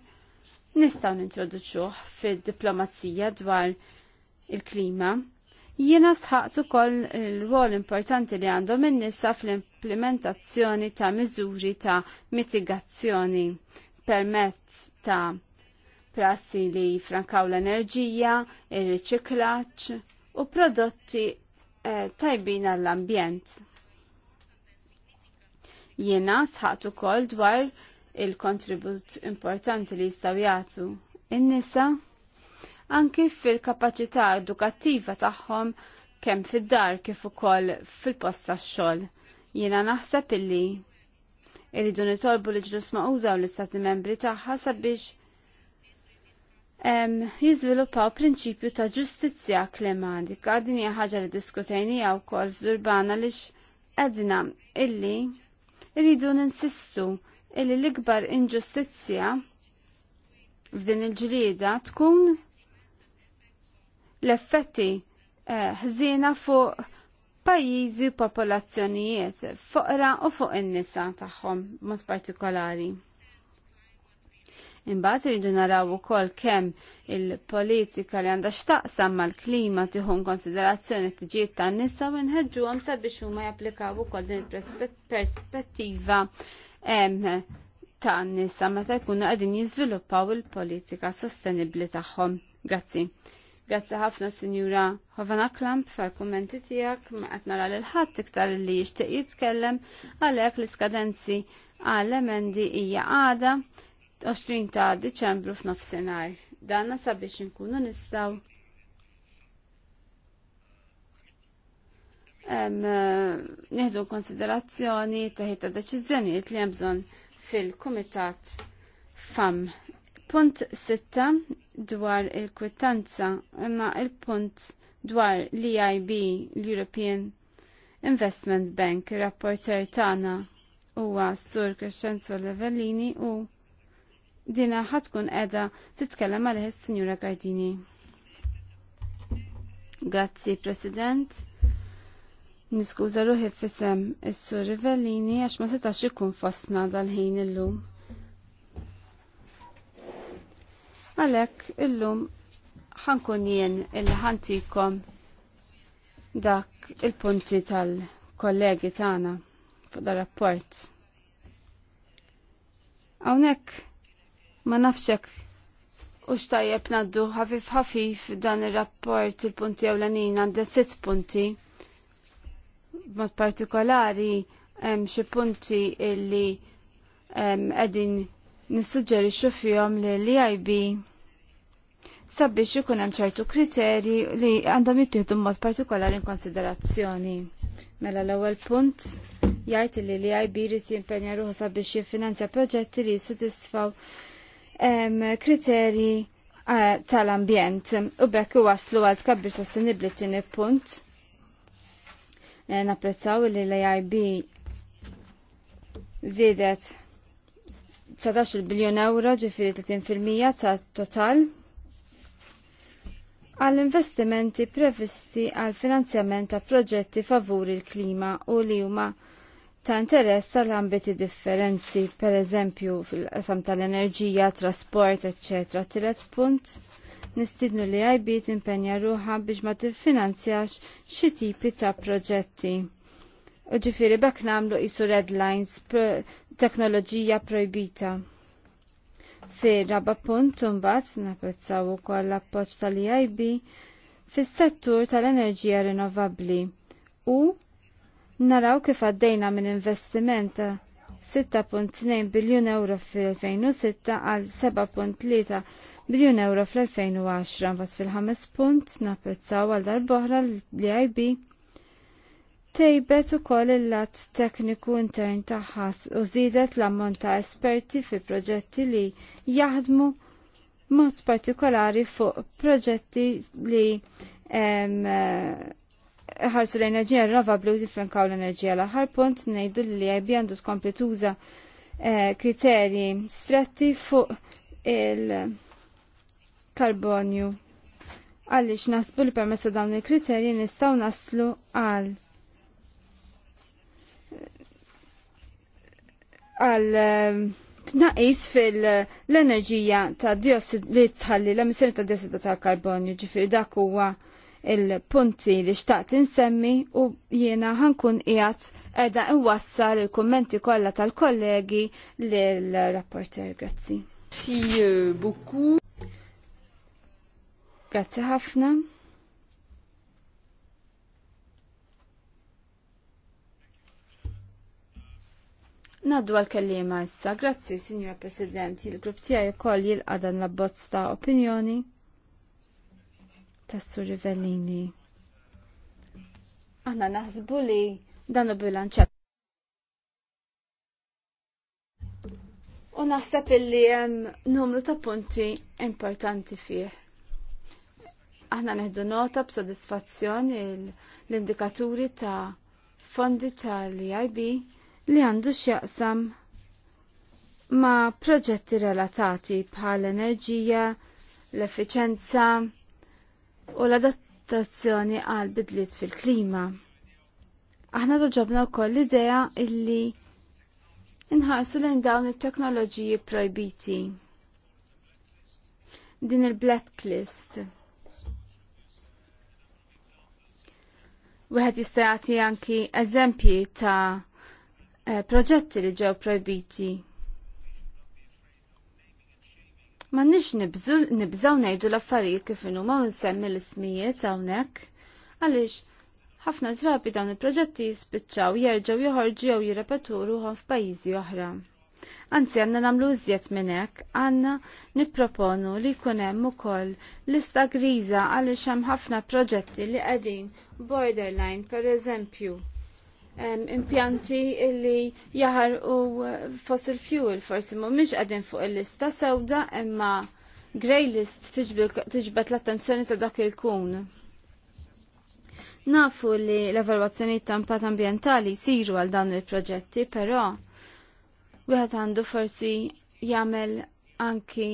nistaw nintroduċuh fil-diplomazija dwar il-klima. Jiena sħaqtu kol il-rol importanti li għandhom in-nisa fl-implementazzjoni ta' miżuri ta' mitigazzjoni permezz ta' prassi li jifrankaw l-enerġija, ir-riċiklaċ u prodotti eh, tajbin għall-ambjent. Jiena sħatu ukoll dwar il-kontribut importanti li jistgħu jagħtu in-nisa anki fil-kapaċità edukattiva tagħhom kemm fid-dar kif ukoll fil-post tax-xogħol. Jiena naħseb illi irridu nitolbu li ġlus ma' u l-istati membri tagħha sabiex jizviluppaw prinċipju ta' ġustizzja klimatika. Din hija ħaġa li jew wkoll f'Durbana lix edna illi rridu ninsistu illi l-ikbar inġustizzja f'din il-ġlieda tkun l-effetti eh, ħżiena fuq pajjiżi u popolazzjonijiet foqra u fuq in-nisa tagħhom mod partikolari. Imbagħad iridu naraw ukoll kemm il-politika li għandha x'taqsam mal-klima tieħu konsiderazzjoni t tiġijiet tan-nisa u nħeġġuhom sabiex huma japplikaw ukoll din il-perspettiva tan-nisa meta jkunu qegħdin jiżviluppaw il-politika sostenibbli tagħhom. Grazzi. Grazzi ħafna Sinjura Hovana Klamp fil-kummenti tiegħek ma qed nara lil ħadd iktar li jixtieq jitkellem għalhekk l-iskadenzi għall-emendi hija għada 20 ta' Diċembru f'nofsinhar. Danna sabiex inkunu nistgħu eh, nieħdu konsiderazzjoni ta' ta' deċiżjonijiet li hemm bżonn fil-Kumitat FAM. Punt 6 dwar il-kwittanza imma il-punt dwar l-EIB, l-European Investment Bank, rapporter tagħna huwa Sur Crescenzo Levellini u dina ħatkun edha titkellem għalih is-Sinjura Gardini. Grazzi, President. Niskuża ruħi fisem is-Sur Rivellini għax ma setax ikun fostna dal-ħin illum. Għalhekk illum ħankun jien illi ħantikom dak il-punti tal-kollegi tagħna fuq dar rapport Hawnhekk Ma nafxek u xtajjeb naddu ħafif ħafif dan ir-rapport il-punti għawlanin għandha sitt punti. Mod partikolari xie xi punti illi qegħdin nissuġġerixxu fihom li li ib sabiex ikun hemm ċertu kriterji li għandhom jittieħdu mod partikolari in konsiderazzjoni. Mela l-ewwel punt jgħid li li ib jrid jimpenja ruħu sabiex jiffinanzja proġetti li jissudisfaw kriteri eh, tal-ambjent u bekk waslu għal tkabbir sostenibli tini punt. Eh, napprezzaw li l-AIB zidet 19 biljon euro ġifiri 30% ta' total għall investimenti previsti għal finanzjament ta' proġetti favuri l-klima u li huma ta' interess għal ambiti differenti, per eżempju fil-qasam tal-enerġija, trasport, ecc. Tilet punt, nistidnu li IB timpenja ruħa biex ma tiffinanzjax xi tipi ta' proġetti. Uġifiri bak namlu isu red lines, teknoloġija projbita. Fi raba punt, unbat, napprezzaw ukoll l-appoġġ tal-EIB fis-settur tal-enerġija rinnovabbli u naraw kif għaddejna minn investiment 6.2 biljun euro fil-2006 għal 7.3 biljun euro fil 2010 bat fil-ħames punt napprezzaw għal darboħra l-IB Tejbet u koll il-lat tekniku intern taħħas u zidet l-ammont ta' esperti fi proġetti li jaħdmu mod partikolari fuq proġetti li em, ħarsu l-enerġija rinnovabli u jifrankaw l-enerġija l-aħħar punt ngħidu li għajbi għandu tkompli tuża eh, kriterji stretti fuq il-karbonju għaliex nasbu li permessa dawn il-kriterji nistgħu naslu għal għal eh, tnaqis fil-enerġija ta' diossidu li tħalli l-emissjoni ta' dioxid ta' karbonju ġifiri dak huwa il-punti li xtaqt insemmi u jiena ħankun qiegħed qiegħda nwassal il-kummenti kollha tal-kollegi lill-rapporter. Grazzi. Si euh, buku. Grazzi ħafna. Naddu għal-kellima issa. Grazzi, Signora Presidenti, il-grupp tiegħi wkoll jilqa' dan l-abbozz ta' opinjoni tas-Sur Rivellini. Aħna naħsbu li dan u bilanċa. U naħseb illi hemm numru ta' punti importanti fih. Aħna neħdu nota b'sodisfazzjoni l-indikaturi ta' fondi tal-EIB li għandu x'jaqsam ma' proġetti relatati bħal enerġija, l-effiċenza, u l-adattazzjoni għal bidliet fil-klima. Aħna toġobna wkoll l-idea illi inħarsu lejn dawn it-teknoloġiji projbiti. Din il-blacklist. Wieħed jista' jagħti anki eżempji ta' eh, proġetti li ġew projbiti Ma nix nibżaw najdu l-affarijiet kif inu ma nsemmi l-ismijiet hawnhekk għaliex ħafna drabi dawn il-proġetti jispiċċaw jerġgħu joħorġu jew jirrepeturu ruħhom f'pajjiżi oħra. Anzi għandna nagħmlu iżjed minn hekk, għandna nipproponu li jkun hemm ukoll lista griża għaliex hemm ħafna proġetti li qegħdin borderline pereżempju impjanti li jahar u uh, fossil fuel forsi mhumiex qegħdin fuq il-lista sewda imma grey list tiġbed l-attenzjoni sa dak il-kun. Nafu li l-evalwazzjoni ta' impatt ambjentali jsiru għal dawn il-proġetti, però wieħed għandu forsi jagħmel anki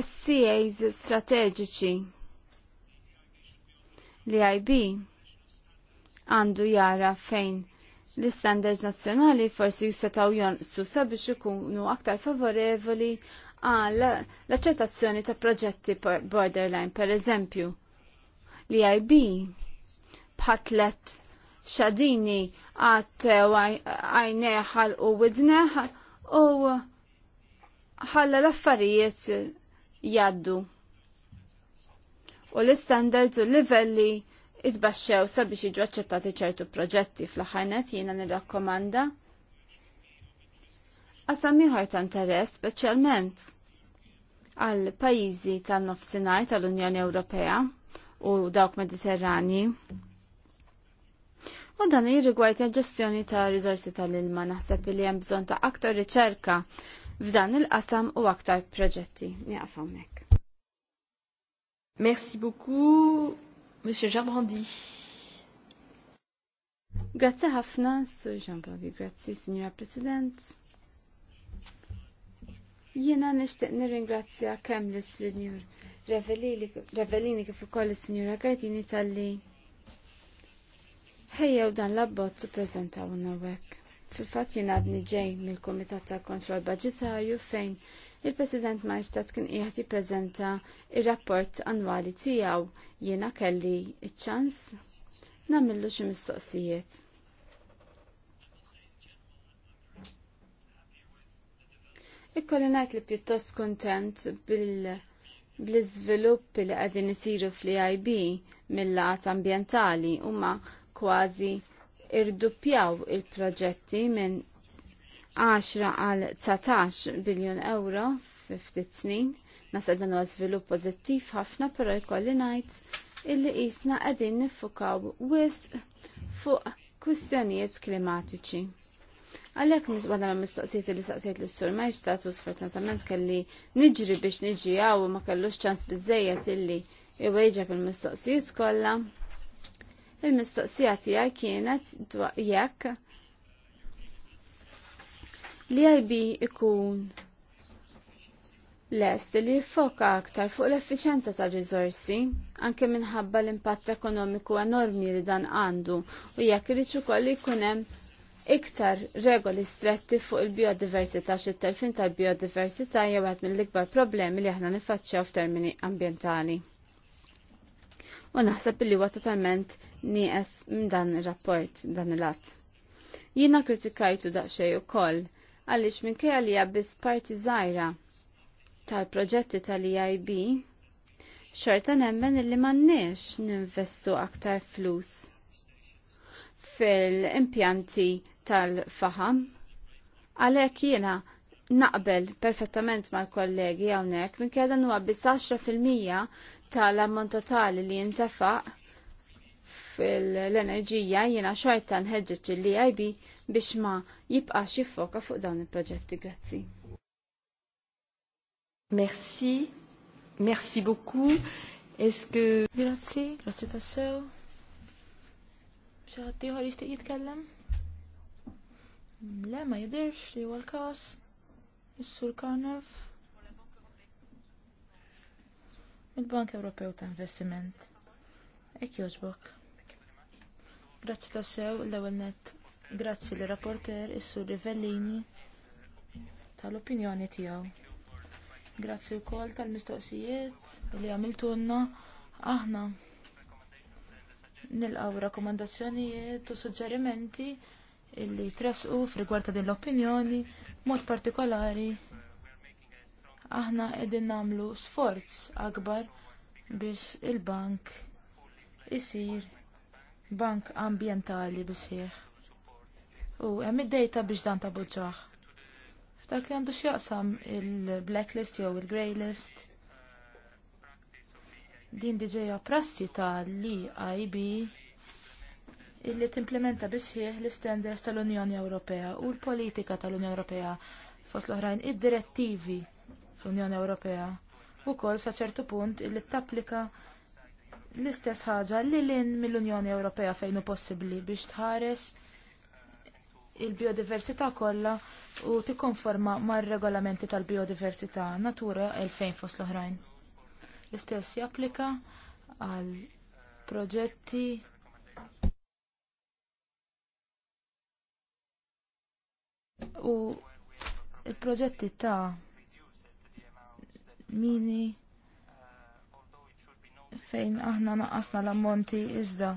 SCAs strateġiċi li IB għandu jara fejn l-istandards nazzjonali forsi jistataw jonqsu sabiex ikunu aktar favorevoli għal l-accettazzjoni ta' proġetti borderline, per eżempju. L-IB bħatlet xadini għat għajneħal u widneħ u ħalla l-affarijiet jaddu. U l-istandards u l-livelli itbaxxew sabiex jiġu aċċettati ċertu proġetti fl-ħarnet jiena nirrakkomanda. Qasam ieħor ta' interess speċjalment għal pajjiżi tan-nofsinhar tal-Unjoni Ewropea u dawk Mediterrani. U dan jirrigwajta ġestjoni ta' riżorsi tal-ilma naħseb li hemm bżonn ta' aktar riċerka f'dan il-qasam u aktar proġetti. Nieqaf hawnhekk. Merci beaucoup. Monsieur Jarbrandi. Grazie ħafna, Sir Gerbrandi, grazie, Signora President. Jiena nixtieq nirringrazzja kemm l sinjur Revelini kif ukoll is-Sinjura Gardini talli u dan l-abbozz u preżentawna wek. Fil-fatt jien għadni ġej mill-Kumitat tal-Kontroll Budġetarju fejn Il-President Maġdat kien qiegħed jippreżenta ir-rapport annwali tiegħu jiena kelli iċ-ċans nagħmillu xi mistoqsijiet. Ikkolli ngħid li pjuttost kuntent bil bl-iżviluppi li qegħdin isiru fl-IB mill-lat ambjentali huma kważi irduppjaw il-proġetti minn 10 għal 19 biljon euro fi ftit snin. Nasa dan huwa żvilupp pożittiv ħafna però jkolli ngħid illi qisna qegħdin niffukaw wisq fuq kwistjonijiet klimatiċi. Għalhekk nisbada ma' mistoqsijiet li staqsijiet l sur ma' jixtatu sfortunatament kelli niġri biex niġi għaw ma kellux ċans bizzejiet illi iwejġeb il-mistoqsijiet kollha. Il-mistoqsija tiegħi kienet jekk li IB ikun lest li jiffoka aktar fuq l-effiċenza tal-rizorsi, anke minħabba l-impatt ekonomiku enormi li dan għandu u jekk irid ukoll jkun hemm iktar regoli stretti fuq il-biodiversità xi telfin tal-biodiversità jew wieħed mill-ikbar problemi li aħna niffaċċjaw f'termini ambjentali. U naħseb li huwa totalment nieqes minn dan ir-rapport dan il-att. Jiena kritikajtu daqsxejn ukoll għaliex minkejja li hija biss parti żgħira tal-proġetti tal-EIB, xorta nemmen li m'għandniex ninvestu aktar flus fil-impjanti tal-faham. Għalhekk jiena naqbel perfettament mal-kollegi hawnhekk minn kiedan huwa biss 10% tal-ammont totali li jintefaq fil-enerġija jiena xorta nħeġġeġ l-EIB biex ma jibqax jiffoka fuq dawn il-proġetti. Grazzi. Merci, merci beaucoup. Est-ce que... Grazzi, sew. tassew. Xaħat tiħor jishtiq jitkellem? Le, ma jidirx, li għal-kas. Is-sur Il-Bank Ewropew ta' Investiment. Ek joġbok. Grazzi ta' sew l ewwel net. Grazzi li rapporter is-sur Rivellini tal-opinjoni tiegħu. Grazzi wkoll tal-mistoqsijiet li għamiltunna aħna nilqgħu rakkomandazzjonijiet u suġġerimenti illi tresqu f'rigward ta' din l-opinjoni mod partikolari aħna qegħdin nagħmlu sforz akbar biex il-bank isir bank ambjentali bisħieħ u hemm id-dejta biex dan tabuġġaħ. F'dak li għandu x'jaqsam il-blacklist jew il greylist list. Din diġeja prassi ta' li IB illi timplementa bisħieħ l-standards tal-Unjoni Ewropea u l-politika tal-Unjoni Ewropea fost l-oħrajn id-direttivi fl-Unjoni Ewropea u kol sa ċertu punt illi tapplika l-istess ħaġa li l-in mill-Unjoni Ewropea fejn hu possibbli biex tħares il-biodiversità kollha u tikkonforma mar-regolamenti tal-biodiversità Natura 2000 fost l-oħrajn. L-istess japplika għal proġetti u il-proġetti ta' mini fejn aħna naqqasna l-ammonti iżda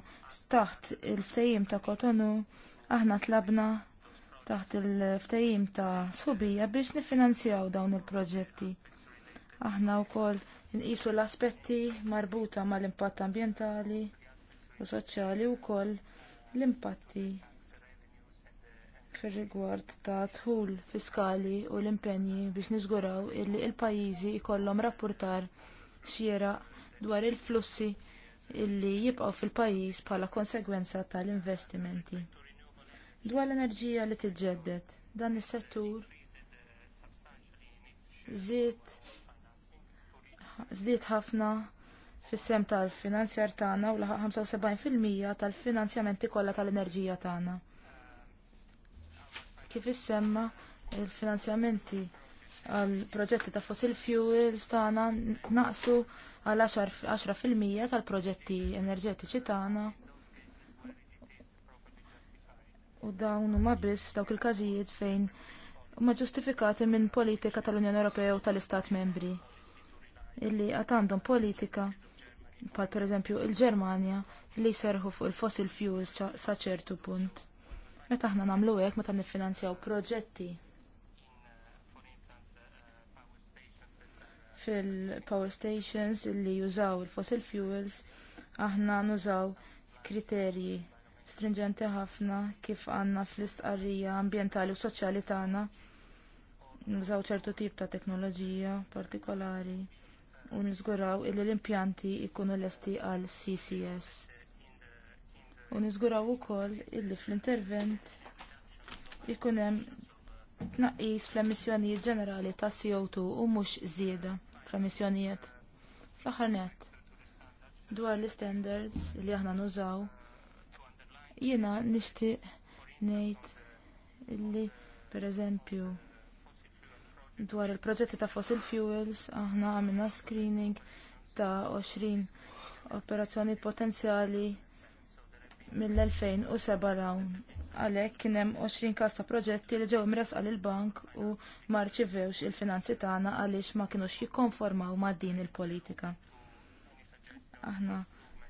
taħt il-ftejim ta' kotonu aħna tlabna taħt il-ftajim ta' subija biex nifinanzjaw dawn il-proġetti. Aħna wkoll nqisu l-aspetti marbuta mal-impatt ambjentali u soċjali u wkoll l-impatti fir-rigward ta' dħul fiskali u l-impenji biex niżguraw illi l pajjiżi jkollhom rappurtar xieraq dwar il-flussi illi jibqgħu fil-pajjiż bħala konsegwenza tal-investimenti dwar l-enerġija li tiġġedded dan is-settur żied żdied ħafna fis-sem tal-finanzjar tagħna u laħaq 75% tal-finanzjamenti kollha tal-enerġija tagħna. Kif issemma il-finanzjamenti għal proġetti ta' fossil fuels tagħna naqsu għal 10% tal-proġetti enerġetiċi tagħna U dawn huma biss dawk il-każijiet fejn huma ġustifikati minn politika tal-Unjoni Ewropea u tal-Istat Membri illi għad għandhom politika bħal pereżempju l ġermanja li jserħu fuq il-fossil fuels sa ċertu punt. Meta aħna nagħmlu hekk meta niffinanzjaw proġetti fil-power stations illi jużaw il-fossil fuels aħna nużaw kriterji stringenti ħafna kif għandna fl-istqarrija ambjentali u soċjali tagħna. Nużaw ċertu tip ta' teknoloġija partikolari u niżguraw illi l-impjanti jkunu lesti għal CCS. U niżguraw ukoll illi fl-intervent ikun hemm tnaqqis fl-emissjonijiet ġenerali ta' CO2 u mhux żieda fl-emissjonijiet. Fl-aħħar nett, dwar l istandards li aħna nużaw Jiena nixtieq ngħid illi pereżempju dwar il-proġetti ta' fossil fuels aħna għamilna screening ta' 20 operazzjoni potenzjali mill-2007 rawn. Għalhekk kien hemm 20 każ ta' proġetti li ġew għal lill bank u ma rċivewx il-finanzi tagħna għaliex ma kinux jikkonformaw ma' din il-politika. Aħna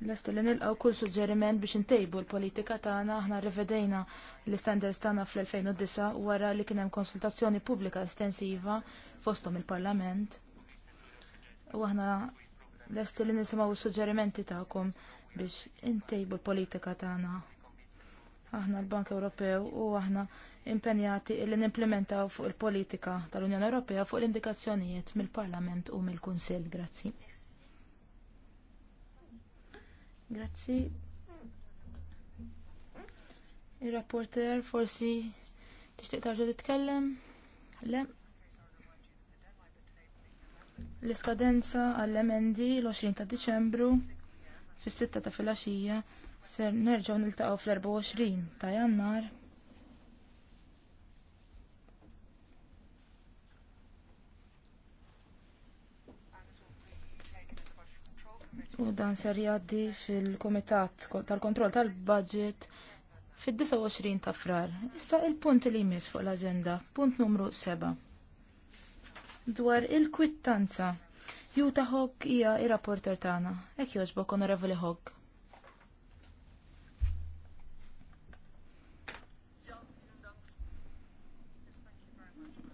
Lest li nilqaw kull suġġeriment biex intejbu l-politika tagħna aħna rivedejna l-istandards tagħna fl-2009 wara li kien hemm konsultazzjoni pubblika estensiva fosthom il-Parlament. U aħna lest li nisimgħu s-suġġerimenti tagħkom biex intejbu l-politika tagħna. Aħna l-Bank Ewropew u aħna impenjati li nimplementaw fuq il-politika tal-Unjoni Ewropea fuq l-indikazzjonijiet mill-Parlament u mill-Kunsill. Grazzi. Grazzi. Il-rapporter forsi tixtieq tarġa titkellem? Le. L-iskadenza għall-emendi l-20 ta' Diċembru fis sitta ta' filgħaxija ser nerġgħu niltaqgħu fl-24 ta' Jannar u dan ser jgħaddi fil-Komitat tal-Kontroll tal-Budget fid-29 ta' frar. Issa il-punt li jmiss fuq l-agenda, punt numru 7. Dwar il-kwittanza, Juta Hogg hija ir-rapporter tagħna. Hekk jogħġbok Onorevoli Hogg.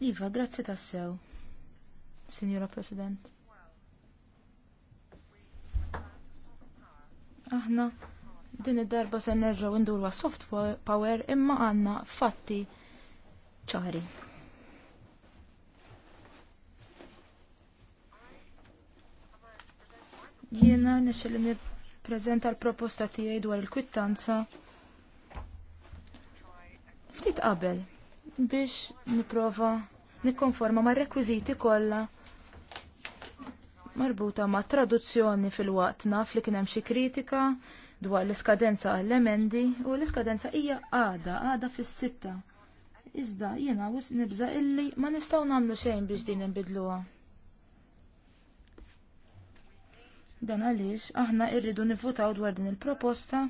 Iva, grazie tassew, Signora President. Aħna din id-darba se nerġgħu ndurwa soft power imma għandna fatti ċari. Jiena nixil nippreżenta l-proposta tiegħi dwar il-kwittanza ftit qabel biex nipprova nikkonforma mar-rekwiżiti kollha marbuta ma' traduzzjoni fil-waqt naf li kien hemm xi kritika dwar l-iskadenza għall-emendi u l-iskadenza hija għada, għada fis-sitta. Iżda jiena wis nibża illi ma nistgħu nagħmlu xejn biex din inbidluha. Dan għaliex aħna rridu nivvutaw dwar din il-proposta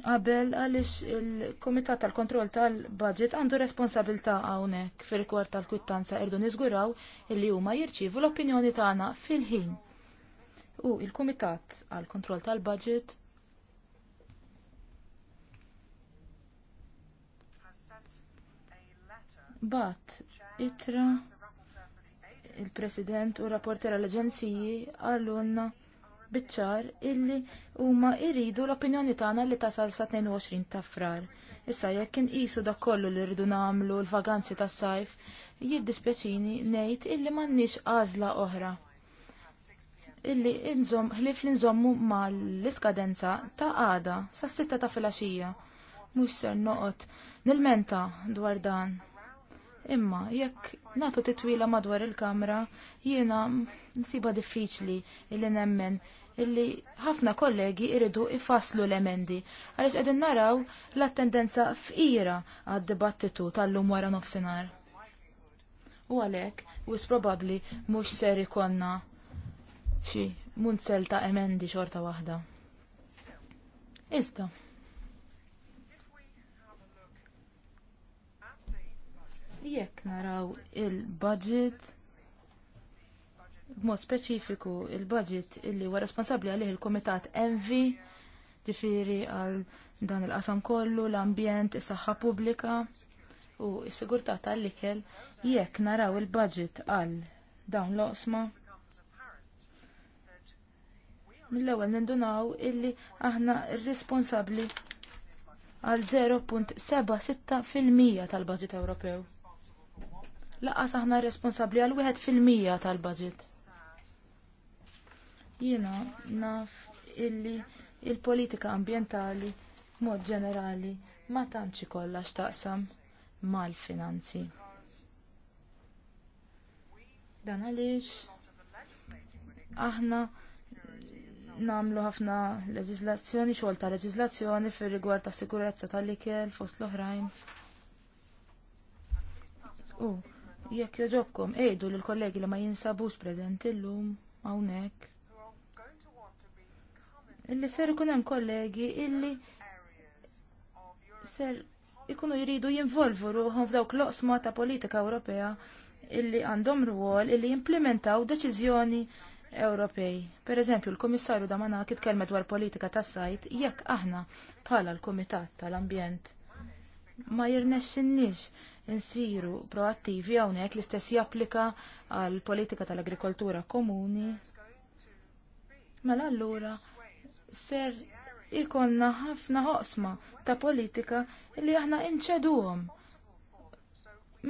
qabel għaliex il-Kumitat tal-Kontroll tal-Budget għandu responsabilità hawnhekk fir-rigward tal-kwittanza irdu niżguraw illi huma jirċievu l-opinjoni tagħna fil-ħin. U l kumitat għall-Kontroll tal-Budget bat itra il-President u rapporter għall-Aġenziji għallunna biċ-ċar illi huma jridu l-opinjoni tagħna li tasal sa 22 ta' frar. Issa jekk inqisu dak kollu li rridu nagħmlu l-vaganzi tas-sajf, jiddispjaċini ngħid illi m'għandniex għażla oħra. Illi inżom ħlif li nżommu mal-iskadenza ta' għada sa' sitta ta' filgħaxija. Mhux ser noqgħod nilmenta dwar dan. Imma, jekk nagħtu titwila madwar il-kamra, jiena msiba diffiċli li nemmen illi ħafna kollegi iridu ifasslu l-emendi għaliex qegħdin naraw l-attendenza fqira għad-dibattitu tal-lum wara nofsinhar. U għalhekk wis probabbli mhux ser ikonna xi munzel ta' emendi xorta waħda. Iżda. Jekk naraw il-budget b'mod speċifiku il-budget illi huwa responsabbli għalih il-Kumitat Envi, ġifieri għal dan il-qasam kollu, l-ambjent, is-saħħa pubblika u s-sigurtà tal-ikel jekk naraw il-budget għal dawn l-oqsma mill-ewwel nindunaw illi aħna responsabbli għal 0.76% tal-budget Ewropew. Laqas aħna responsabbli għal 1% tal-budget. Jiena naf illi l il politika ambjentali b'mod ġenerali ma tantx ikollha x'taqsam mal-finanzi. Dan għaliex aħna namlu ħafna leġislazzjoni, xogħol ta' leġislazzjoni fir rigward ta' sikurezza tal-ikel fost l-oħrajn. U jekk joġobkom, ejdu lill kollegi li ma jinsabux preżenti llum hawnhekk illi ser ikun hemm kollegi illi ser ikunu jridu jinvolvu ruħhom f'dawk l ta' politika Ewropea illi għandhom rwol illi jimplementaw deċiżjoni Ewropej. Per eżempju, l-Komissarju Damanak itkellmet dwar politika tas sajt jekk aħna bħala l-Kumitat tal-Ambjent. Ma jirnexxinniex insiru proattivi hawnhekk l-istess japplika għal politika tal-agrikoltura komuni. Mela allura ser ikonna ħafna ħosma ta' politika li aħna inċeduhom.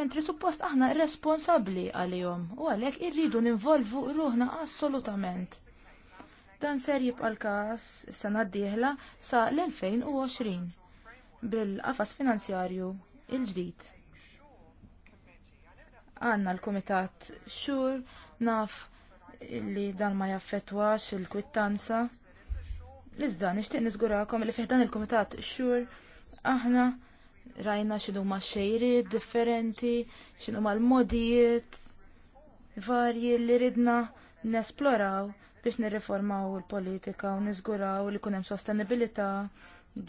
Mentri suppost aħna responsabli għalihom u għalhekk irridu ninvolvu ruħna assolutament. Dan ser jibqa' l-każ sena d-dieħla sa l-2020 bil-qafas finanzjarju l ġdid Għanna l-Kumitat xur naf li dan ma jaffettwax il-kwittanza Iżda nixtieq nizgurakom li fiħdan il-Kumitat xur aħna rajna xinu ma xejri differenti, xinu ma l-modijiet varji li ridna nesploraw biex nirriformaw il-politika u nizguraw li kunem sostenibilità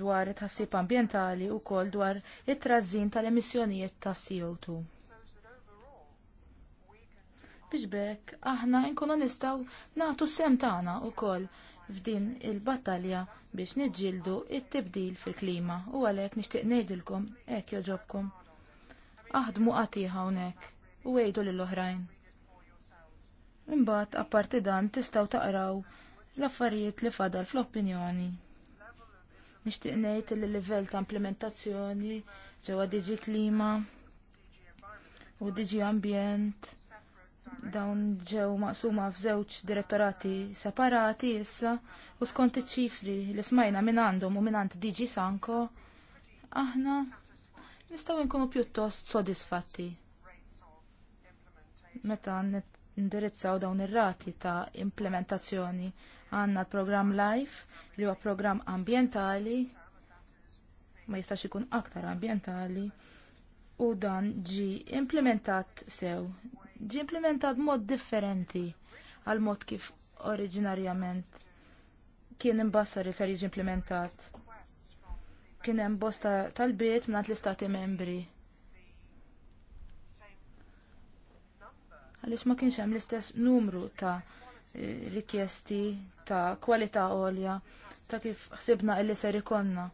dwar it-ħassib ambientali u kol dwar it-trażin tal-emissjonijiet ta' CO2. Biex bekk, aħna nkunu nistaw natu sem tagħna u kol f'din il-battalja biex niġġieldu t tibdil fil-klima u għalhekk nixtieq ngħidilkom hekk jogħġobkom. Aħdmu qati hawnhekk u għejdu lill-oħrajn. Imbagħad apparti dan tistgħu taqraw l-affarijiet li fadal fl-opinjoni. Nixtieq ngħid li livell ta' implementazzjoni ġewwa Diġi Klima u Diġi Ambjent Dawn ġew maqsuma f'żewġ direttorati separati issa u skont iċ-ċifri li smajna minn għandhom u minn għand DG Sanko, aħna nistgħu nkunu pjuttost sodisfatti. Meta indirizzaw dawn ir-rati ta' implementazzjoni. għandna l-programm LIFE li huwa programm ambjentali, ma jistax ikun aktar ambjentali, u dan ġie implementat sew ġie implementat b'mod differenti għal mod kif oriġinarjament kien imbassar ser jiġi implementat. Kien hemm bosta tal-bit mingħand l-istati membri. Għaliex ma kienx hemm l-istess numru ta' rikjesti ta' kwalità għolja ta' kif ħsibna illi ser ikonna.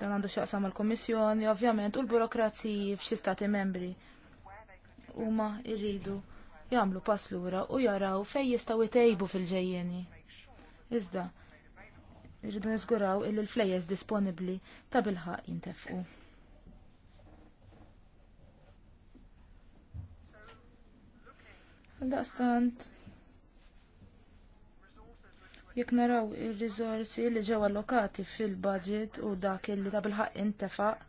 Dan għandu xaqsam mal-Komissjoni, ovvjament, u l-burokraziji f'xi stati membri huma jridu jagħmlu pass lura u jaraw fejn jistgħu jtejbu fil-ġejjeni. Iżda, irridu niżguraw illi l-flejjes disponibbli ta' bilħaq jintefqu. Daqstant, jekk naraw il rizorsi li ġew allokati fil-budget u dak li ta' bilħaq intefaq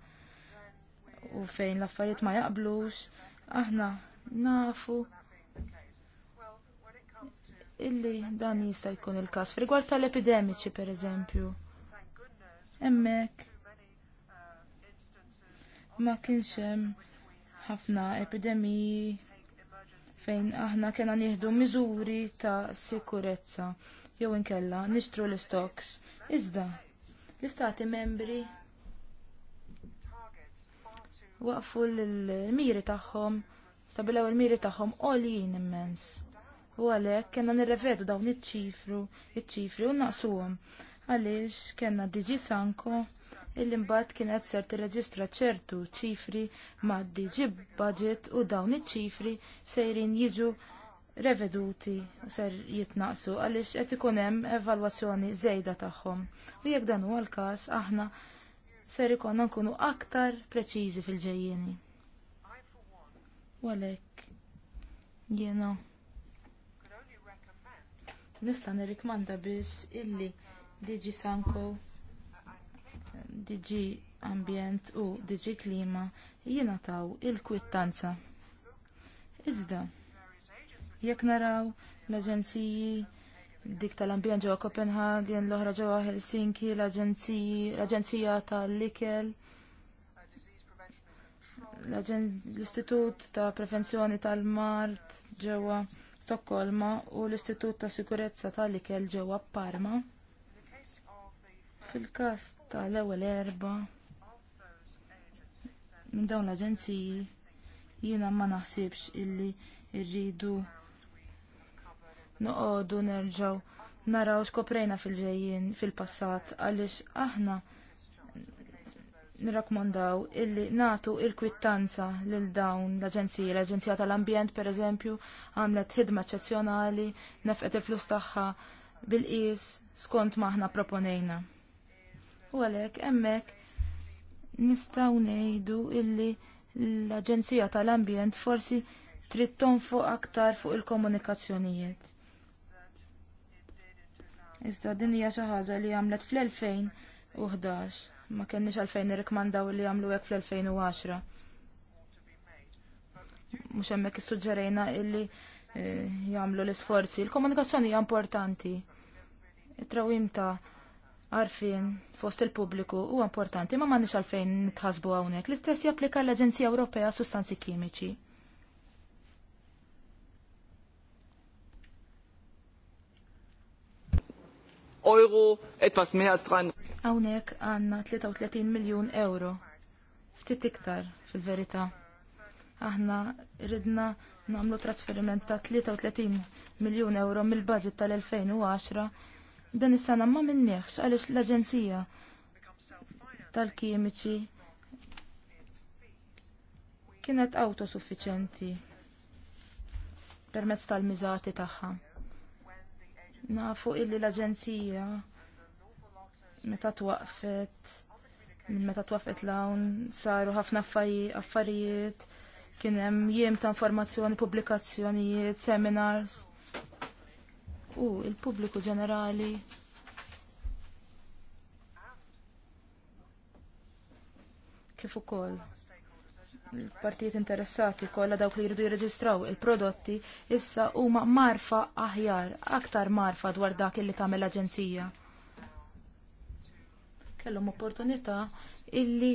u fejn l-affarijiet ma jaqblux, Aħna nafu illi dan jista' jkun il-każ. Rigward tal-epidemiċi pereżempju. Hemmhekk ma kienx hemm ħafna epidemiji fejn aħna kena nieħdu miżuri ta' sikurezza jew inkella nixtru l-istoks. Iżda, l-istati membri waqfu l-miri tagħhom, stabilew il-miri tagħhom għolin immens. U għalhekk kellna nirrevedu dawn iċ-ċifru, iċ-ċifri u naqsuhom. Għaliex kellna Digi Sanko illi mbagħad kienet ser tirreġistra ċertu ċifri ma' Digi Budget u dawn iċ-ċifri sejrin jiġu reveduti u ser jitnaqsu għaliex qed ikun hemm evalwazzjoni żejda tagħhom. U jekk dan huwa l-każ aħna ser ikonna nkunu aktar preċiżi fil-ġejjeni. Walek, jena. jiena nista' nirikmanda biss illi Diġi Sanko, Diġi Ambjent u Diġi Klima jingħataw il-kwittanza. Iżda, jekk naraw l-aġenziji dik tal-ambjent ġewwa Copenhagen, l-oħra ġewwa Helsinki, l-Aġenzija tal-Likel, l-Istitut ta' Prevenzjoni tal-Mart ġewwa Stokkolma u l-Istitut ta' Sikurezza tal-Likel ġewwa Parma. Fil-każ tal-ewwel erba minn dawn l-aġenziji jiena ma naħsibx illi rridu il noqogħdu nerġgħu naraw x'koprejna fil-ġejjin fil-passat għaliex aħna nirrakkomandaw illi natu il-kwittanza lil dawn l-Aġenzija. L-Aġenzija tal-Ambjent pereżempju għamlet ħidma eċċezzjonali nefqet il-flus tagħha bil-qis skont ma aħna proponejna. U għalhekk hemmhekk nistgħu ngħidu illi l-Aġenzija tal-Ambjent forsi trid tonfoq aktar fuq il-komunikazzjonijiet. Iżda din hija xi ħaġa li għamlet fl-2011. Ma kenniex għalfejn nirrikmandaw li jagħmlu hekk fl-2010. Mhux hemmhekk issuġġerejna illi eh, jagħmlu l-isforzi. Il-komunikazzjoni hija importanti. It-trawim ta' għarfien fost il-pubbliku huwa importanti ma m'għandniex għalfejn nitħasbu hawnhekk. L-istess japplika l-Aġenzija Ewropea Sustanzi Kimiċi. Euro, etwas mehr als 3. Hawnhekk għandna 33 miljun euro. Ftit iktar fil-verità. Aħna ridna nagħmlu trasferiment ta' 33 miljun euro mill-budget tal-2010. Dan is-sena ma minnieħx għaliex l-Aġenzija tal-Kimiċi kienet autosuffiċenti permezz tal-miżati tagħha nafu illi l-Aġenzija meta twaqfet meta twaqfet lawn saru ħafna affarijiet kien hemm jiem ta' informazzjoni, pubblikazzjonijiet, seminars u il-pubbliku ġenerali kif ukoll l-partijiet interessati kollha dawk li jridu jirreġistraw il-prodotti issa huma marfa aħjar, aktar marfa dwar dak li tagħmel l-aġenzija. Kellhom opportunità illi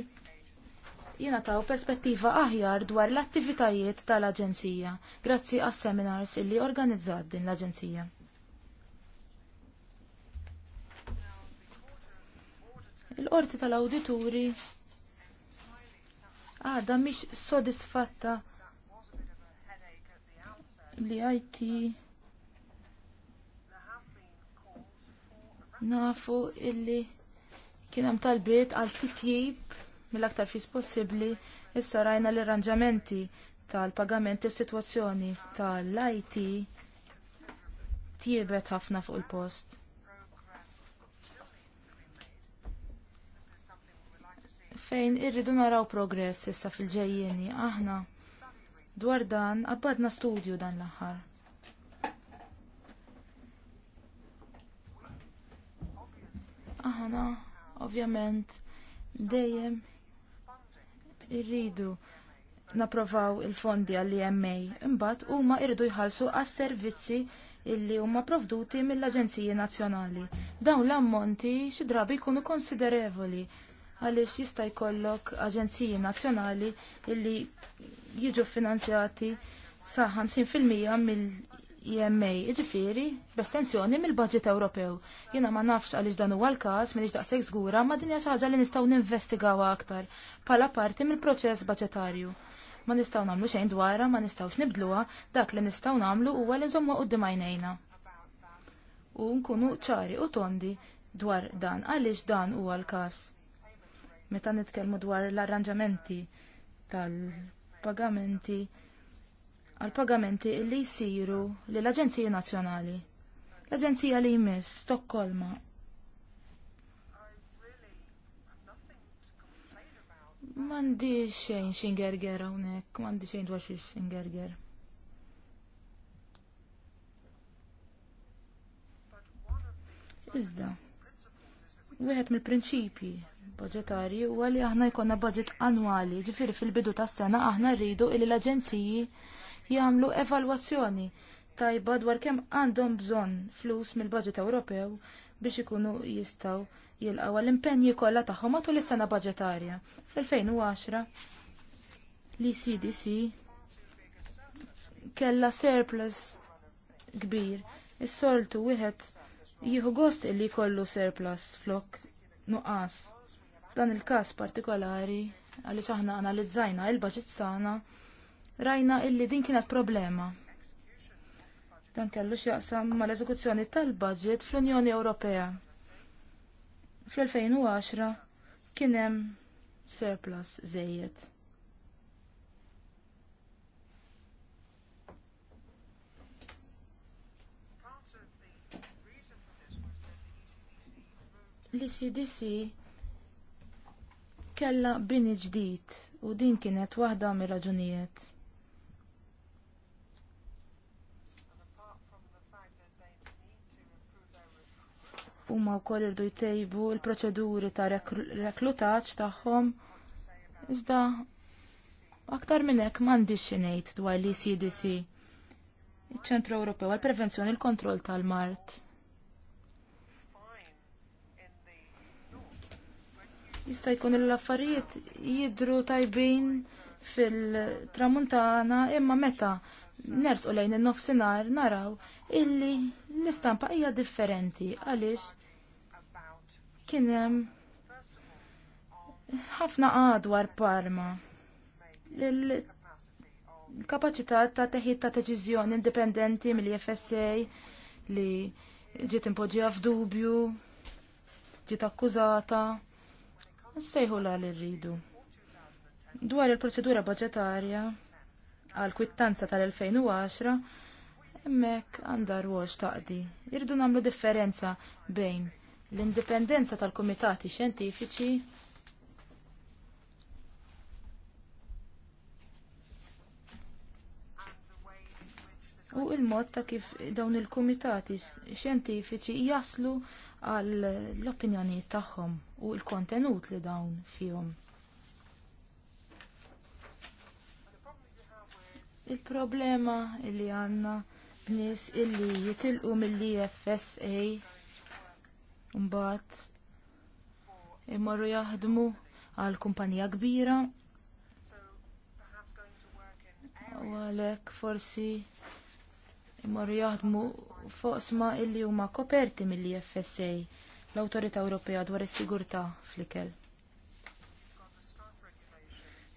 jingħataw perspettiva aħjar dwar l-attivitajiet tal-aġenzija grazzi għas seminars illi organizzat din l-aġenzija. Il-qorti tal-awdituri għada mhix sodisfatta li IT nafu illi kien hemm talbiet għal titjib mill-aktar fis possibbli issa rajna l-arranġamenti tal-pagamenti u situazzjoni sitwazzjoni tal-IT tiebet ħafna fuq il-post. fejn irridu naraw progress issa fil-ġejjeni aħna dwar dan abbadna studju dan l-aħħar. Aħna ovvjament dejjem irridu napprovaw il-fondi għall-EMA imbagħad huma jridu jħallsu għas-servizzi illi huma provduti mill-Aġenziji Nazzjonali. Dawn l-ammonti xi drabi jkunu konsiderevoli għaliex jista' jkollok aġenziji nazzjonali illi jiġu finanzjati sa 50% mill ima jiġifieri b'estensjoni mill-budget Ewropew. Jiena ma nafx għaliex dan huwa l-każ m'iniex daqshekk żgura ma din hija xi ħaġa li nistgħu ninvestigawha aktar bħala parti mill-proċess baġetarju. ma nistgħu nagħmlu xejn dwarha, ma nistgħux nibdluha, dak li nistgħu nagħmlu huwa li nżommu qudiem għajnejna. U nkunu ċari u tondi dwar dan għaliex dan huwa l-każ meta nitkellmu dwar l-arranġamenti tal-pagamenti għal pagamenti li jsiru lill aġenzija Nazzjonali. L-Aġenzija li jmiss Stokkolma. Mandi xejn xingerger hawnhekk, m'għandi xejn dwar xi xingerger. Iżda, wieħed mill-prinċipji budgetari u għalli aħna jkollna budget annwali, ġifiri fil-bidu tas sena aħna rridu li l-aġenziji jagħmlu evalwazzjoni tajba dwar kemm għandhom bżonn flus mill-budget Ewropew biex ikunu jistgħu jilqgħu l-impenji kollha tagħhom matul is-sena budgetarja. Fl-2010 l-ECDC kellha surplus kbir. Is-soltu wieħed jieħu gost illi jkollu surplus flok nuqqas. F'dan il-każ partikolari għaliex aħna analizzajna il-baġit sana rajna illi din kienet problema. Dan kellu x'jaqsam mal-eżekuzzjoni tal-budget fl-Unjoni Ewropea. Fl-2010 kien hemm surplus żejjed. l-CDC kella bini ġdid u din kienet waħda mir raġunijiet Huma wkoll irdu jtejbu l proċeduri ta' reklutaġġ tagħhom iżda aktar minn hekk m'għandix xi ngħid dwar l-ECDC, iċ-Ċentru Ewropew għall-Prevenzjoni l-Kontroll tal-Mart. Jista' jkun l-affarijiet jidru tajbin fil-tramuntana imma meta nersqu lejn in-nofsinhar naraw illi l-istampa hija differenti għaliex kien hemm ħafna għadwar Parma. Il-kapaċità ta' teħid ta' deċiżjoni indipendenti mill-FSA li ġiet impoġġija f'dubju, ġiet akkużata Sejħu la li rridu. Dwar il-proċedura budgetarja għal kwittanza tal-2010, emmek għandha rwox taqdi. Irridu namlu differenza bejn l-indipendenza tal-komitati xjentifiċi u il-mod ta' kif dawn il-kumitati xjentifiċi jaslu għal l-opinjonijiet tagħhom u l-kontenut li dawn fihom. Il-problema li għandna b'nies illi jitilqu mill FSA mbagħad imorru jaħdmu għal kumpanija kbira u għalhekk forsi imorru jaħdmu sma illi huma koperti mill-IFSA l awtorita Ewropea dwar is-sigurtà fl-ikel.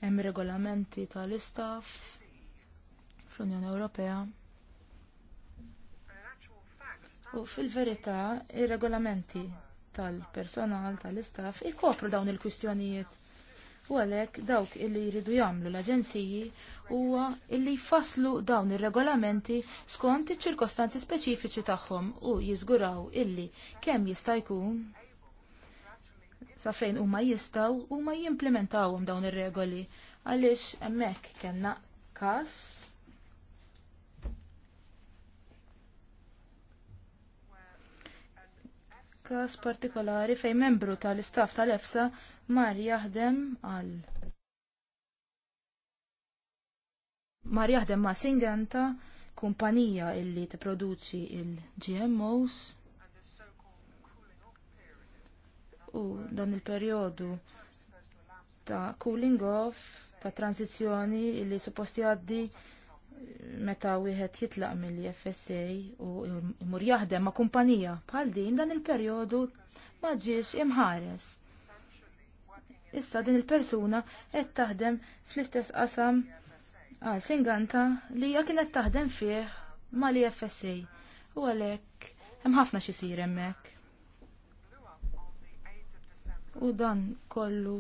Hemm regolamenti tal-istaff fl-Unjoni Ewropea. U fil-verità, ir-regolamenti tal-personal tal-istaff ikopru dawn il-kwistjonijiet. U għalhekk dawk illi jridu jagħmlu l-aġenziji huwa illi jfasslu dawn ir-regolamenti skont iċ-ċirkostanzi speċifiċi tagħhom u jiżguraw illi kemm jista' jkun sa fejn huma jistgħu huma jimplementawhom dawn ir-regoli għaliex hemmhekk kellna każ każ partikolari fejn membru tal-istaff tal-EFSA mar jaħdem għal mar jaħdem ma' Singenta, kumpanija illi tipproduċi il-GMOs. U dan il-perjodu ta' cooling off, ta' tranzizjoni illi supposti għaddi meta wieħed jitlaq mill-FSA u jmur jaħdem ma' kumpanija bħal din dan il-perjodu ma ġiex imħares. Issa din il-persuna qed taħdem fl-istess qasam Ah, Singanta li hija kienet taħdem fih li FSA u għalhekk hemm ħafna xi sir hemmhekk. U dan kollu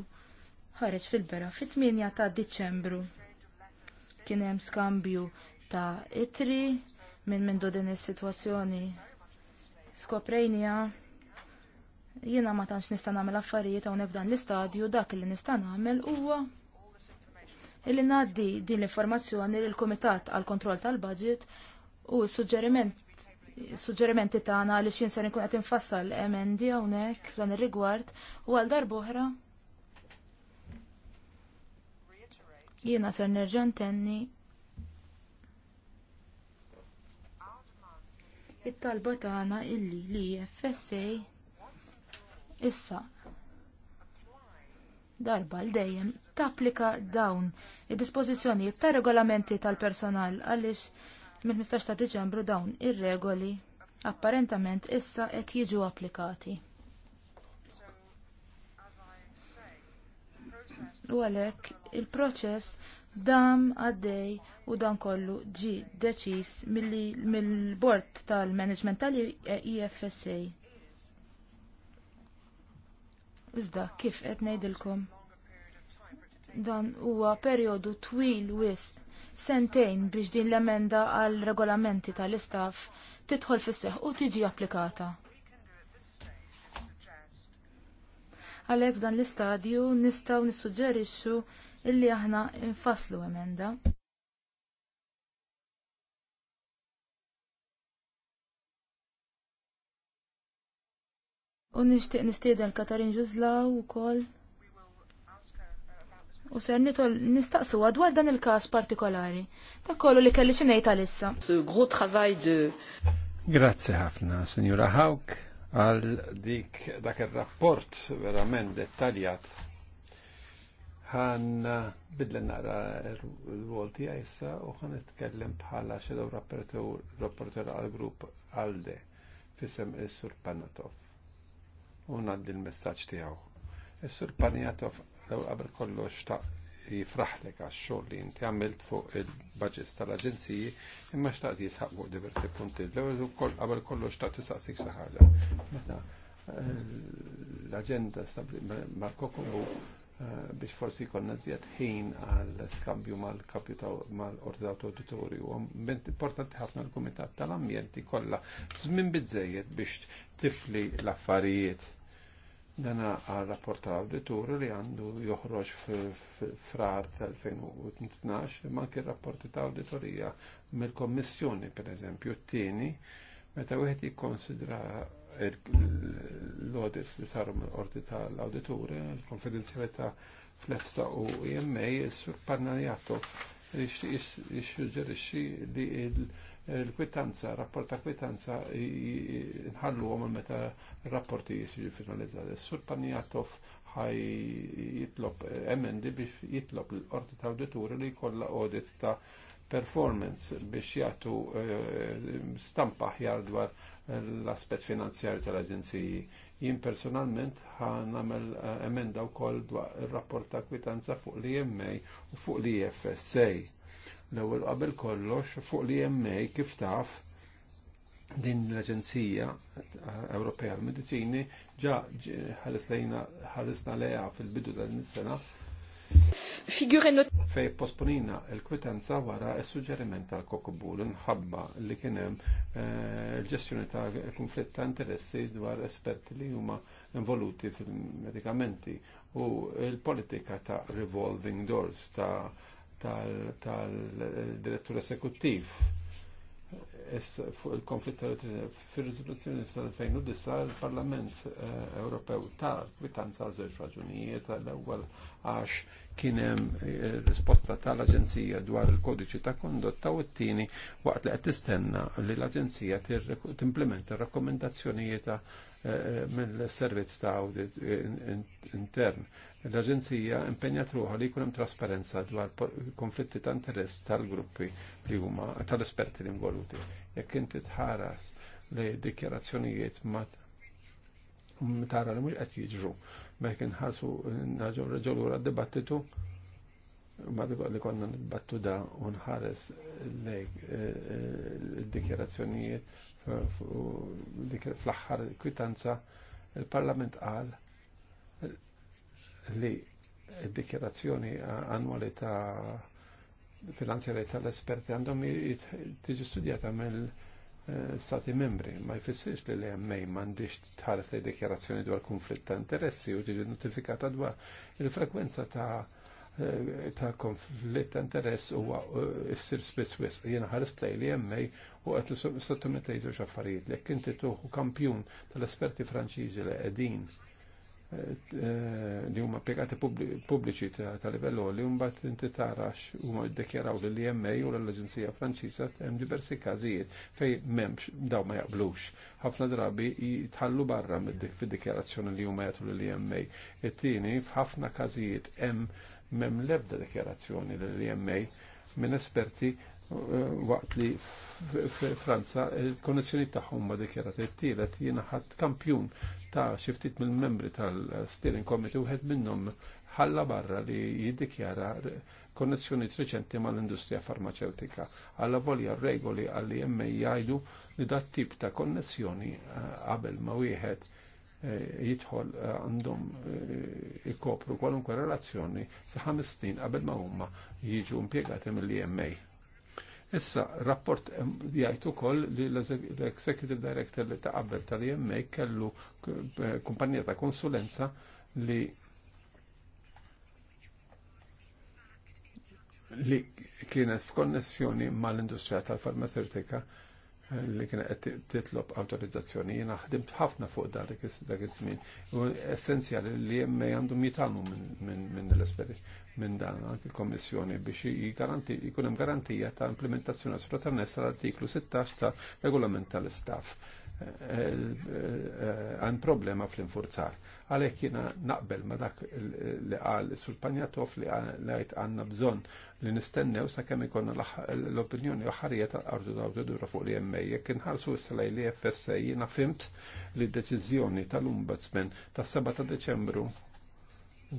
ħareġ fil-bera fit-8 ta' Diċembru. Kien hemm skambju ta' itri minn minn din is-sitwazzjoni skoprejnija jiena ma tantx nista' nagħmel affarijiet hawnhekk dan l-istadju dak li nista' nagħmel huwa illi ngħaddi din l-informazzjoni lill kumitat għall kontroll tal-Budget u s-suġġerimenti tagħna li xin ser nkun qed infassal emendi hawnhekk f'dan ir-rigward u għal darb'oħra jiena ser nerġa' ntenni it-talba tagħna illi li FSA issa darba l dejjem tapplika dawn id-dispożizzjonijiet ta' regolamenti tal-personal għaliex mill-15 ta' Diċembru dawn ir-regoli apparentament issa qed jiġu applikati. U għalhekk il-proċess dam għaddej u dan kollu ġie deċiż mill-bord tal-management tal-IFSA. E Iżda kif qed ngħidilkom dan huwa perjodu twil wisq sentejn biex din l-emenda għal regolamenti tal-istaff tidħol fis-seħħ u tiġi applikata. Għalhekk dan l-istadju nistgħu nissuġġerixxu illi aħna nfasslu emenda. U nixtieq nistieden Katarin Ġużlaw ukoll. U ser nitol nistaqsu dwar dan il-każ partikolari. Ta' kollu li kelli xi ngħid għalissa. Grazzi ħafna, Signora Hawk, għal dik dak ir-rapport verament dettaljat. Ħan eh, bidlen nara l-wol tiegħi issa u ħan nitkellem bħala xedew rapporter għal grupp Alde fisem is-Sur Panatov u ngħaddi l-messaġġ tiegħu. Is-Sur Panjatov qabel kollox ta' jifraħlek għax xogħol li jinti għamilt fuq il-budgets tal agenziji imma xtaq jisħab fuq diversi punti. L-ewwel ukoll qabel kollox xtaqt tistaqsik eh, L-agenda stabli, Marko Kumbu, Eh, biex forsi konna zjed ħin għal skambju mal-ordat auditorju. Bent importanti ħafna l-Kumitat tal-Ambjenti kollha Zmin bidżejjed biex tifli l-affarijiet. Dana għal rapport tal-auditorju li għandu joħroġ frar tal-2012, ma anke rapporti tal-auditorija mill-Kommissjoni, per eżempju, t-tieni, meta wieħed jikkonsidra l-audits li saru mill qorti tal-auditori, l-konfidenzjalità fl u EMA, s sur Parnaniato jissuġġerixxi li l-kwitanza, rapport ta' kwitanza nħallu għom meta rapporti jisġi finalizzati. Sur Parnaniatov ħaj jitlob emendi biex jitlob l-orti ta' auditori li jkollha audit ta' performance biex jagħtu eh, stampa ħjar dwar l-aspet finanzjarju tal-Aġenziji. Jien personalment ħan għamel eh, emenda wkoll dwar il rapport ta' kwitanza fuq l-IMA u fuq l-IFSA. L-ewwel qabel kollox fuq l-IMA kif taf din l-Aġenzija eh, Ewropea għal-Medicini ġa ħalisna leja fil-bidu tal-sena Fej posponina il-kwitanza wara il-sugġeriment tal-Kokobul nħabba li kienem il-ġestjoni eh, ta' konflitt ta' interessi dwar esperti li huma involuti fil-medikamenti u il-politika ta' revolving doors ta' tal-direttur esekuttiv fuq il-konflitt fir-riżoluzzjoni tal-2009 il-Parlament eh, Ewropew ta' kwitanza żewġ raġunijiet l-ewwel għax kien hemm eh, risposta tal-Aġenzija dwar il-kodiċi ta' kondotta u t-tieni waqt li qed tistenna li l-Aġenzija timplementa r rakkomendazzjonijiet ta' mill-servizz ta' audit intern. L-Aġenzija impenjat ruħa li jkun hemm trasparenza dwar konflitti ta' interess tal-gruppi li huma tal-esperti li involuti. Jekk inti tħaras li dikjarazzjonijiet ma tara li mhux qed jiġru, mekk inħarsu naġgħu d dibattitu Mad li konna nibbattu da unħares l-dikjerazzjonijiet eh, eh, eh, fl-axħar kwitanza il-Parlament għal li d-dikjerazzjoni annwali ta' finanzjali ta' l esperti għandhom tiġi studjata mill stati membri ma jfissirx li l-EMA mandiġ tħares li dikjerazzjoni dwar konflitt ta' interessi u tiġi notifikata dwar il-frekwenza ta' Eh, ta' konflitt ta' interess huwa eh, ssir spiss wis. Jiena ħarstaj li jemmej u qed s tgħidu xaffariet. li inti tuħu kampjun tal-esperti Franċiżi li qegħdin eh, li huma pjegati pubbliċi ta' livello li bat inti tarax huma ddekjaraw li l-EMA u l-Aġenzija Franċiża hemm diversi każijiet fejn m'hemmx daw ma jaqblux. Ħafna drabi jitħallu barra fid-dikjarazzjoni li huma jagħtu lill-EMA. It-tieni f'ħafna każijiet hemm mem lebda dekjarazzjoni l-EMA minn esperti eh, waqt li Franza il-konnessjoni tagħhom ma dikjarat it-tielet jiena ħadd kampjun ta' xiftit mill-membri tal-Steering Committee wieħed minnhom ħalla barra li jiddikjara konnessjoni reċenti mal-industrija farmaceutika. Għalla volja regoli għalli jemma jgħidu li dat tip ta' konnessjoni eh, qabel ma wieħed jidħol eh, għandhom eh, ikopru kwalunkwe relazzjoni sa' ħames snin qabel ma' huma jiġu impjegati mill ima Issa, rapport eh, jgħajt ukoll li l-Executive Director li ta' qabel tal ima kellu kumpanija ta' konsulenza li li kienet f'konnessjoni mal-industrija tal-farmaceutika li kien qed titlob awtorizzazzjoni jiena ħdimt ħafna fuq dak iż-żmien. U essenzjali li hemm għandhom jitalmu minn l-esperjenz minn dan anke l-Kommissjoni biex jkun hemm garantija ta' implementazzjoni assoluta tal-artiklu 16 ta' regolament tal-istaff għan problema fl-infurzar. Għalek jina naqbel ma dak li għal sul panjatof li għajt għanna bżon li nistennew sa' kemm ikonna l-opinjoni ħarija ta' ardu dawdu dura fuq li jemmej. Jek nħarsu s-salaj li FSA jina fimt li deċizjoni tal umbatsmen tas 7 ta' Deċembru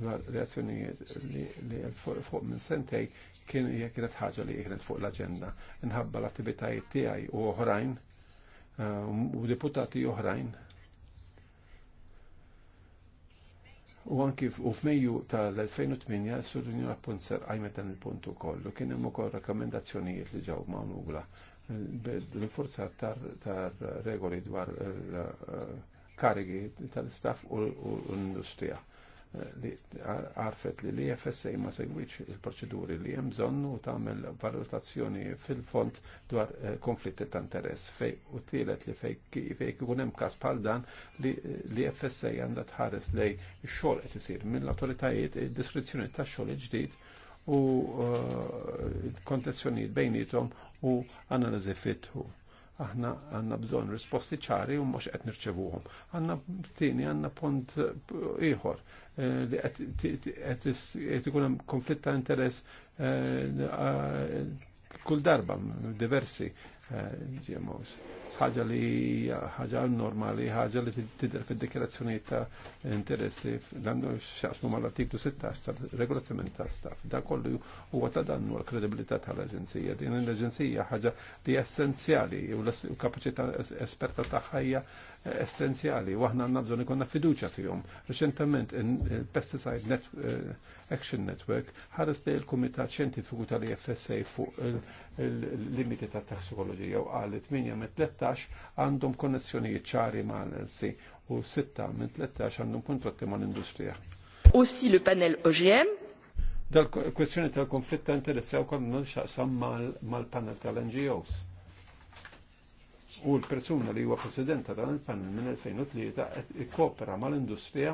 reazzjoni li fuq minn sentej kien kienet ħaġa li kienet fuq l-agenda. Nħabba l-attivitajiet tiegħi u oħrajn u deputati oħrajn. U anki u f'Mejju tal-2008 s-Sudunju Appunzer għajmet dan il-punt ukoll u kien hemm ukoll rakkomendazzjonijiet li ġew magħmula l-forza tar regoli dwar eh, karigi tal staff u l-industrija li għarfet li li FSA ma segwiċ il-proċeduri li hemm bżonn u tagħmel valutazzjoni fil-font dwar eh, konflitti ta' interess fej u tielet li fej ikun hemm każ bħal dan li FSA għandha tħares li x-xogħol qed isir mill-awtoritajiet id-diskrizzjoni tax-xogħol ġdid u eh, kontezzjoni bejnietom u analiżi fitħu aħna għanna bżon risposti ċari u mux għet nirċevuħum. Għanna tini għanna pont eh, iħor eh, li għet ikun hemm konflitt ta' eh, kull darba diversi GMOs ħaġa li ħaġa normali, ħaġa li tidher fid-dikjerazzjoni ta' interessi għandu x'aqsmu mal-artiklu 16 ta' regolazzjoni ta' staff. Da kollu huwa ta' dannu l-kredibilità tal-Aġenzija. Din l-Aġenzija ħaġa li essenzjali u l-kapaċità esperta ta' ħajja essenzjali u aħna għandna bżonn ikonna fiduċja fihom. Reċentement il-Pesticide Net eh, Action Network ħares li l-Kumitat Xjentifiku tal-IFSA fuq il-limiti tat-toxikoloġija u qal 8 mit 13 għandhom konnessjonijiet ċari ma' l-LC u 6 minn 13 għandhom kontratti ma' l-industrija. Aussi l panel OGM. Dal-kwestjoni tal-konflitt ta' interessi għu konnu xaqsam mal-panel tal-NGOs. U l-persuna li huwa presidenta tal panel minn 2003 ikkopera mal-industrija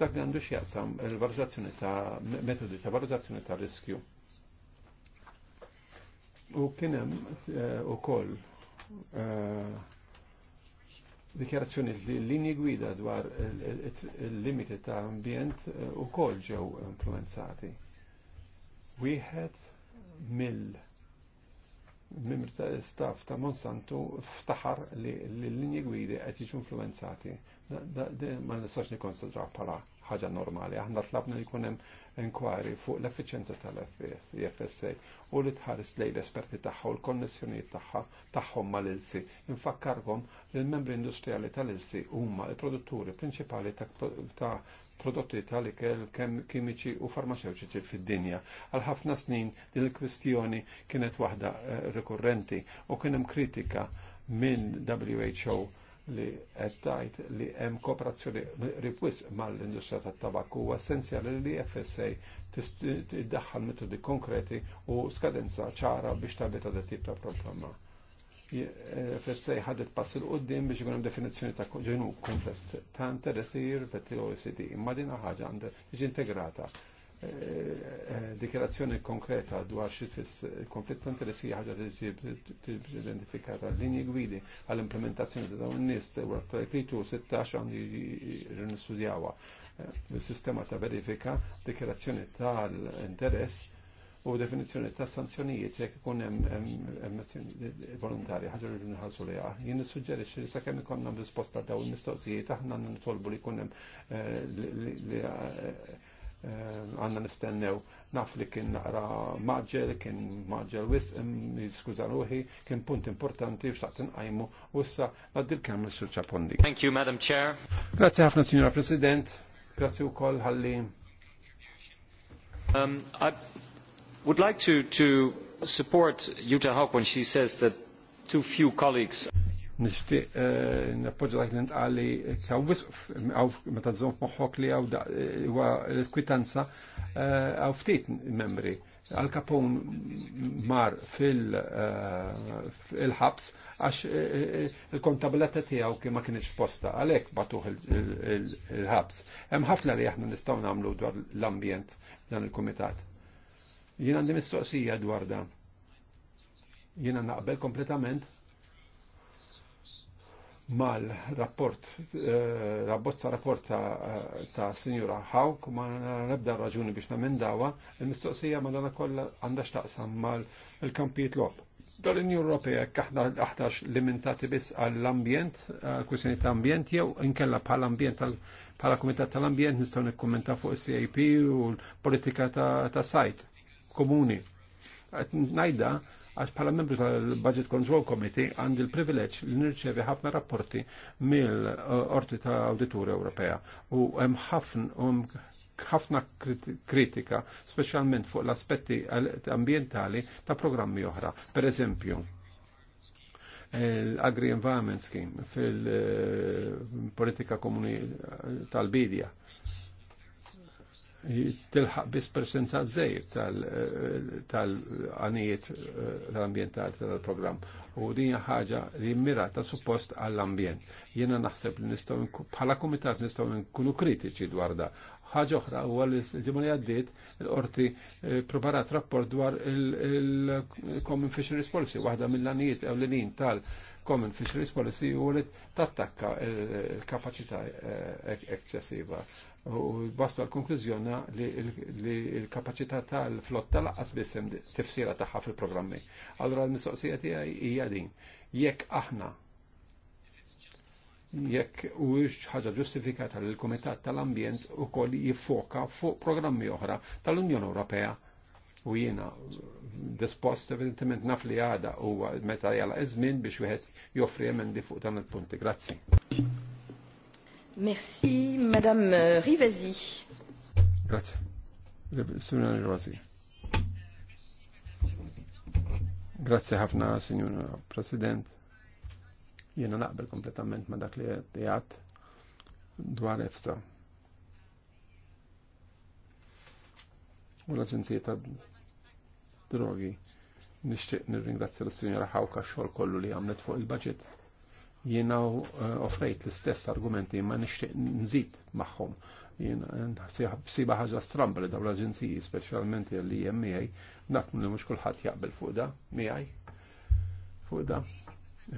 dak li għandu xjaqsam il-valutazzjoni ta' metodi ta' valutazzjoni ta' riskju. U kienem eh, u koll Eh, dikjarazzjoni li l-linji gwida dwar il-limiti ta' ambjent eh, u kol ġew influenzati. Wieħed mill mimr ta' staff ta' Monsanto ftaħar li l-linji gwida qed jiġu influenzati. Ma nistax nikkonsidraw bħala ħaġa normali. Aħna tlabna li jkun hemm inkwari fuq l-effiċenza tal-FSA u li tħares lej l-esperti tagħha u l-konnessjonijiet tagħha tagħhom mal-ilsi. Infakkarkom li l-membri industrijali tal-ilsi huma l-produtturi prinċipali ta' prodotti tal-ikel kimiċi u farmaceutiċi fid-dinja. Għal ħafna snin din il-kwistjoni kienet waħda eh, rikurrenti u kien hemm kritika minn WHO li għettajt li hemm kooperazzjoni ripwis mal-industrija tat tabakku u essenzjali li FSA tiddaħħal metodi konkreti u skadenza ċara biex tabita da tip ta' problema. E FSA ħadet pass il qoddim biex ikun definizjoni ta' ġenu konfest ta' interessi jirrepeti l-OECD imma din ħaġa għandha integrata Eh, eh, dikjerazzjoni konkreta dwar xi konflitt ta' interessi ħaġa li ġib identifikata linji gwidi għall-implementazzjoni ta' dawn nies work rejpitu 16 għandu nistudjawha eh, Is-sistema ta' verifika, dikjerazzjoni tal-interess u definizzjoni ta' sanzjonijiet jekk ikun hemm volontarja ħaġa li nħallsu liha. Jien nissuġġerixxi li sakemm ikollna risposta dawn il-mistoqsijiet aħna nitolbu li jkun hemm Eh, għanna nistennew naf li kien naqra maġġel, kien maġġel wis, jiskuza ruħi, kien punt importanti f'xaqt inqajmu u issa naddil kemm sur ċapondi. Thank you, Madam Chair. Grazie ħafna, Signora President. Grazie wkoll ħalli. Um, I would like to, to support Jutta Hawk when she says that too few colleagues nishtiq eh, nappoġġa dak li nqali kawis għaw meta żżomm moħħok li għaw da l-kwitanza eh, għaw ftit membri. għal kapun mar fil-ħabs eh, għax il kontabilata tiegħu kien ma kienx f'posta għalhekk batuh il-ħabs. Hemm ħafna li aħna nistgħu nagħmlu dwar l-ambjent dan il-kumitat. Jien għandi mistoqsija dwar dan. Jiena naqbel kompletament mal-rapport, rabbozza eh, rapport eh, ta' Signora Hawk ma nabda raġuni biex namendawa, il-mistoqsija ma dana kolla għandax taqsam mal-kampijiet l-op. Dal-Unjoni Europea kaħna aħtax limitati biss għall-ambjent, għall-kwisjoni ta' ambjent, jew inkella bħal-ambjent bħala kumitat tal-ambjent nistgħu nikkummenta fuq is-CIP u l-politika ta' sajt komuni najda għax pala membru tal-Budget Control Committee għand il privileġġ li nirċevi ħafna rapporti mill-Orti ta' Auditur Ewropea u hemm ħafna ħafna kritika, speċjalment fuq l-aspetti ambientali ta' programmi oħra. Per eżempju, l-Agri Environment Scheme fil-politika eh, komuni tal-bidja tilħaq bis persenza żejr eh, tal-għanijiet eh, l-ambientali tal-program. U din ħaġa li ta' suppost għall ambient Jena naħseb li nistgħu bħala kumitat nistgħu nkunu kritiċi dwar da. Ħaġa oħra huwa li ġimgħa għaddit għaddiet l-qorti eh, preparat rapport dwar il-Common Fisheries Policy, waħda mill-għanijiet ewlenin tal- Common Fisheries Policy u li tattakka il-kapacità eċċessiva u basta l konklużjona li l-kapacità tal-flotta laqqas bissem tifsira tagħha fil-programmi. Allora l-mistoqsija tiegħi hija din. Jekk aħna jekk u ħaġa ġustifikata l-Kumitat tal-Ambjent ukoll jiffoka fuq programmi oħra tal-Unjoni Ewropea u jiena dispost evidentement naf li għada u meta jala żmien biex wieħed joffri emendi fuq dan il-punti. Grazzi. Merci, Madame euh, Rivasi. Grazie. Signora Rivasi. Grazie ħafna, Signora President. Jena naqbel kompletament ma dak li għat dwar EFSA. U l-Aġenzija ta' Drogi. Nishtiq nirringrazzja l-Signora Hawka xol kollu li għamlet fuq il-budget Jiena eh, offrejt l-istess argumenti ma nixtieq nżid magħhom. Jiena eh, siba ħagġa stramba li daw l-aġenziji, specialment li hemm miegħi, li mhux kulħadd jaqbel fuq da miegħi. Fuq da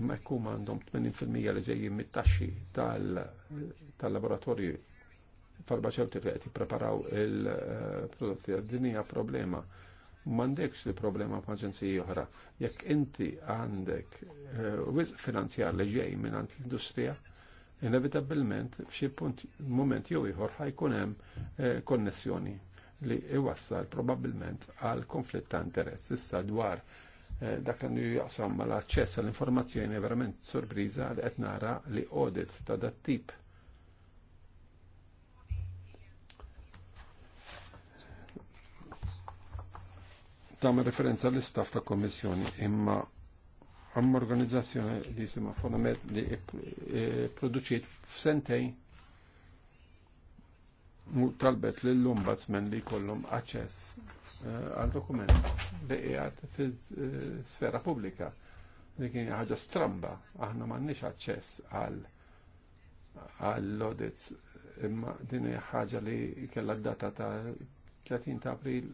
imma jkun għandhom 80% li ġejjin mit-taxxi tal-laboratorju farmaceutiku qed jippreparaw il-prodotti eh, għad-dinija problema m'għandekx li problema b'aġenziji oħra. Jekk inti għandek uh, finanzjar li ġej minn l-industrija, inevitabilment f'xi punt moment jew ieħor ħajkun hemm eh, konnessjoni li iwassal probabbilment għal konflitt ta' interess. Issa dwar eh, dak li jaqsam mal aċċess għall-informazzjoni verament sorpriża li qed nara li audit ta' dat tip tagħmel referenza l-istaff ta' kommissjoni imma għam organizzazzjoni li jisima fondament li e produċiet f'sentejn talbet l lumbatsmen li kollum aċċess e, għal dokument li qiegħed fiż-sfera pubblika li kien ħaġa stramba aħna m'għandniex aċċess għal għall audits imma din hija ħaġa li kellha data ta' 30 ta' april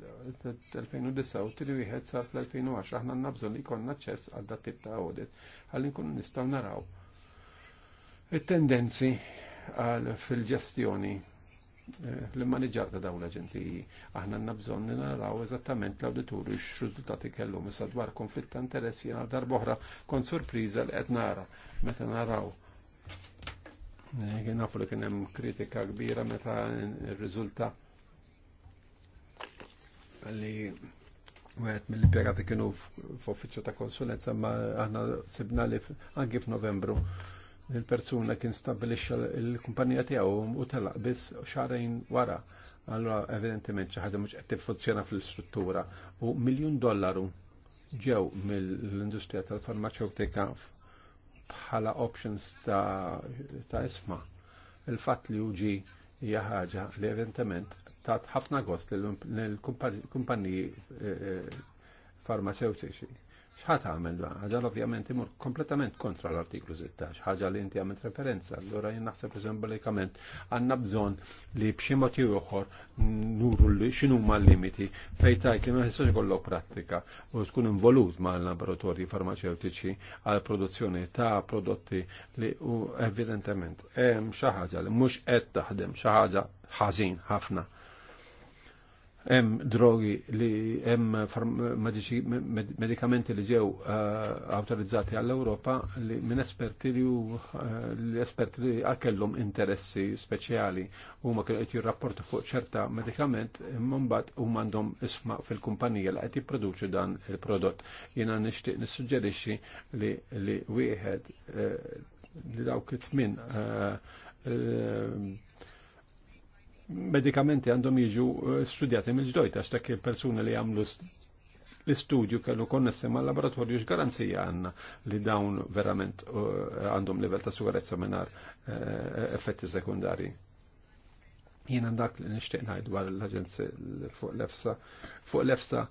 2009 u tili wieħed sar fl-2010 aħna nabżon li konna ċess għal dat tip ta' audit għalli nkunu nistaw naraw it tendenzi għal fil-ġestjoni l-manager ta' dawn l-aġenziji. Aħna għandna bżonn li naraw eżattament l-awdituri x kellu kellhom issa dwar konflitt ta' interess jiena darb'oħra kont surpriża li qed nara meta naraw. Nafu li kien hemm kritika kbira meta r li għet mill-impiegati kienu f-offiċu ta' konsulenza ma aħna sibna li anki f'Novembru il-persuna kien stabilixxa il kumpanija tiegħu u telaq biss xarajn wara. għallu evidentement xi ħaġa mhux qed tiffunzjona fl-istruttura u miljun dollaru ġew mill-industrija tal-farmaceutika bħala options ta' isma. Il-fatt li uġi hija ħaġa li evidentement tat ħafna gost lill-kumpanniji eh, eh, farmaceutiċi xħat għamil ħaġa ovvjament imur kompletament kontra l-artiklu 16, ħaġa li inti għamilt referenza, allora jien naħseb eżembolikament għanna bżon li b'xi motiv uħor nuru li xinu ma limiti fej li ma jistax kollok pratika u tkun involut ma l-laboratorji farmaceutiċi għal produzzjoni ta' prodotti li u evidentement hemm xi ħaġa li mhux qed taħdem xi ħaġa ħażin ħafna hemm drogi li hemm medikamenti li ġew eh, awtorizzati għall-Ewropa li minn esperti li eh, li esperti li għakellhom interessi speċjali huma kienu qed jirrapportu fuq ċerta medikament imma mbagħad huma għandhom isma' fil-kumpanija li qed jipproduċu dan il-prodott. Jiena nixtieq nissuġġerixxi li li wieħed eh, li dawk it-tmin medikamenti għandhom jiġu eh, studjati mill-ġdojt għax dak il-persuni li għamlu l-istudju kellu konnessi ma' laboratorju x'garanzija għandna li dawn verament eh, għandhom livell ta' sigurezza mingħajr eh, effetti sekundarji. Jien dak li nixtieq ngħid dwar l agenzi fuq l-EFSA. Fuq l-EFSA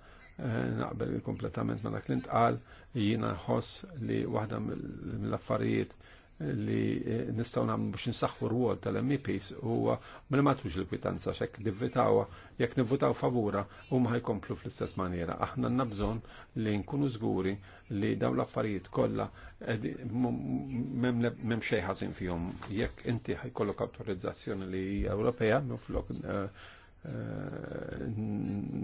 naqbel kompletament ma' dak li intqal jiena ħoss li waħda mill-affarijiet li eh, nistaw namlu biex nsaxħu wol tal-MEPs u eh, ma matux il-kwitanza xek divvitawa jek nivvitaw favura u ma fl-istess maniera. Aħna nabżon li nkunu zguri li daw l-affarijiet kolla eh, mem xejħazin fjom. Jekk inti ħajkollok autorizzazzjoni li Ewropea, flok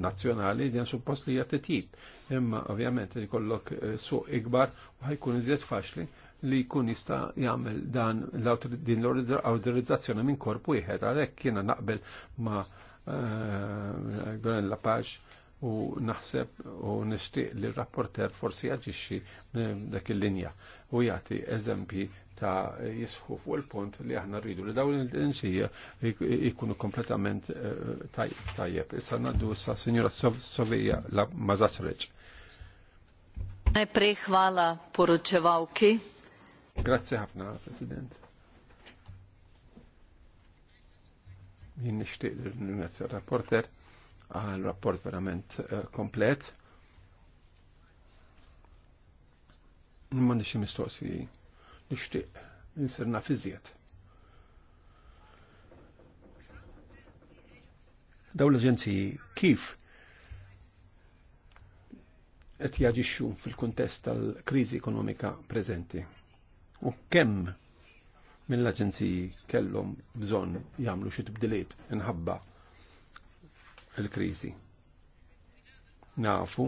nazzjonali li suppost li jgħat Imma ovvjament li kollok suq ikbar u ħajkun iżjed faċli li jkun jista' jagħmel dan din l-awtorizzazzjoni minn korp wieħed għalhekk kiena naqbel ma' eh, Gwen Lapaġ u naħseb u nixtieq li rapporter forsi jaġixxi dak il-linja u jagħti eżempji ta' jisħu fuq il-punt li aħna rridu li dawn l-inċija jikunu kompletament eh, tajjeb. Issa naddu sa signora Sovija la Mazaċreċ. Najprej hvala poročevalki Grazzi ħafna, President. Jien nixtieq ringrazzja rapporter għal rapport verament eh, komplet. Imma nixi mistoqsi nixtieq nisirna fiżjed. Daw l-aġenziji kif qed jaġixxu fil-kuntest tal-kriżi ekonomika preżenti u kemm mill-aġenziji kellhom bżonn jagħmlu xi tibdiliet inħabba l-kriżi. Nafu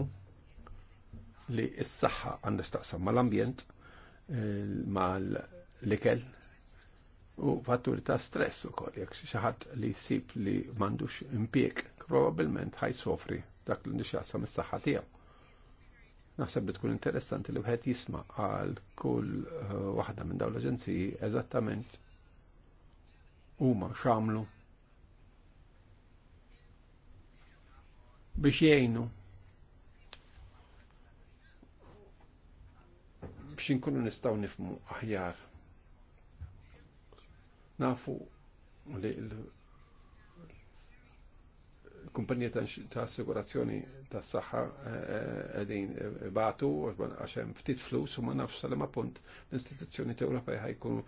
li s-saħħa għandha x'taqsam mal-ambjent, eh, mal-ikel u fatturi ta' stress ukoll jekk xi ħadd li jsib li m'għandux impjeg probabbilment ħajsofri dak li nixjaqsam is-saħħa tiegħu Naħseb li tkun interessanti li wieħed jisma' għal kull eh, waħda minn dawn l-aġenziji eżattament huma x'għamlu biex jgħinu biex inkunu nistgħu nifmu aħjar. Nafu li kumpanija ta' assigurazzjoni ta' s-saxħa għedin eh, eh, eh, batu għaxem ftit flus u ma' nafx salem appunt l-istituzzjoni ta' Ewropej ħajkunu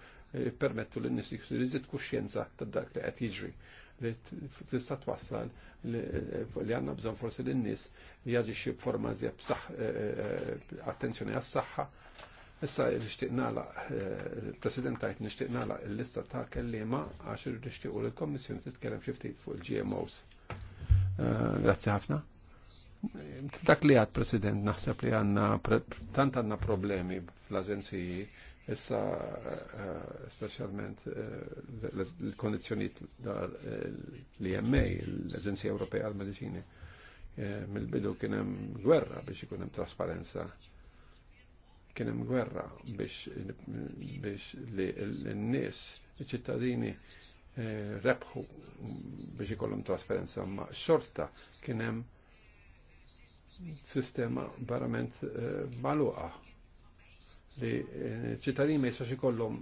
permettu l-nis jizzit kuxjenza ta' dak li għet jiġri li tista' twassal li għanna bżon forsi l-nis jaġiċi b'forma zja attenzjoni għas-saxħa Issa nishtiq il-President tajt nishtiq il-lista ta' kellima għax nishtiq u l-Komissjoni titkellem xiftit fuq il-GMOs. Grazzi ħafna. Dak li għad, President, naħseb li għanna, tant għanna problemi fl-aġenziji, issa eh, specialment eh, l-kondizjoniet eh, l-EMA, l-Aġenzija Ewropea għal-Medicini, mill-bidu kienem gwerra biex ikunem trasparenza kienem gwerra biex biex li n-nis, ċittadini Eh, rebħu biex ikollhom trasferenza ma xorta kien hemm sistema verament eh, maluqa li eh, ċittadini ma jistax ikollhom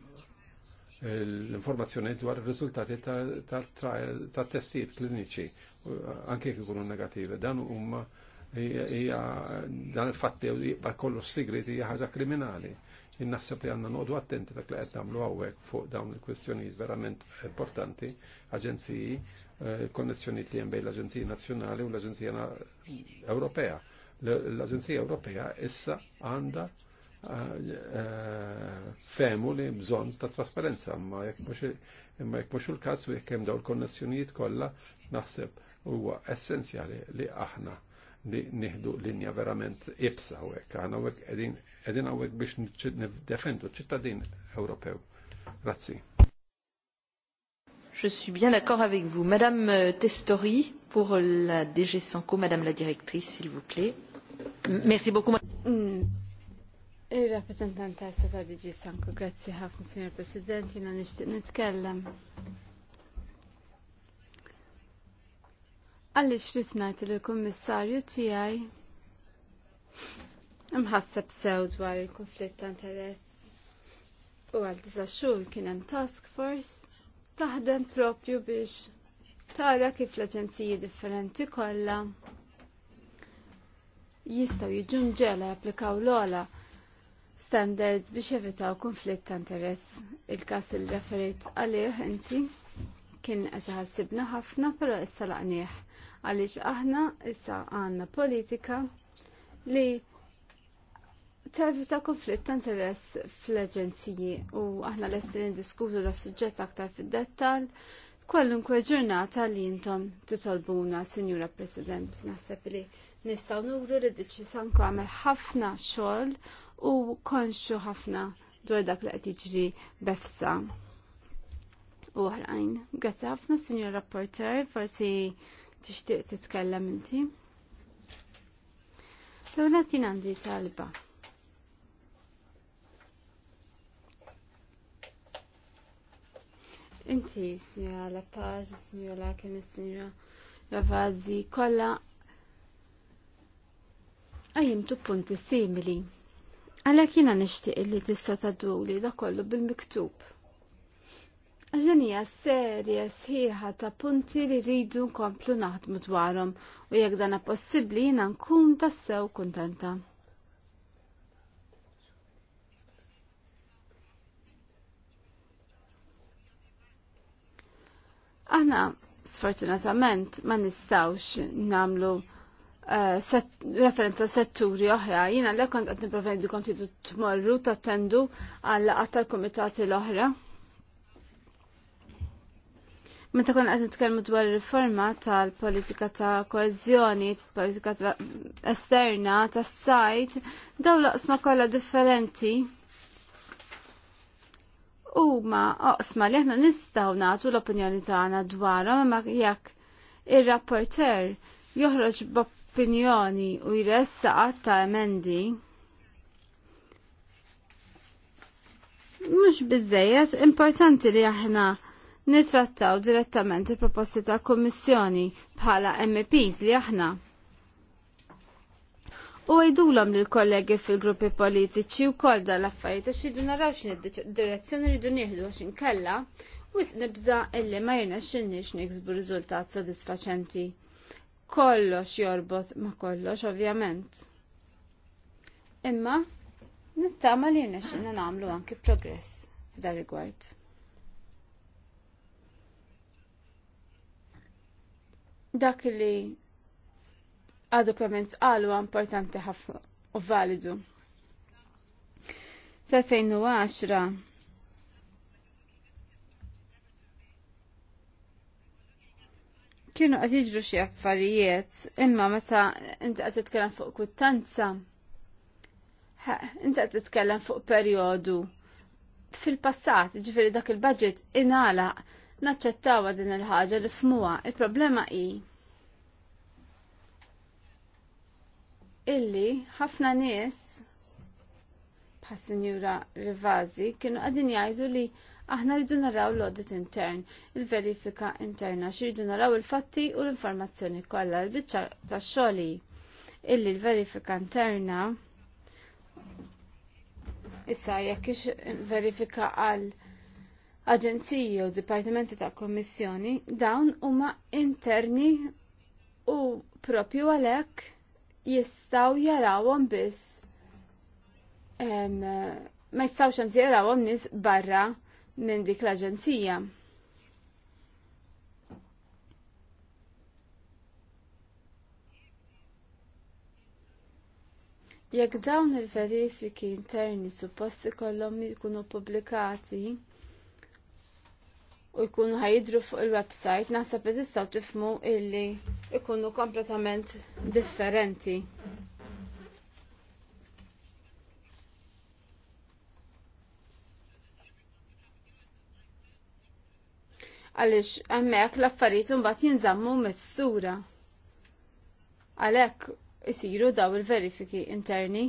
l-informazzjoni dwar ir-riżultati tat-testijiet kliniċi anke jekk ikunu negativi. Dan huma dan il-fatti jibqa' kollox sigriti hija ħaġa kriminali Innaħseb li għanna noqdu attenti dak li għed nagħmlu għawek fuq dawn il-kwestjonijiet verament importanti, aġenziji, eh, konnessjonijiet li hemm bejn l-Aġenzija Nazjonali u l-Aġenzija Ewropea. L-Aġenzija Ewropea issa għanda eh, femu li bżon ta' trasparenza, ma jek mux il-kas u jek hemm daw l konnessjonijiet kolla, naħseb u essenzjali li aħna li nieħdu linja verament ibsa u għana aħna hekk qegħdin Edin għawek biex defendu ċittadin Ewropew. Grazzi. Je suis bien d'accord avec vous. Madame euh, Testori, pour la DG Sanko, Madame la Directrice, s'il vous plaît. Merci beaucoup. Il-rappresentant mm. eh, ta' DG Sanko, grazie ħafna, Signor President, jina nishtiq nitkellem. Għalli xritnajt il-Kommissarju tijaj imħasseb sew dwar il-konflitt ta' interess u għal disa xhur kien hemm task force taħdem propju biex tara kif l-aġenziji differenti kollha jistgħu jiġu mġela japplikaw l ogħla standards biex jevitaw konflitt ta' interess. Il-każ il referit għalih inti kien qed iħassibna ħafna però issa laqnieh għaliex aħna issa għandna politika li ta' konflitt ta' interess fl-aġenziji u aħna lesti diskutu da' suġġett aktar fid-dettal kollunkwe ġurnata li jintom titolbuna, Signora President, nasib li nistaw nuru li sanku għamel ħafna xogħol u konxu ħafna dwar dak li qed jiġri befsa. U oħrajn. Grazzi ħafna, Signora Rapporter, forsi tixtieq titkellem inti. Dawna tin għandi talba. Inti, signora La Page, signora Lakin, signora Ravazzi, kolla tu punti simili. Għalek kina nishtiq li tista taddu li da kollu bil-miktub. Għaxdan hija serja sħiħa ta' punti li rridu nkomplu naħdmu dwarhom u jekk dana possibbli jiena nkun tassew kuntenta. Aħna sfortunatament ma nistawx namlu eh, referenza setturi oħra. Jina l kont għad niprofendi kont jidu tmorru tattendu għalla għattar komitati l-oħra. Meta kon għad nitkellmu dwar riforma tal-politika ta' koezjoni, politika esterna, tas sajt, daw laqsma kollha differenti huma oqsma li aħna nistgħu nagħtu l-opinjoni tagħna dwarhom ma jekk ir-rapporter joħroġ b'opinjoni u jressa ta' emendi. Mhux biżejjed importanti li aħna nitrattaw direttament il-proposti ta' Kummissjoni bħala MPs li aħna u għajdu l-kollegi fil-gruppi politiċi u kol l affarijiet għax jidu naraw xin direzzjoni rridu nieħdu għax inkella wis nibza illi ma jirna xinniex niksbu riżultat sodisfaċenti. Kollox jorbot ma kollox ovvjament. Imma nittama li jirna xinna namlu anki progress f'dar rigward. Dak li għadu komment għalu importanti ħafna u validu. f 2010 kienu qed jiġru xi affarijiet imma meta inti qed titkellem fuq kwittanza inti qed titkellem fuq perjodu fil-passat, ġifiri dak il-budget inala naċċettawa din il-ħaġa li fmuha. Il-problema hi illi ħafna nies bħal Sinjura Rivazi kienu qegħdin jgħidu li aħna rridu naraw l-audit intern, il-verifika interna, xirridu naraw il-fatti u l-informazzjoni kollha l-biċċa tax-xogħli illi l-verifika interna issa jekk ix verifika għal aġenziji u dipartimenti ta' kommissjoni dawn huma interni u propju għalhekk jistaw jarawhom biss ma jistaw anzi jarawhom nies barra minn dik l-aġenzija. Jekk dawn il-verifiki interni supposti kollom jikunu publikati, u jkunu ħajidru fuq il-website, naħseb li tistaw tifmu illi jkunu kompletament differenti. Għalix, għemmek l-affarijiet mbagħad jinżammu mit-sura. Għalhekk isiru daw il-verifiki interni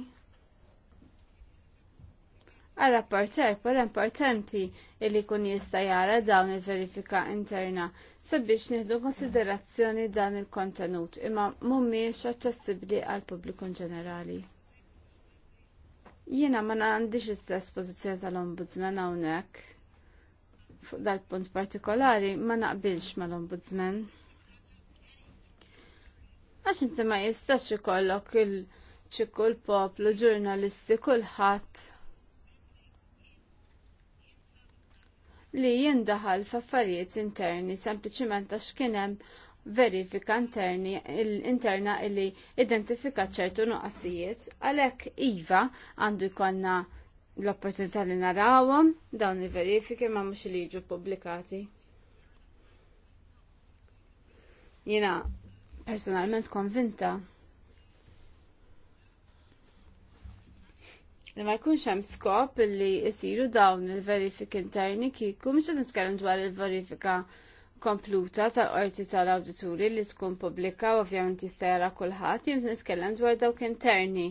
għal-rapporter per importanti illi kun jista' jara dawn il-verifika interna sabiex nieħdu konsiderazzjoni dan il-kontenut imma mhumiex aċċessibbli għal pubbliku ġenerali. Jiena ma għandix istess pożizzjoni tal-Ombudsman hawnhekk fuq dal-punt partikolari ma naqbilx mal-Ombudsman. Għax inti ma jistax ikollok il-ċikku l-poplu, ġurnalisti, kulħadd li jindaħal f'affarijiet interni sempliċiment għax kien hemm verifika interni interna li identifika ċertu nuqqasijiet għalhekk iva għandu jkollna l-opportunità li narawhom dawn il-verifiki ma mhux li jiġu pubblikati. Jiena personalment konvinta li ma jkunx hemm skop li jsiru dawn il-verifiki interni kieku mhux qed nitkellem dwar il-verifika kompluta tal-qorti tal-awdituri li tkun pubblika ovvjament jista' jara kulħadd jien nitkellem dwar dawk interni.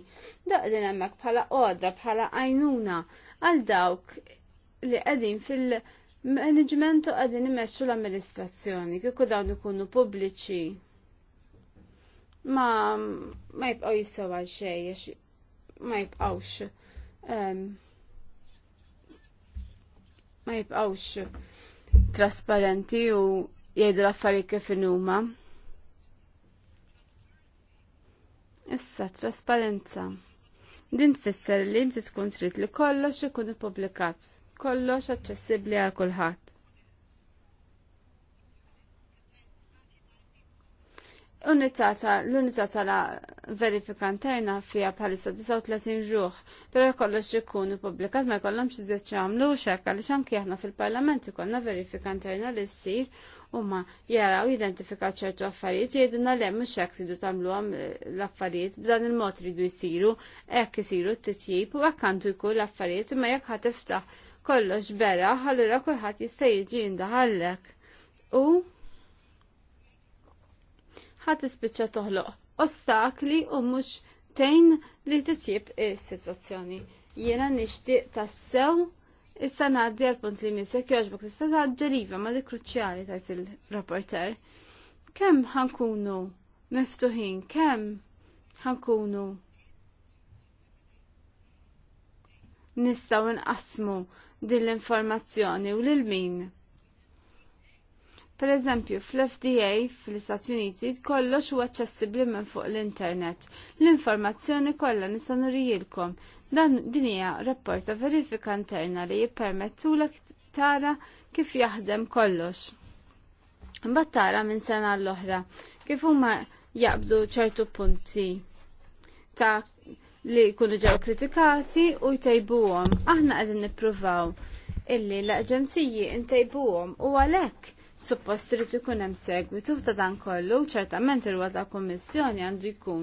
li hemmhekk bħala għodda bħala għajnuna għal dawk li qegħdin fil- Management u qegħdin imexxu l-amministrazzjoni, kieku dawn ikunu pubbliċi. Ma, ma jibqaw jisaw għal xejn ma jibqgħux ma jibqawx trasparenti u jgħidu l-affarijiet kif huma. Issa trasparenza. Din tfisser li inti tkun trid li kollox ikun ippubblikat, kollox aċċessibbli għal kulħadd. Unitata, l-unità tal-verifika interna fija bħalissa 39 ġuħ, pero kollox ikun publikat ma jkollhomx iżjed x'għamlu xekk għaliex anki aħna fil-Parlament ikollna verifika interna li ssir huma jaraw jidentifikaw ċertu affarijiet jgħidulna le mhux hekk tridu tagħmluhom eh, l-affarijiet b'dan il-mod tridu jsiru hekk isiru t-titjib u hekk għandu jkun l-affarijiet imma jekk ħatiftaħ kollox beraħ allura kulħadd jista' jiġi jindaħallek. U ħat ispiċċa toħloq ostakli u mhux tejn li titjib is-sitwazzjoni. Jiena nixtieq tassew issa ngħaddi għal punt li misek jogħġbok tista' ġeliva ma li kruċjali tajt il-rapporter. Kemm ħankunu miftuħin, kemm ħankunu nistaw nqasmu din l-informazzjoni u lil min Per eżempju, fl-FDA fl-Istati Uniti kollox huwa aċċessibbli minn fuq l-internet. L-informazzjoni kollha nista' nurijilkom. Dan din hija rapporta verifika interna li jippermettulek tara kif jaħdem kollox. Imbagħad tara minn sena l-oħra kif huma jaqbdu ċertu punti ta' li jkunu ġew kritikati u jtejbuhom. Aħna qegħdin nippruvaw illi l-aġenziji ntejbuhom u għalhekk suppost irid ikun hemm segwitu ta' dan kollu, ċertament irwa ta' kummissjoni għandu jkun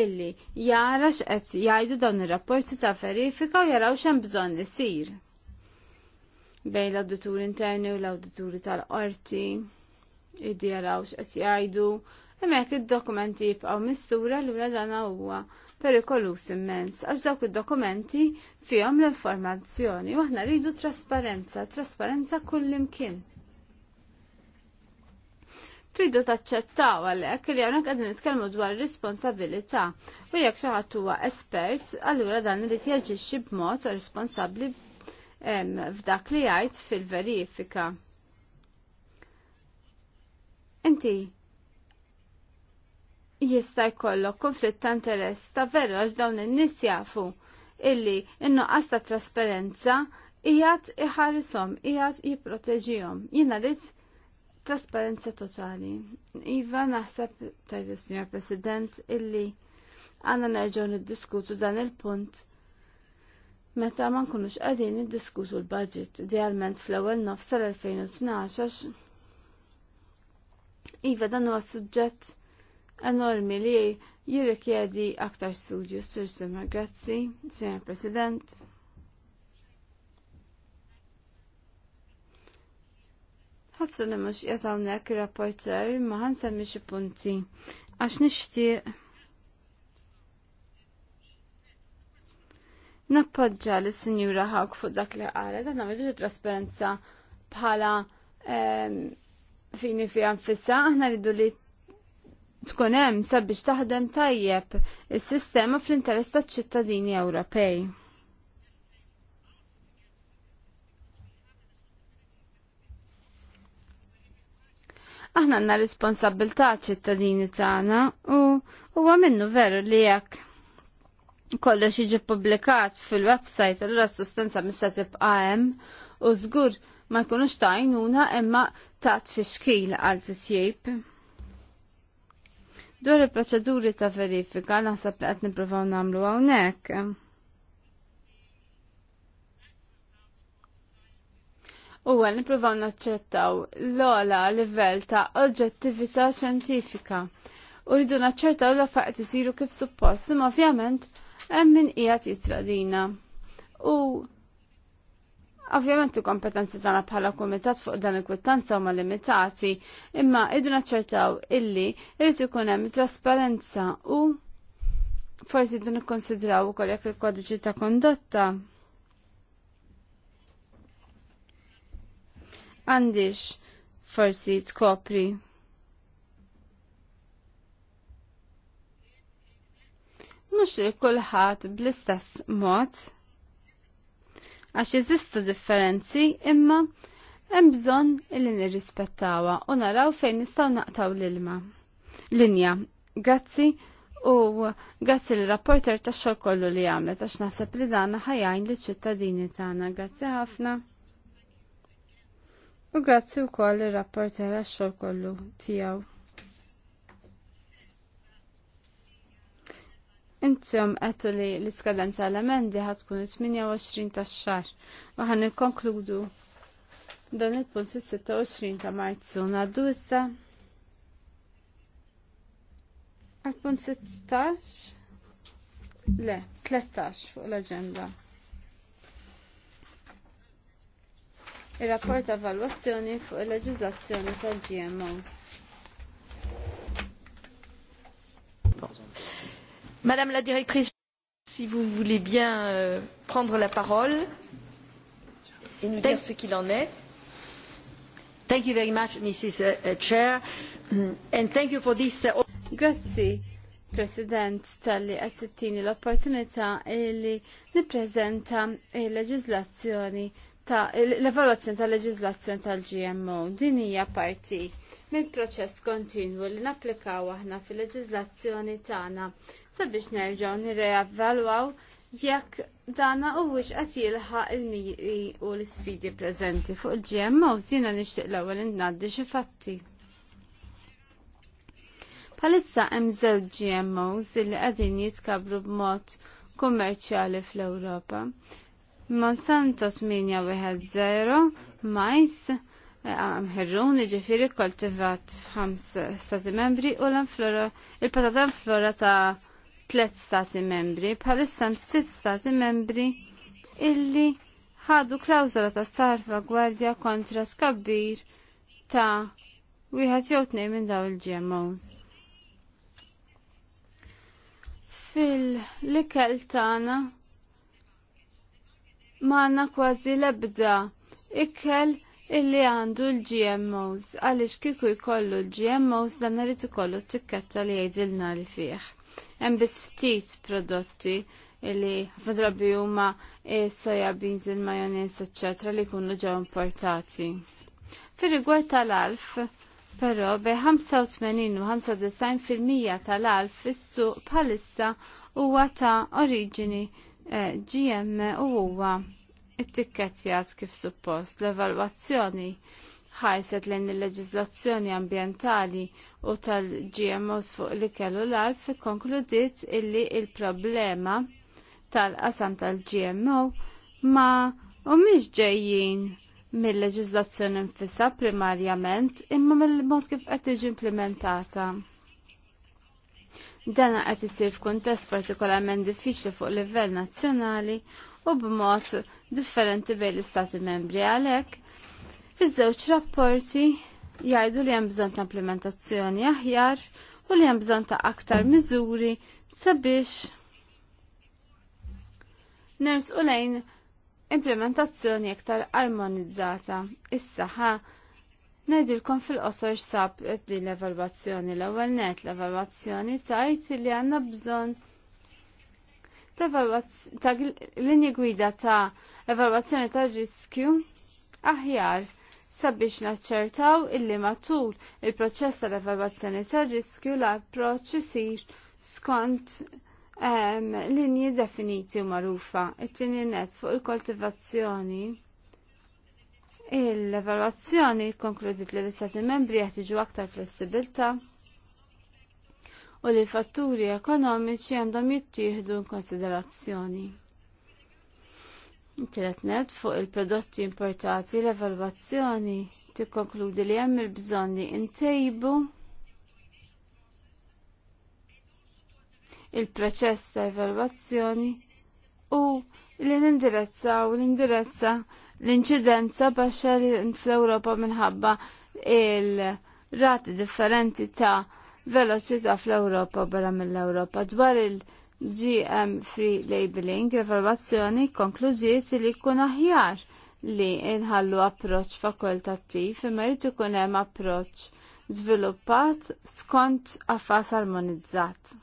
illi jara x'qed jgħidu dawn ir-rapporti ta' verifika u jaraw x'hemm bżonn isir bejn l-awdituri interni u l-awdituri tal-qorti id jaraw x'qed jgħidu hemmhekk id-dokumenti jibqgħu mistura lura dan huwa perikolus immens għax dawk id-dokumenti fihom l-informazzjoni u aħna rridu trasparenza, trasparenza kullimkien. imkien tridu taċċettaw għalhekk li hawnhekk qegħdin nitkellmu dwar responsabilità u jekk xi huwa espert, allura dan irid jaġixxi b'mod responsabbli f'dak li jgħid fil-verifika. Inti jista' jkollok konflitt ta' interess ta' veru għax dawn in-nies jafu illi in-nuqqas ta' trasparenza ijat iħarisom, ijat jiproteġijom. Jina rrit trasparenza totali. Iva naħseb il signor President illi għanna nerġaw niddiskutu dan il-punt meta ma nkunux qegħdin niddiskutu l-budget idealment fl-ewwel nofs tal-2012 Iva dan huwa suġġett enormi li jirrikjedi aktar studju Sir Simmer, grazzi, Signor President. ħassu li mux jgħatawnek rapporter ma ħansemmi xi punti. Għax nixtieq nappoġġa s sinjura Hawk fuq dak li qalet, għandna mhux trasparenza bħala fini fi għanfissa, aħna rridu li tkun hemm sabiex taħdem tajjeb is-sistema fl-interess taċ-ċittadini Ewropej. aħna għanna responsabilta ċittadini tagħna u huwa minnu veru li jekk kollox jiġi publikat fil-website allura s-sustanza mista tibqa' hemm u żgur ma jkunux ta' għajnuna imma ta' tfixkil għal titjib. Dwar il-proċeduri ta' verifika naħseb li qed nippruvaw nagħmlu hawnhekk. u għan naċċertaw naċċettaw l-ola livell ta' oġġettività xjentifika u rridu naċċertaw la faqt isiru kif suppost, imma ovvjament hemm min qiegħed jitradina. U ovvjament il-kompetenzi tagħna bħala kumitat fuq dan il-kwittanza huma limitati, imma rridu naċċertaw illi irid ikun hemm trasparenza u forsi rridu nikkonsidraw ukoll jekk il-kodiċi ta' kondotta għandix forsi tkopri. Mux kulħadd bl-istess mod għax jizistu differenzi imma hemm bżonn li nirrispettawha u naraw fejn nistgħu naqtaw l-ilma. Linja, grazzi u grazzi l rapporter tax-xogħol kollu li għamlet għax naħseb li dana ħajjajn liċ ċittadini tagħna. Grazzi ħafna. U grazzi wkoll ir-rapporter għax-xogħol kollu tiegħu. Intom għattu li l-iskadenza tal emendi ħatkun 28 ta' xar u ħan il-konkludu dan il-punt fis-26 ta' marzu naddu issa għal-punt 16 le 13 fuq l-aġenda. il-rapport ta' valwazzjoni fuq il-leġizlazzjoni tal-GMOs. Madame la directrice, si vous voulez bien euh, prendre la parole et nous dire ce qu'il en est. Thank you very much, Mrs. Uh, uh, Chair, mm, and thank you for this. Uh, Grazie. President tal assettini l'opportunità e li, li presenta e legislazioni ta' l-evaluazzjoni tal-leġizlazzjoni tal-GMO din hija parti minn proċess kontinwu li napplikaw aħna fil-leġizlazzjoni tagħna sabiex nerġgħu nirreevalwaw jekk dana huwiex qed jilħaq il-miri u l-isfidi preżenti fuq il-GMO jiena nixtieq l-ewwel ngħaddi xi fatti. Palissa hemm żewġ GMOs li qegħdin jitkabru b'mod kummerċjali fl-Ewropa Monsanto 810 mais eh, ħerruni ġifiri koltivat f'ħams stati membri u l-flora il-patata flora ta' tlet stati membri bħalissa sitt stati membri illi ħadu klawzola ta' sarfa gwardja kontra skabbir ta' wieħed jew tnejn minn daw il-GMOs. Fil-likel tagħna maħna kważi lebda ikkel illi għandu l-GMOs għaliex kiku jkollu l-GMOs dan irid ikollu t-tikketta li jgħidilna li fih. Hemm biss ftit prodotti illi f'drabi huma soja beans, il-majonez, eċċetera li jkunu ġew importati. Fir-rigward tal-alf, Però be 85 u 95% tal-alf fis-suq bħalissa huwa ta' oriġini GM huwa it-tikketjat kif suppost l-evalwazzjoni ħarset lejn il leġiżlazzjoni ambjentali u tal-GMOs fuq li kellu l-alf konkludiet illi il-problema tal-qasam tal-GMO ma miex ġejjin mill leġiżlazzjoni nfisha primarjament imma mill-mod kif qed implementata. Dan qed isir f'kuntest partikolarment diffiċli fuq livell nazzjonali u b'mod differenti bejn l-Istati membri għalhekk. Iż-żewġ rapporti jgħidu li hemm bżonn ta' implementazzjoni aħjar u li hemm bżonn ta' aktar miżuri sabiex nersqu lejn implementazzjoni aktar armonizzata. is ħa Ngħidilkom fil-qosor sab din l-evalwazzjoni l-ewwel net l-evalwazzjoni tajt li għandna bżonn ta' linji gwida ta' evalwazzjoni ta' riskju aħjar sabiex naċċertaw illi matul il-proċess tal-evalwazzjoni ta' riskju l-approċċ isir skont ehm, linji definiti u magħrufa. It-tieni net fuq il-koltivazzjoni Il-evaluazzjoni konkludit li l-Istati membri jeħtiġu aktar flessibilta u li fatturi ekonomiċi għandhom jittieħdu konsiderazzjoni. Tilet net fuq il-prodotti importati l-evalwazzjoni tikkonkludi li hemm il-bżonn li ntejbu il-proċess ta' evalwazzjoni u li nindirezza u l-indirezza l-inċidenza baxxa fl-Ewropa minħabba il-rati differenti ta' veloċità fl-Ewropa barra mill-Ewropa. Dwar il-GM Free Labeling, evaluazzjoni konklużiet li jkun aħjar li nħallu approċ fakultattiv imma jrid ikun hemm approċ żviluppat skont affas armonizzat.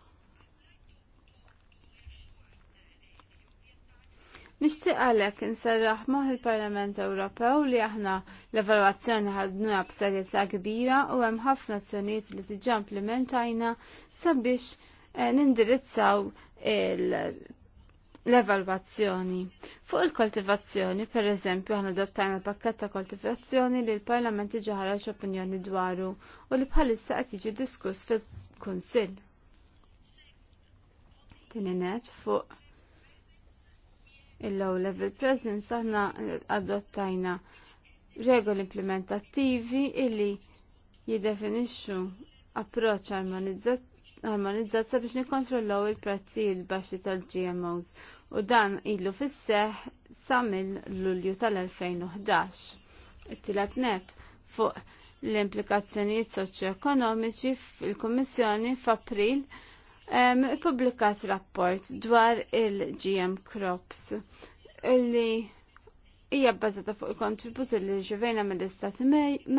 Nixtieq għalhekk nserraħ moħħ il-Parlament Ewropew li aħna l-evalwazzjoni ħadnuha b'serjetà kbira u hemm ħafna azzjonijiet li diġà implementajna sabiex eh, nindirizzaw l-evalwazzjoni. Fuq il-koltivazzjoni, per eżempju, aħna dottajna pakketta ta' koltivazzjoni li l-Parlament diġà ħareġ opinjoni dwaru u li bħalissa qed jiġi diskuss fil-Kunsill. Tieni fuq il-low level presence aħna eh, adottajna regoli implementattivi illi jiddefinixxu approċċ armonizzata sabiex nikkontrollaw il-prezzijiet baxxi tal-GMOs u dan ilu fis-seħ sa mill-Lulju tal-2011. It-tielet net fuq l-implikazzjonijiet soċjoekonomiċi fil-Kummissjoni f'April 2011 publikat rapport dwar il-GM Crops li hija bbażata fuq il-kontributi li ġivejna mill-Istati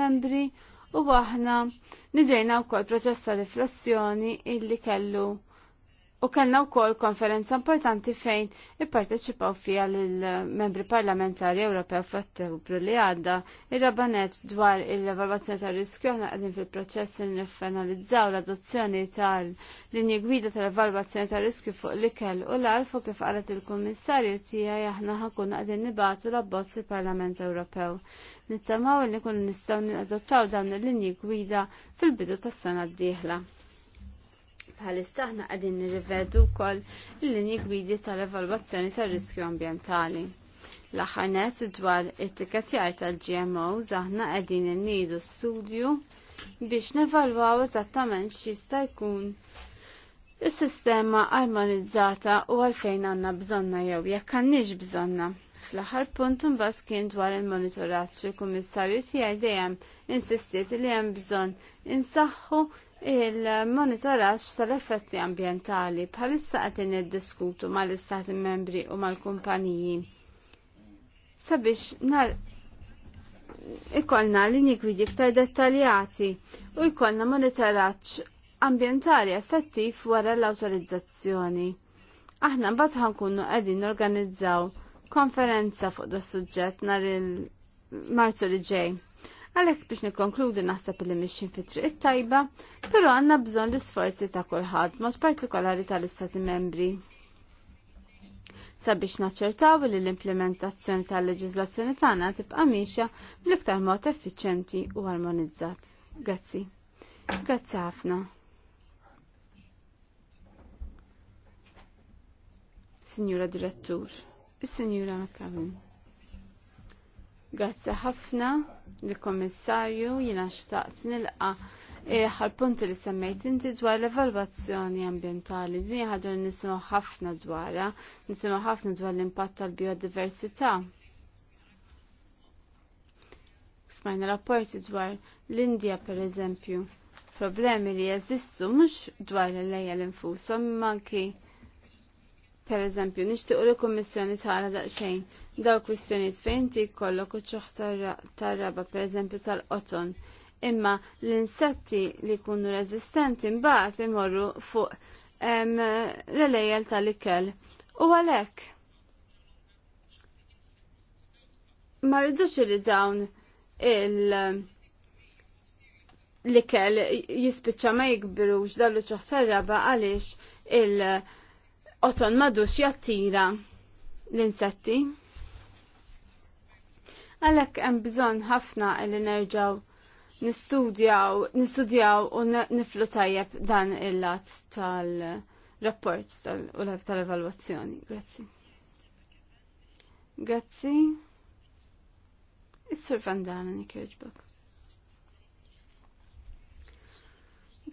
membri u aħna nidejna wkoll proċess ta' riflessjoni illi kellu U kellna wkoll konferenza importanti fejn ipparteċipaw fiha l-membri parlamentari Ewropew f'Ottubru li għadda ir-rabanet dwar il-evalvazzjoni tar-riskju aħna qegħdin fil-proċess li niffinalizzaw l-adozzjoni tal-linji gwida tal-evalvazzjoni tar-riskju fuq l-ikel u l għal fuq kif qalet il-Kummissarju tiegħi aħna ħakun qegħdin nibatu l-abbozz il-Parlament Ewropew. Nittamaw li nkunu nistgħu nadottaw dawn il-linji gwida fil-bidu tas-sena d-dieħla. Bħalissa aħna qegħdin nirrivedu wkoll il-linji gwidi tal-evalwazzjoni tar-riskju ambjentali. L-aħħar net dwar it-tikketjar tal-GMOs aħna qegħdin nidu studju biex nevalwaw eżattament x'jista' jkun is-sistema armonizzata u għalfejn għandna bżonna jew jekk għandniex bżonna. Fl-aħħar punt imbagħad kien dwar il-monitoraġġ il-Kummissarju tiegħi dejjem insistiet li hemm bżonn insaħħu Il-monitoraġġ tal-effetti ambjentali bħalissa id-diskutu ma mal-istati membri u mal-kumpaniji sabiex nar l linji gwidi ktar dettaljati u jkollna monitoraġġ ambjentali effettiv wara l-awtorizzazzjoni. Aħna mbagħad ħankunu qegħdin organizzaw konferenza fuq da suġġett nar il-Marzu li ġej. Għalhekk biex nikkonkludi naħseb li mixin fi triq tajba, però għandna bżonn l-isforzi ta' kulħadd, mod partikolari tal-Istati membri. Sabiex naċċertaw li l-implementazzjoni tal-leġiżlazzjoni tagħna tibqa' mixja bl-iktar mod effiċjenti u armonizzat. Grazzi. Grazzi ħafna. Signora Direttur, is-Signora McCallum. Grazzi ħafna l-Komissarju jina xtaqt nilqa ħal-punti li semmejt inti dwar l-evalvazzjoni ambientali. Din ħadur nisimgħu ħafna dwarha, nisimgħu ħafna dwar l-impatt tal-biodiversità. Smajna rapporti dwar l-Indja per eżempju, problemi li jeżistu mhux dwar l-lejja l-infushom, manki Per eżempju, nixtiequ li kummissjoni tara daqsxejn daw kwistjonijiet fejn ti jkollok uċċoħ tar-raba pereżempju tal-qoton. Imma l-insetti li jkunu rezistenti mbagħad imorru fuq l-lejjel tal-ikel. U għalhekk ma rridux li dawn il- l-ikel jispiċċa ma jikbirux dallu ċoħ tar-raba għaliex il- oton madux jattira l-insetti. Għalek hemm bżonn ħafna li nerġaw nistudjaw, nistudjaw u niflu tajjeb dan il-lat tal-rapport u tal-evalwazzjoni. Grazzi. Grazzi. Is-sur Vandana nikirġbok.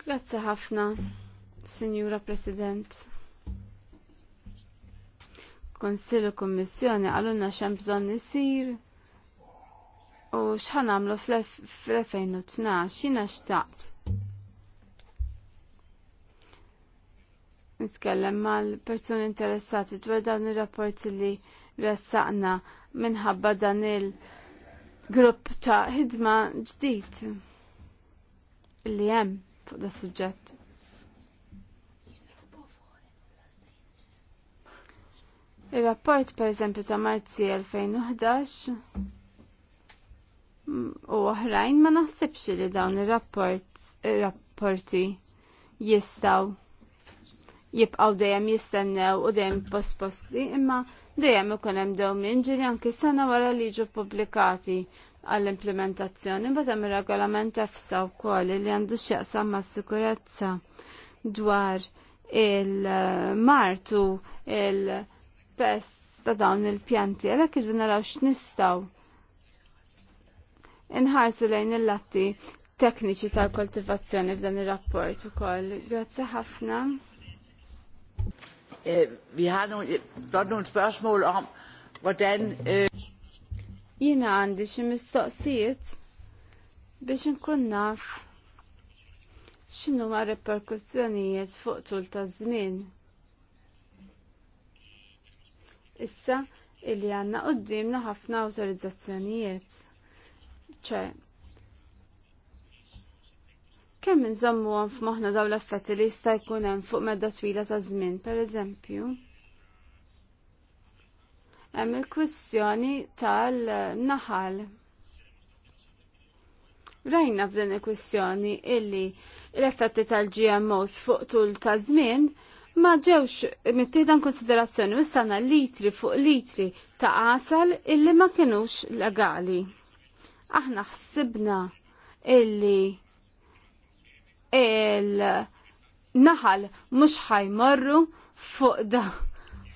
Grazzi ħafna, Signora President konsilu u Kommissjoni għalunna xem bżon nisir u xħan għamlu fl-2012 jina xtaqt. Nitkellem mal-persuni interessati dwar dawn ir-rapporti li ressaqna minħabba dan il-grupp ta' ħidma ġdid li hemm fuq da' suġġett. Il-rapport per eżempju ta' Marzi 2011 mm, u oħrajn ma naħsibx li dawn ir-rapporti jistaw jibqaw dejjem jistennew u dejjem posposti imma dejjem ikun hemm dewmien ġiri anki sena wara li jiġu pubblikati għall-implementazzjoni bada ir regolament EFSA wkoll li għandu x'jaqsam mas-sikurezza dwar il-martu il-, -martu, il pest ta' dawn il-pjanti, għalhekk iġu naraw x'nistgħu inħarsu lejn il-latti tekniċi tal-koltivazzjoni f'dan ir-rapport ukoll. Grazzi ħafna. Eh, eh, Jiena għandi xi mistoqsijiet biex inkun naf x'inhuma reperkussjonijiet fuq tul ta' żmien issa illi għanna qoddimna ħafna awtorizzazzjonijiet. ċe, kemm nżommu għan f'moħna daw l-effetti li jista' jkun hemm fuq medda twila ta' żmien, pereżempju. Hemm il-kwistjoni tal-naħal. Rajna f'din il-kwistjoni illi l-effetti tal-GMOs fuq tul ta' żmien ma ġewx mittieħdan konsiderazzjoni wissana litri fuq litri ta' qasal illi ma kinux legali. Aħna ħsibna illi il-naħal mhux ħajmorru fuq da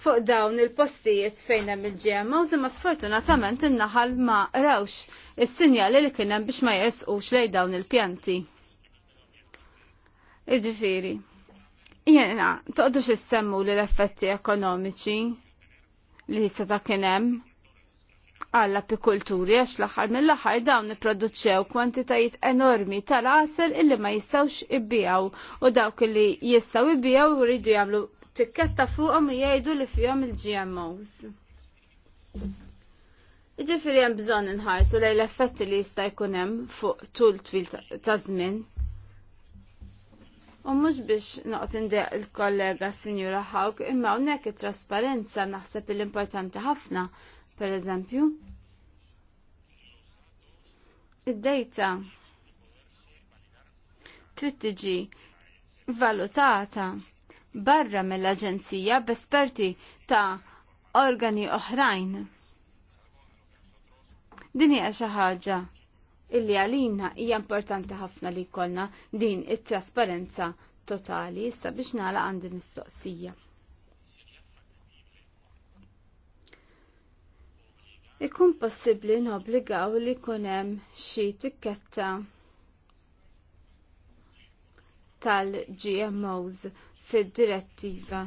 fuq dawn il-postijiet fejn hemm il u imma sfortunatament in-naħal ma rawx is-sinjali li kien hemm biex ma jersqux lej dawn il-pjanti. Iġifieri. Jena, toqdux semmu li l-effetti ekonomiċi li jista ta' kienem għall apikulturi għax l-axar mill-axar dawn niproduċew kwantitajiet enormi tal-għasel illi ma jistawx ibbijaw u dawk li jistaw ibbijaw u rridu jagħmlu tikketta fuqhom u jgħidu li fihom il-GMOs. Iġifiri hemm bżonn inħarsu lejn l-effetti li jista' jkun hemm fuq tul twil ta' żmien. U mhux biex noqgħod indeq il-kollega Sinjura Hawk, imma hawnhekk it-trasparenza naħseb l-importanti ħafna, pereżempju. Id-dejta trid tiġi valutata barra mill-Aġenzija b'esperti ta' organi oħrajn. Din hija xi ħaġa illi għalina hija importanti ħafna li jkollna din it-trasparenza totali issa biex nagħlaq għandi mistoqsija. Ikun possibbli nobligaw li jkun hemm xi tikketta tal-GMOs fid-direttiva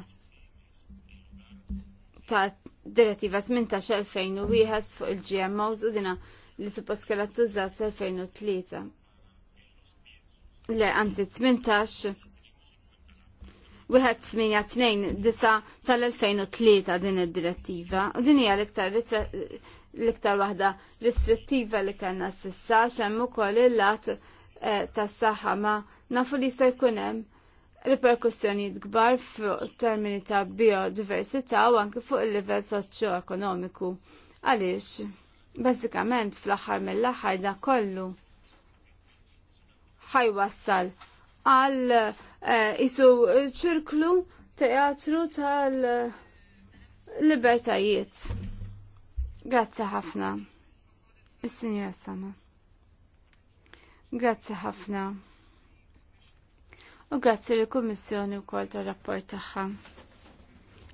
tad direttiva 18-2001 fuq il-GMOs u dina li suppost tużat tużat 2003. Le, għanzi, 18 wieħed tminja tnejn disa tal-2003 din id-direttiva u din hija l-iktar l-iktar waħda restrittiva li kellna s'issa hemm ukoll il-lat eh, tas-saħħa ma nafu li se jkun hemm reperkussjonijiet kbar fuq termini ta' biodiversità u anke fuq il-livell soċjo-ekonomiku. Għaliex? Bazzikament fl-axar mill-axar da kollu ħajwassal għal eh, isu ċirklu teatru tal-libertajiet. Grazzi ħafna. Is-Sinjora Sama. Grazzi ħafna. U grazzi l kummissjoni u kol tal-rapport tagħha.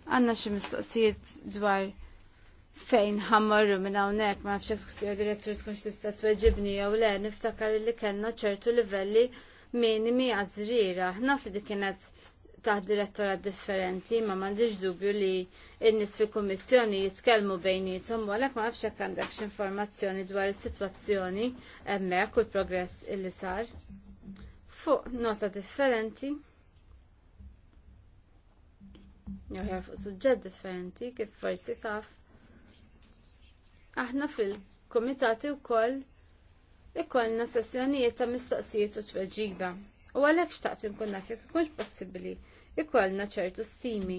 Għanna xi mistoqsijiet dwar fejn ħammarru minn hawnhekk ma nafx ekskursija direttur tkunx tista' tweġibni jew le niftakar li kellna ċertu livelli minimi għażrira. Naf li kienet taħt direttorat differenti, ma m'għandix dubju li n-nies fi kummissjoni jitkellmu bejnietom u għalhekk ma nafx hekk għandek informazzjoni dwar is-sitwazzjoni hemmhekk u l-progress illi sar. Fuq nota differenti. Jo fuq suġġett differenti kif forsi taf. Aħna fil-komitati wkoll ikollna sessjonijiet ta' mistoqsijiet u tweġiba. U għalhekk xtaqt inkun naf jekk ikunx possibbli ikollna ċertu stimi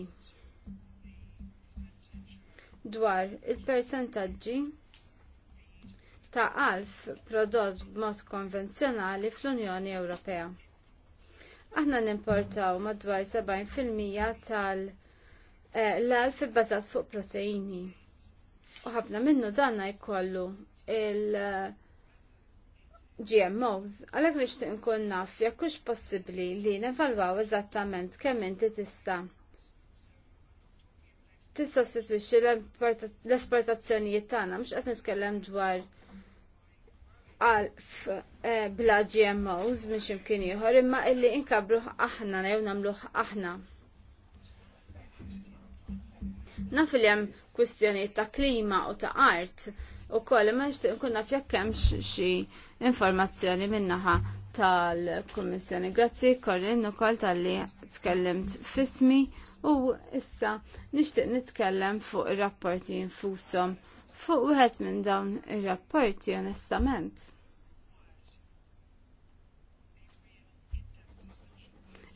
dwar il-persentaġġi ta' alf prodott b'mod konvenzjonali fl-Unjoni Ewropea. Aħna nimportaw madwar 70% tal- l-alf bbażat fuq proteini ħafna minnu danna jkollu il-GMOs. Għalhekk nixtieq nkun naf jekk possibli possibbli li nevalwaw eżattament kemm inti tista' tissostitwixxi l-esportazzjonijiet tagħna mhux qed nitkellem dwar għalf eh, bla GMOs minn imkien ieħor imma illi inkabruh aħna jew nagħmluh aħna. Naf li hemm kwistjonijiet ta' klima u ta' art u koll ma nixtieq nkun naf jekk xi informazzjoni minnaħa tal-Kummissjoni. Grazzi Korin ukoll tal-li tkellimt fismi u issa nixtieq nitkellem fuq ir-rapporti infushom fuq wieħed minn dawn ir-rapporti onestament.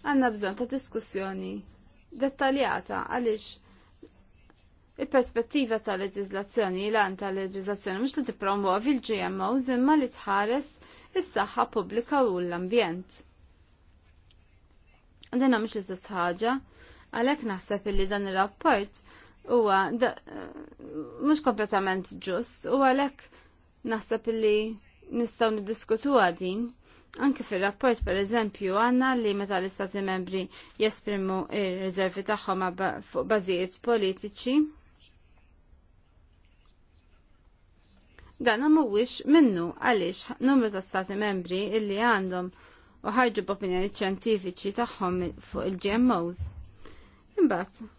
Għanna bżon ta' diskussjoni dettaljata għaliex il-perspettiva ta' leġizlazzjoni l-għan ta' leġizlazzjoni mux li tipromuovi il gmo zimma li tħares is-saħħa pubblika u l-ambjent. Dina mux s ħaġa, għalhekk naħseb li dan ir-rapport huwa mhux kompletament ġust u għalhekk naħseb li nistgħu nidiskutu din Anke fil-rapport, per eżempju, għanna li meta l-istati membri jesprimu il rezervi tagħhom fuq bażijiet politiċi, Dan mhuwiex minnu għaliex numru ta' stati membri illi għandhom u ħarġu b'opinjoni ċjentifiċi tagħhom fuq il-GMOs. Imbagħad,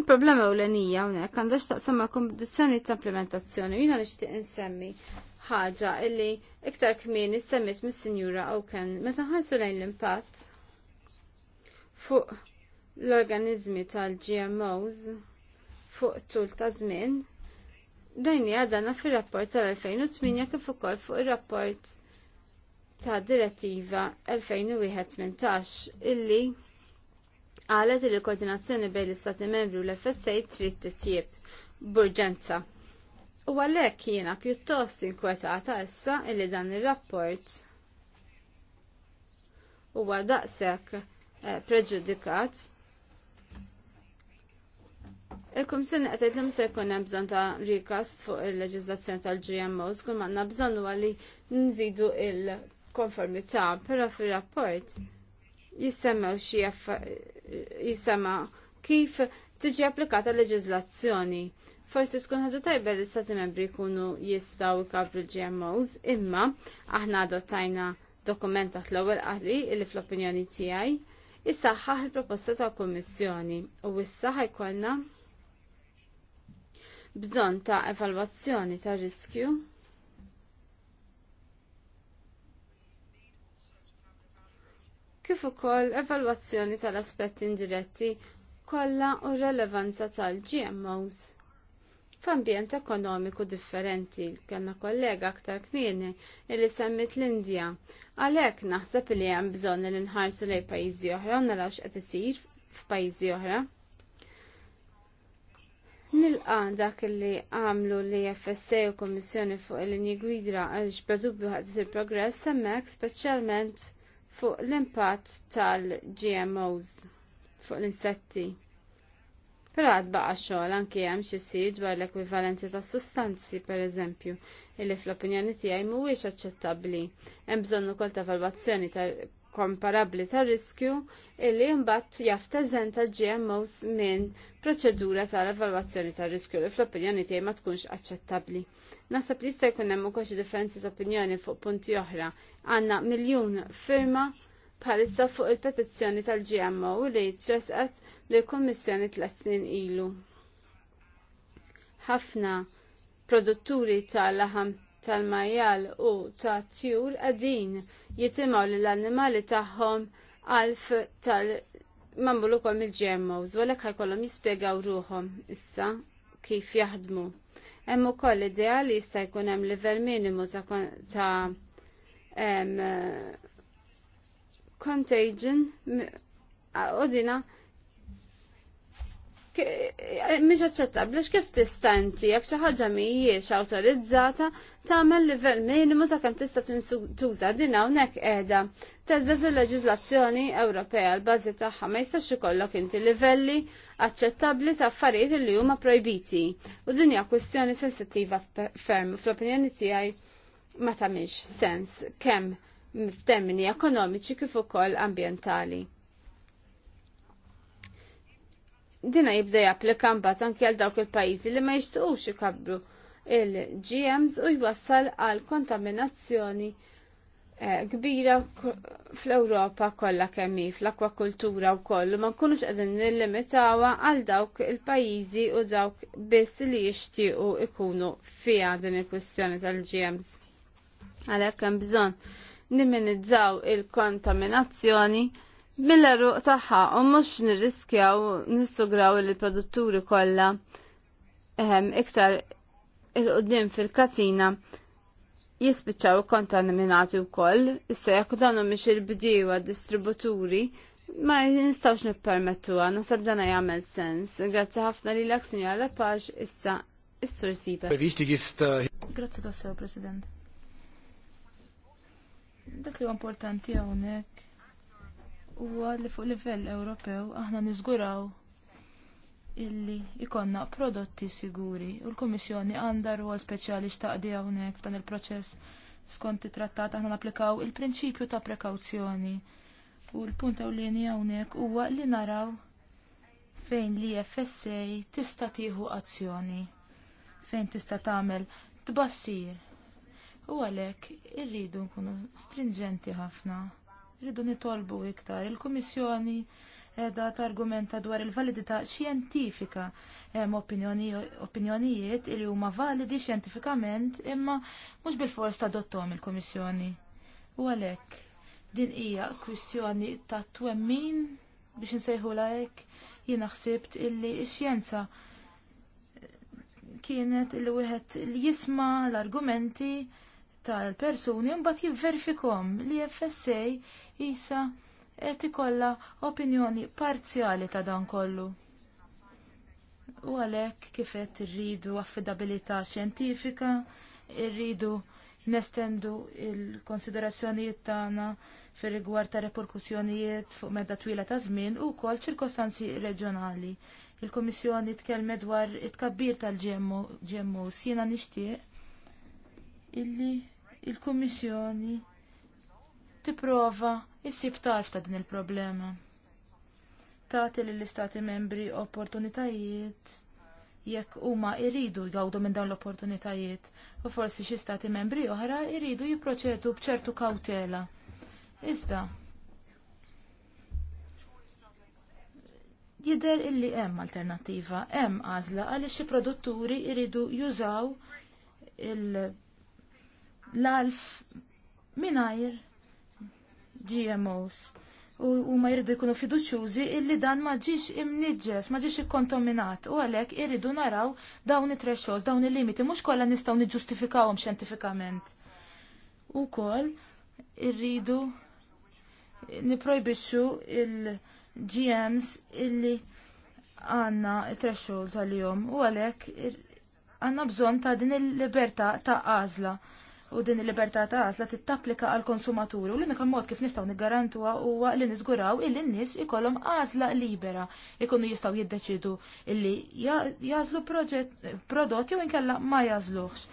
il-problema l-enija hawnhekk għandax taqsam ma' kondizjoni ta' implementazzjoni jiena nixtieq insemmi ħaġa illi iktar kmin issemmit mis-Sinjura Oken meta ħarsu lejn l-impatt fuq l-organizmi tal-GMOs fuq tul ta' żmien Dajni għadana fil-rapport tal-2008 kif ukoll fuq ir-rapport ta' direttiva 2018 illi għalet li koordinazzjoni bejn l-Istati membri u l-FSA trid titjieb b'urġenza. U għalhekk jiena pjuttost inkwetata issa illi dan ir-rapport huwa daqshekk eh, preġudikat Il-Kumissjoni qed l li se jkun hemm bżonn ta' rikast fuq il-leġiżlazzjoni tal-GMOs kun għandna bżonn huwa li nżidu il-konformità, però fir-rapport jissemmew xi jissemma kif tiġi applikata l Forsi tkun ħadu tajba li stati membri jkunu jistgħu jkabru l-GMOs, imma aħna adottajna dokument taħt l-ewwel qari li fl-opinjoni tiegħi issaħħaħ il-proposta tal kummissjoni u issa ħajkollna bżonn ta' evalwazzjoni ta' riskju. Kif ukoll evalwazzjoni tal-aspetti indiretti kollha u r-relevanza tal-GMOs f'ambjent ekonomiku differenti kellna kollega aktar kmieni li semmit l-Indja. Għalhekk naħseb li hemm bżonn li nħarsu lejn pajjiżi oħra u narax qed isir f'pajjiżi oħra. Nilqa dak li għamlu li FSA u Kommissjoni fuq il-linji gwidra għalx badubju ħadet il-progress semmek specialment fuq l-impatt tal-GMOs fuq l-insetti. Pero għad baqa xogħol anke hemm x'isir dwar l-ekwivalenti ta' sustanzi pereżempju, illi fl-opinjoni tiegħi mhuwiex aċċettabbli. Hemm bżonn ukoll ta' valvazzjoni ta' komparabbli ta' riskju illi mbagħad jaf ta' GMOs minn proċedura tal-evalwazzjoni ta' riskju li fl-opinjoni tiegħi ma tkunx aċċettabbli. Nasab li jista' jkun hemm ukoll xi differenzi ta' opinjoni fuq punti oħra. Għandna miljun firma bħalissa fuq il-petizzjoni tal-GMO li jitresqet lill kummissjoni tliet snin ilu. Ħafna produtturi tal-laħam tal-majjal u ta' tjur għadin jitimaw l-annimali tagħhom għalf tal- mambulu kol mil-GMOs, u għalek ħajkollom jispiegaw ruħom issa kif jaħdmu. Hemm ukoll idea li jista' jkun hemm livell minimu ta', ta em, eh, contagion għodina Eh, mhix aċċettabbli kif tista' jekk xi ħaġa mhijiex awtorizzata tagħmel livell minimu ta' kemm tista' tintuża din hawnhekk qiegħda. Teżeż il-leġiżlazzjoni Ewropea l-bażi tagħha ma jistax ikollok inti livelli aċċettabbli ta' affarijiet li huma projbiti. U din hija kwestjoni sensittiva ferm fl-opinjoni tiegħi ma tagħmilx sens kemm f'termini ekonomiċi kif ukoll ambjentali. dina jibda japplika mbagħad anke għal dawk il-pajjiżi li ma jixtuqux ikabbru il-GMs u jwassal għal kontaminazzjoni eh, kbira fl-Ewropa kollha kemm hi fl-akwakultura wkoll ma nkunux qegħdin nillimitawha għal dawk il-pajjiżi u dawk biss li jixtiequ ikunu fiha din il-kwistjoni tal-GMs. Għalhekk hemm bżonn niminizzaw il-kontaminazzjoni mill ruq tagħha u mhux nirriskjaw nissugraw il produtturi kollha ehm, iktar il qoddim fil-katina jispiċċaw kontaminati wkoll, issa jekk danu mhix il-bdiewa distributuri ma nistgħux nippermettuha, naħseb dan jagħmel sens. Grazzi ħafna lilek, Sinjora Lepaġ, issa is Sibe. Äh, Grazzi tassew, President. Dak li huwa importanti hawnhekk huwa li fuq livell Ewropew aħna niżguraw illi ikonna prodotti siguri u l-Kummissjoni għandha rwol speċjali x'taqdi hawnhekk f'dan il-proċess skont it-trattat aħna napplikaw il-prinċipju ta' prekawzjoni. U l-punt ewlieni hawnhekk huwa li naraw fejn li FSA tista' tieħu azzjoni, fejn tista' tagħmel tbassir. U għalhekk irridu nkunu stringenti ħafna rridu nitolbu iktar. Il-Kummissjoni edha targumenta dwar il-validità xjentifika hemm opinjonijiet li huma validi xjentifikament imma mhux bil-fors tadottom il-Kummissjoni. U għalhekk din hija kwistjoni ta' twemmin biex insejħu hekk jiena ħsibt illi x-xjenza kienet il- wieħed li jisma l-argumenti tal-persuni mbagħad jivverifikhom li FSA isa qed ikollha opinjoni parzjali ta' dan kollu. U għalhekk kif qed irridu affidabilità xjentifika, irridu nestendu l konsiderazzjonijiet tagħna fir rigward ta' reperkussjonijiet fuq medda twila ta' żmien u wkoll ċirkostanzi reġjonali. Il-Kummissjoni tkellmet dwar it-kabbir tal-GMO, jiena nixtieq illi il-Kummissjoni tipprova ssib tarf ta' din il-problema. Tagħti lill istati membri opportunitajiet jekk huma jridu jgawdu minn dawn l-opportunitajiet u forsi xi stati membri oħra jridu jipproċedu bċertu kawtela. Iżda, jidher illi hemm alternattiva, hemm għażla għaliex xi produtturi jridu jużaw il- l-alf minajr GMOs u, u ma jridu jkunu fiduċjużi illi dan ma ġiex imniġġes, ma ġiex ikkontaminat u għalhekk irridu naraw dawn it-thresholds, dawn il-limiti, mhux kollha nistgħu niġġustifikawhom xjentifikament. Ukoll irridu niprojbixxu il-GMs illi għandna thresholds jom u għalhekk għandna bżonn ta' din il-libertà ta' għażla u din il-libertà ta' għażla tittapplika għal konsumaturi u l-unika mod kif nistgħu niggarantuha huwa li niżguraw illi n-nies ikollom għażla libera ikunu jistgħu jiddeċidu illi jazlu prodott jew inkella ma jażluhx.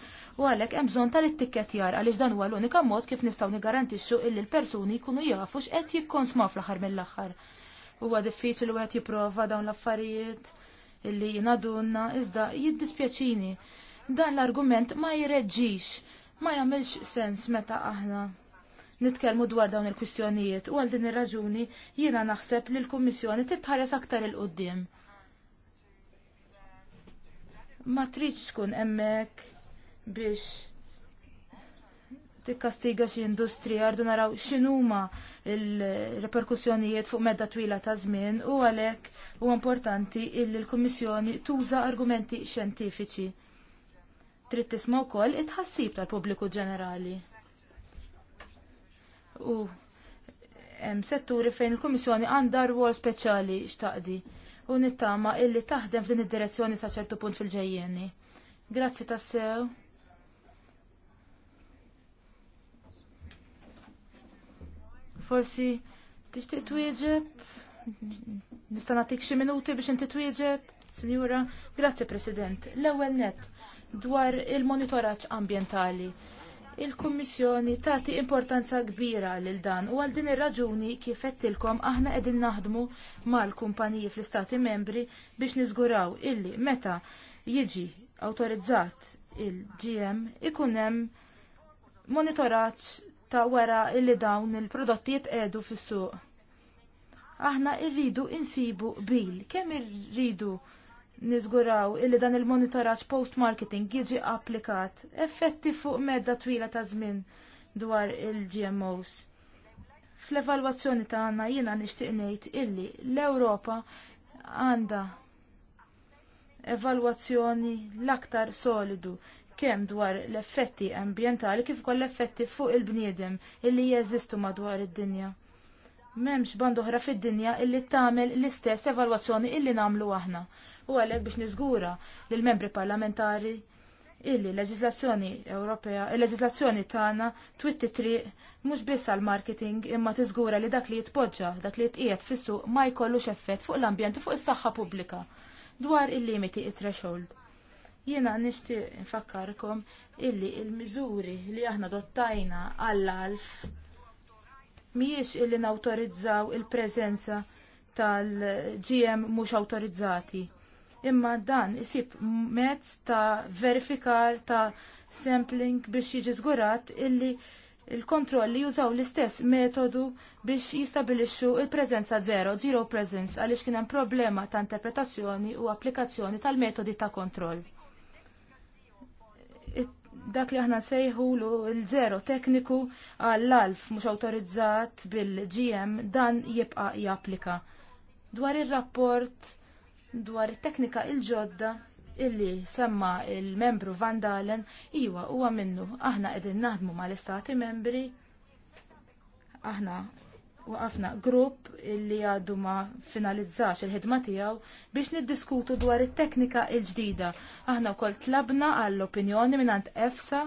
U għalhekk hemm bżonn tal-ittikketjar għaliex dan huwa l-unika mod kif nistgħu niggarantixxu illi l-persuni jkunu jafu x'qed jikkonsmaw fl-aħħar mill-aħħar. Huwa diffiċli qed jipprova dawn l-affarijiet illi jingħadulna iżda jiddispjaċini dan l-argument ma jreġġix ma jagħmilx sens meta aħna nitkellmu dwar dawn il-kwistjonijiet u għal din ir-raġuni jiena naħseb li l-Kummissjoni titħares aktar il qudiem Ma tridx tkun hemmhekk biex tikkastiga xi industrija rdu naraw x'inhuma il-reperkussjonijiet fuq medda twila ta' żmien u għalhekk huwa importanti illi l-Kummissjoni tuża argumenti xjentifiċi trid tisma' wkoll it tħassib tal-pubbliku ġenerali. U hemm setturi fejn il-Kummissjoni għandha rwol speċjali xtaqdi u nittama illi taħdem f'din id-direzzjoni sa ċertu punt fil-ġejjeni. Grazzi tassew. Forsi tixtieq twieġeb? Nista' nagħtik xi minuti biex inti twieġeb? Sinjura, grazzi President. L-ewwel nett dwar il-monitoraġġ ambjentali. Il-Kummissjoni tagħti importanza kbira lil dan u għal din ir-raġuni kif qedtilkom aħna qegħdin naħdmu mal-kumpaniji fl-Istati membri biex niżguraw illi meta jiġi awtorizzat il-GM ikun hemm monitoraġġ ta' wara illi dawn il-prodotti jitqedu fis-suq. Aħna rridu insibu bil kemm irridu niżguraw illi dan il-monitoraġġ post-marketing jiġi applikat effetti fuq medda twila ta' żmien dwar il-GMOs. Fl-evalwazzjoni tagħna jiena nixtieq ngħid illi l-Ewropa għandha evalwazzjoni l-aktar solidu kemm dwar l-effetti ambjentali kif ukoll l-effetti fuq il-bniedem illi jeżistu madwar id-dinja. M'hemmx band oħra fid-dinja illi tagħmel l-istess evalwazzjoni illi nagħmlu aħna u għalhekk biex niżgura lill membri parlamentari illi l leġislazzjoni Ewropea, il-leġislazzjoni tagħna twitti triq mhux biss għal marketing imma tiżgura li dak li jitpoġġa, dak li tqiegħed fis-suq ma jkollux effett fuq l-ambjent u fuq is-saħħa pubblika dwar il-limiti it-threshold. Jiena nixtieq infakkarkom illi il-miżuri li aħna dottajna għall-alf mhijiex illi nawtorizzaw il-preżenza tal-GM mhux awtorizzati imma dan isib mezz ta' verifikar ta' sampling biex jiġi żgurat illi il-kontrolli jużaw l-istess metodu biex jistabilixxu il-preżenza zero, zero presence, għaliex kien hemm problema ta' interpretazzjoni u applikazzjoni tal-metodi ta' kontroll. Dak li aħna sejħu l-zero tekniku għall-alf mhux awtorizzat bil-GM dan jibqa' japplika. Dwar ir rapport dwar it-teknika il-ġodda illi semma il-membru Van Dalen iwa huwa minnu aħna qegħdin naħdmu mal-istati membri aħna waqafna grupp illi għaddu ma finalizzax il-ħidma tiegħu biex niddiskutu dwar it-teknika l-ġdida. Aħna wkoll tlabna għall opinjoni mingħand EFSA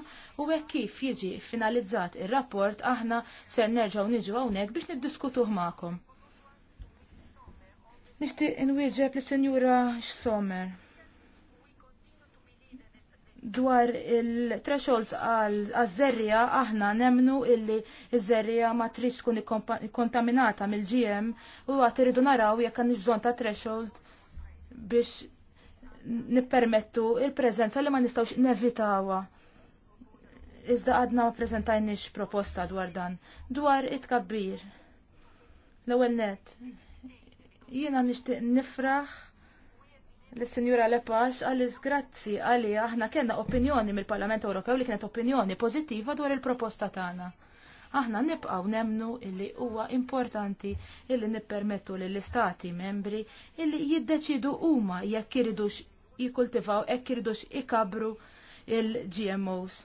u hekk kif jiġi finalizzat ir-rapport aħna ser nerġgħu niġu hawnhekk biex niddiskutuh magħkom. Nixtieq inwieġeb li Senjura Sommer dwar il-thresholds għal-żerrija aħna nemnu illi iż-żerrija ma tridx tkun kontaminata mill-GM u għat irridu naraw jekk għandix bżonn ta' threshold biex nippermettu il prezenza li ma nistgħux nevitawa. Iżda għadna ma preżentajniex proposta dwar dan. Dwar it-kabbir. L-ewwel net Jiena nixtieq nifraħ l-Sinjura Lepax għaliex grazzi għali aħna kellna opinjoni mill-Parlament Ewropew li kienet opinjoni pożittiva dwar il-proposta tagħna. Aħna nibqgħu nemnu illi huwa importanti illi nippermettu lill istati membri illi jiddeċidu huma jekk iridux jikkultivaw jekk iridux ikabru il-GMOs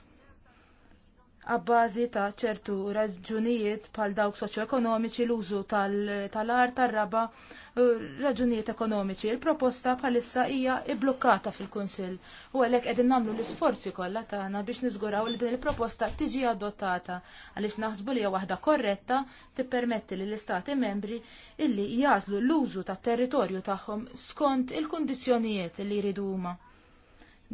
għabbażi ta' ċertu raġunijiet bħal dawk soċjoekonomiċi l-użu tal-art tal raba raġunijiet ekonomiċi. Il-proposta bħalissa hija iblukkata fil-Kunsill u għalhekk qegħdin nagħmlu l-isforzi kollha tagħna biex niżguraw li din il-proposta tiġi adottata għaliex naħsbu li hija waħda korretta tippermetti lill istati membri illi jażlu l-użu tat-territorju tagħhom skont il-kundizzjonijiet li jridu huma.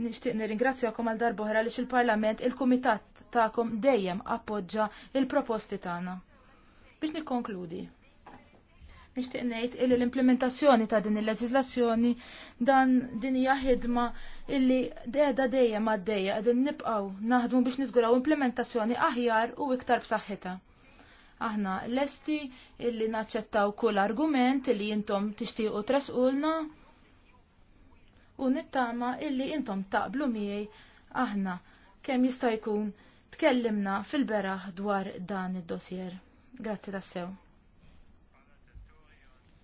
Nixtieq nirringrazzjakom għal darbohra li il-Parlament il-Kumitat tagħkom dejjem appoġġa il-proposti tagħna. Biex nikkonkludi. Nixtieq ngħid illi l-implementazzjoni ta' din il-leġiżlazzjoni dan din hija ħidma illi deda dejjem għaddejja qegħdin nibqgħu naħdmu biex niżguraw implementazzjoni aħjar u iktar b'saħħitha aħna lesti illi naċċettaw kull argument li jintom tixtiequ tresqulna u nittama illi intom taqblu miegħi aħna kemm jista' jkun tkellimna fil-beraħ dwar dan id-dossier. Grazzi tassew.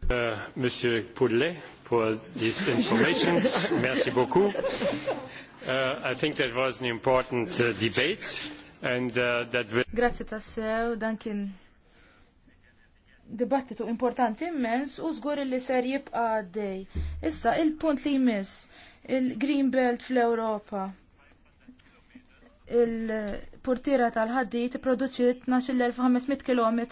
Uh, Monsieur Poudlet, for this information. Merci beaucoup. Uh, I think that was an important uh, debate and uh, that Grazie tassew, dan dibattitu importanti immens u żgur li ser jibqa' għaddej. Issa il-punt li jmiss il-Green Belt fl-Ewropa. Il-portiera tal-ħaddi t-produċi 12.500 km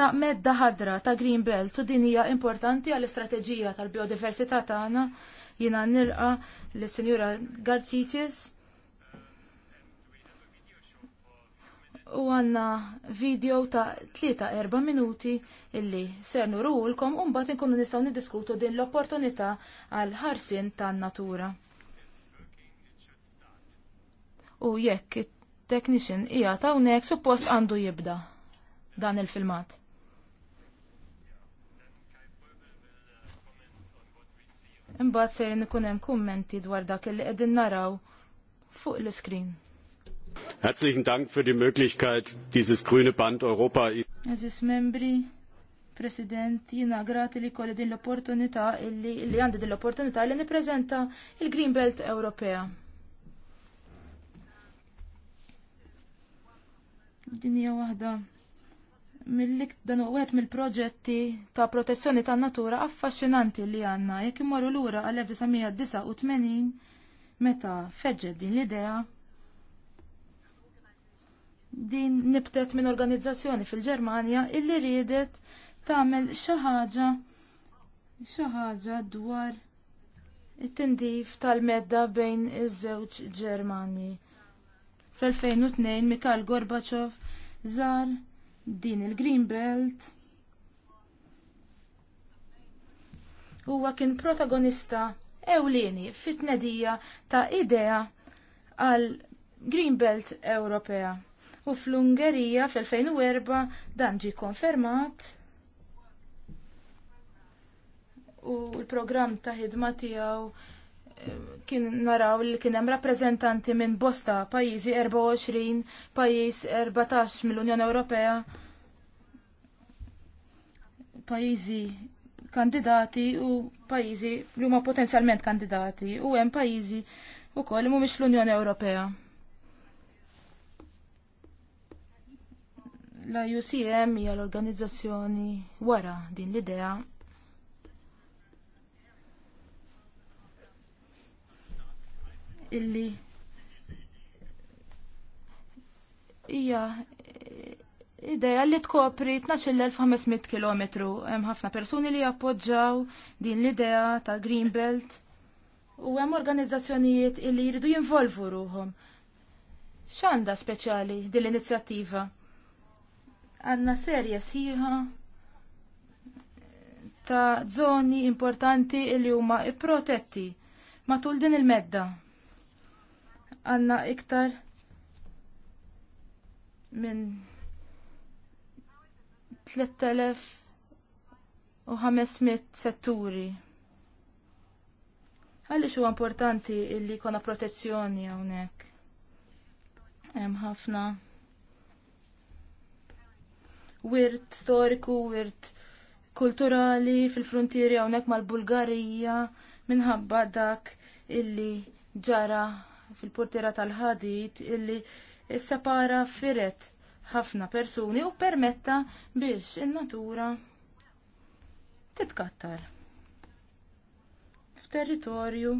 ta' medda ħadra ta' Green Belt u din hija importanti għall-istrateġija tal-biodiversità tagħna jina nilqa l-Sinjura Garcicis u għanna video ta' 3-4 minuti illi ser nurulkom u mbagħad inkunu nistgħu niddiskutu din l-opportunità għal ħarsien tan-natura. U jekk it-technician hija hawnhekk suppost għandu jibda dan il-filmat. Imbagħad ser ikun hemm kummenti dwar dak li qegħdin naraw fuq l screen Herzlichen Dank für die Möglichkeit, dieses grüne Band Europa. Aziz membri, President, jina grati li kolli din l-opportunità li għandi din l-opportunità li nipprezenta il-Green Belt Ewropea. Din hija waħda mill-lik dan wieħed mill-proġetti ta' protezzjoni tan-natura affaxxinanti li għandna jekk imorru lura għal 1989 meta feġġed din l-idea din nibtet minn organizzazzjoni fil-Ġermanja illi riedet tagħmel xi ħaġa dwar it-tindif tal-medda bejn iż-żewġ Ġermani. Fl-2002 Mikhail Gorbachev żar din il-Green Belt huwa kien protagonista ewlieni fit-tnedija ta' idea għal Green Belt Ewropea u fl-Ungerija fl-2004 dan ġie konfermat u l-programm ta' ħidma tiegħu eh, kien naraw li kien hemm rappreżentanti minn bosta pajjiżi 24, pajjiż 14 mill-Unjoni Ewropea, pajjiżi kandidati u pajjiżi li huma potenzjalment kandidati u hemm pajjiżi wkoll li mhumiex fl-Unjoni Ewropea. La UCM hija l-organizzazzjoni wara din l-idea illi hija l-idea li tkopri 12.500 km. Hemm ħafna persuni li jappoġġaw din l-idea ta' Greenbelt u hemm organizzazzjonijiet illi jridu jinvolvu ruhom. X'għandha speċjali din l-inizjattiva? għandna serja sieħa ta' żoni importanti li huma protetti matul din il-medda. Għandna iktar minn 3500 setturi. Għaliex huwa importanti li jkollna protezzjoni hawnhekk. Hemm ħafna wirt storiku, wirt kulturali fil-frontieri hawnhekk mal-Bulgarija minħabba dak illi ġara fil-portiera tal-ħadid illi separa firet ħafna persuni u permetta biex in-natura titkattar f'territorju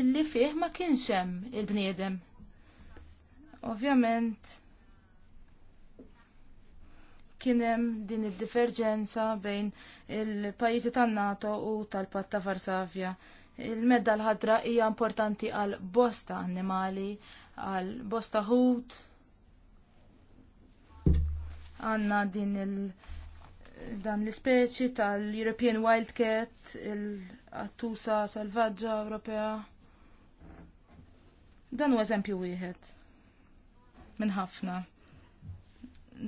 illi fih ma kienx hemm il-bniedem. Ovvjament, kienem din id-diverġenza bejn il-pajizi tan-NATO u tal patta Varsavja. Il-medda l-ħadra hija importanti għal bosta annimali, għal bosta hut. Għanna din il- dan l-ispeċi tal-European Wildcat, il-attusa salvaġġa Ewropea. Dan u eżempju wieħed minn ħafna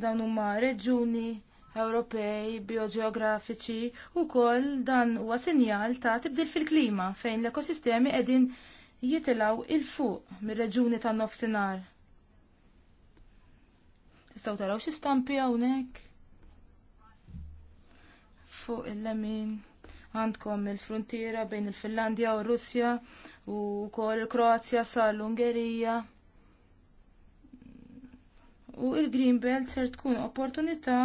dawn huma reġuni Ewropej, bioġeografiċi u kol dan huwa sinjal ta' tibdil fil-klima fejn l-ekosistemi qegħdin jitilaw il-fuq mir-reġuni tan nofsinhar. Tistgħu taraw xi stampi hawnhekk. Fuq il-lemin għandkom il-frontiera bejn il-Finlandja u Russja u kol Kroazja sal-Ungerija u il-Green Belt ser tkun opportunità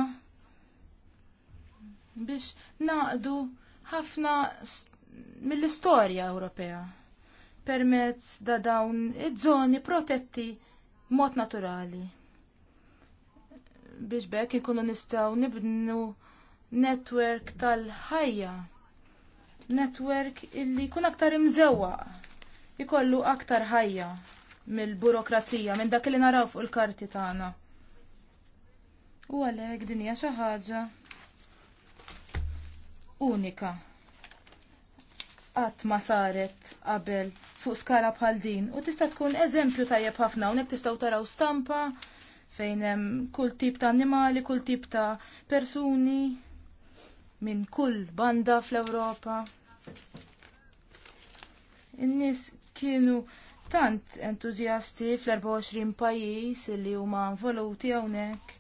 biex naqdu ħafna mill-istorja Ewropea permezz da dawn iż-żoni protetti mod naturali. Biex bekk inkunu nistgħu nibnu netwerk tal-ħajja. Netwerk illi jkun aktar imżewwa, ikollu aktar ħajja mill-burokrazija, minn dak li naraw fuq il-karti tagħna u għalhekk din hija xi ħaġa unika qatt ma saret qabel fuq skala bħal din u tista' tkun eżempju tajjeb ħafna hawnhekk tistgħu taraw stampa fejn hemm kull tip ta' annimali, kull tip ta' persuni minn kull banda fl-Ewropa. In-nies kienu tant entużjasti fl-24 pajjiż li huma involuti hawnhekk.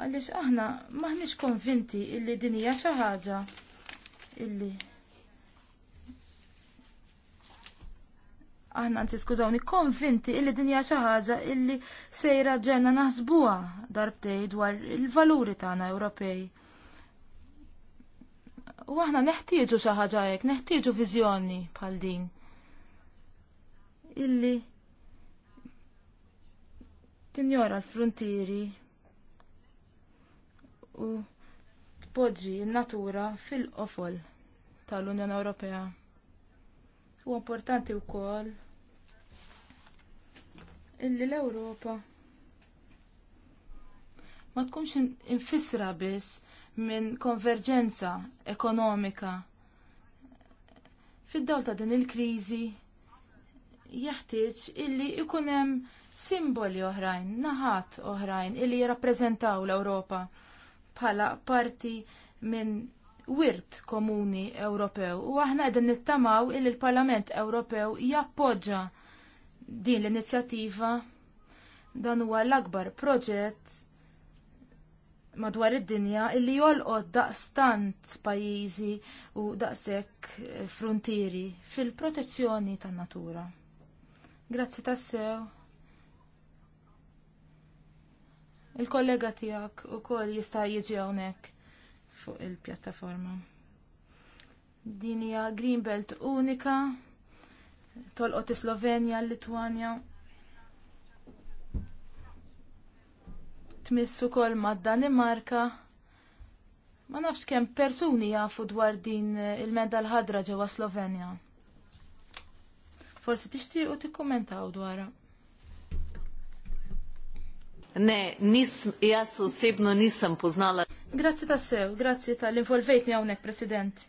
Għaliex aħna maħniex konvinti illi din hija xi ħaġa illi aħna nsi skużawni konvinti illi din hija xi ħaġa illi sejra ġenna naħsbuha darbtej dwar il-valuri tagħna Ewropej. U aħna neħtieġu xi ħaġa hekk, neħtieġu viżjoni bħal din. Illi tinjora l-frontieri u tpoġġi n-natura fil-qofol tal-Unjoni Ewropea. U importanti wkoll illi l-Ewropa ma tkunx infissra biss minn konverġenza ekonomika. Fid-dawl ta' din il-kriżi jeħtieġ illi ikun hemm simboli oħrajn, naħat oħrajn illi jirrappreżentaw l-Ewropa bħala parti minn wirt komuni Ewropew u aħna qegħdin nittamaw il il-Parlament Ewropew jappoġġa din l-inizjattiva dan huwa l-akbar proġett madwar id-dinja illi jolqod daqstant pajjiżi u daqshekk eh, frontieri fil-protezzjoni tan-natura. Grazzi tassew. Il-kollega tiegħek ukoll jista' jiġi hawnhekk fuq il-pjattaforma. Din hija Greenbelt unika tolqot Slovenja, Litwanja. Tmissu kol mad Danimarka. Ma nafx kemm persuni jafu dwar din il-medal ħadra ġewwa Slovenja. Forsi tixtiequ kommentaw dwarha. Ne, nis, jas osebno nisem poznala. Grazzi ta' sew, grazzi ta' l-involvejtni għawnek, President.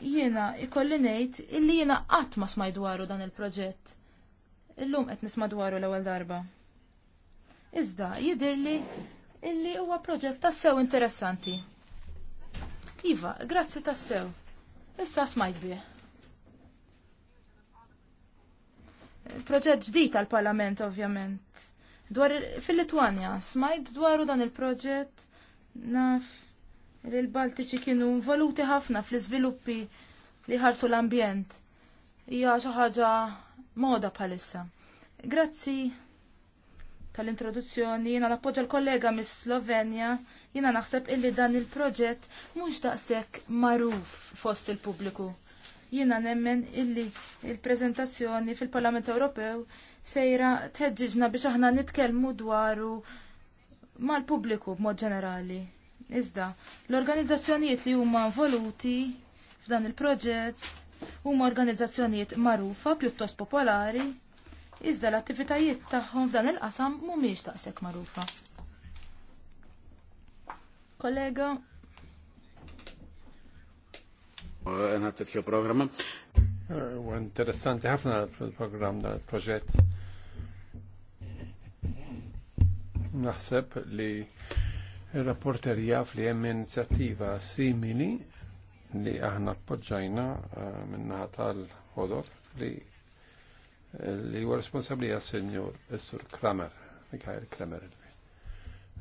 Jena, ikolli nejt, illi jena qatt ma smaj dwaru dan il-proġett. Illum qed nisma dwaru l-ewwel darba. Iżda, jidirli illi huwa proġett ta' sew interessanti. Iva, grazzi ta' sew. Issa smajt bih. Proġett ġdid tal-Parlament, ovvjament Dwar fil-Litwanja, smajt dwaru dan il-proġett naf li l-Baltiċi kienu valuti ħafna fl-iżviluppi li ħarsu l-ambjent. Hija xi ħaġa moda bħalissa. Grazzi tal-introduzzjoni, jiena nappoġġa l-kollega mis Slovenja, jiena naħseb illi dan il-proġett mhux daqshekk magħruf fost il-pubbliku. Jiena nemmen illi il-preżentazzjoni fil-Parlament Ewropew sejra teġġiġna biex aħna nitkellmu dwaru mal-pubbliku b'mod ġenerali. Iżda, l-organizzazzjonijiet li huma voluti f'dan il-proġett huma organizzazzjonijiet magħrufa pjuttost popolari, iżda l-attivitajiet tagħhom f'dan il-qasam mhumiex taqsek magħrufa. Kollega, għanna t-tkju programma. U interessanti ħafna l-program il proġett naħseb li il-rapporter jaf li jemmi inizjattiva simili li aħna poġġajna eh, minnaħa tal ħodok li li huwa responsabbli għas-senjur Sur Kramer, Mikael Kramer.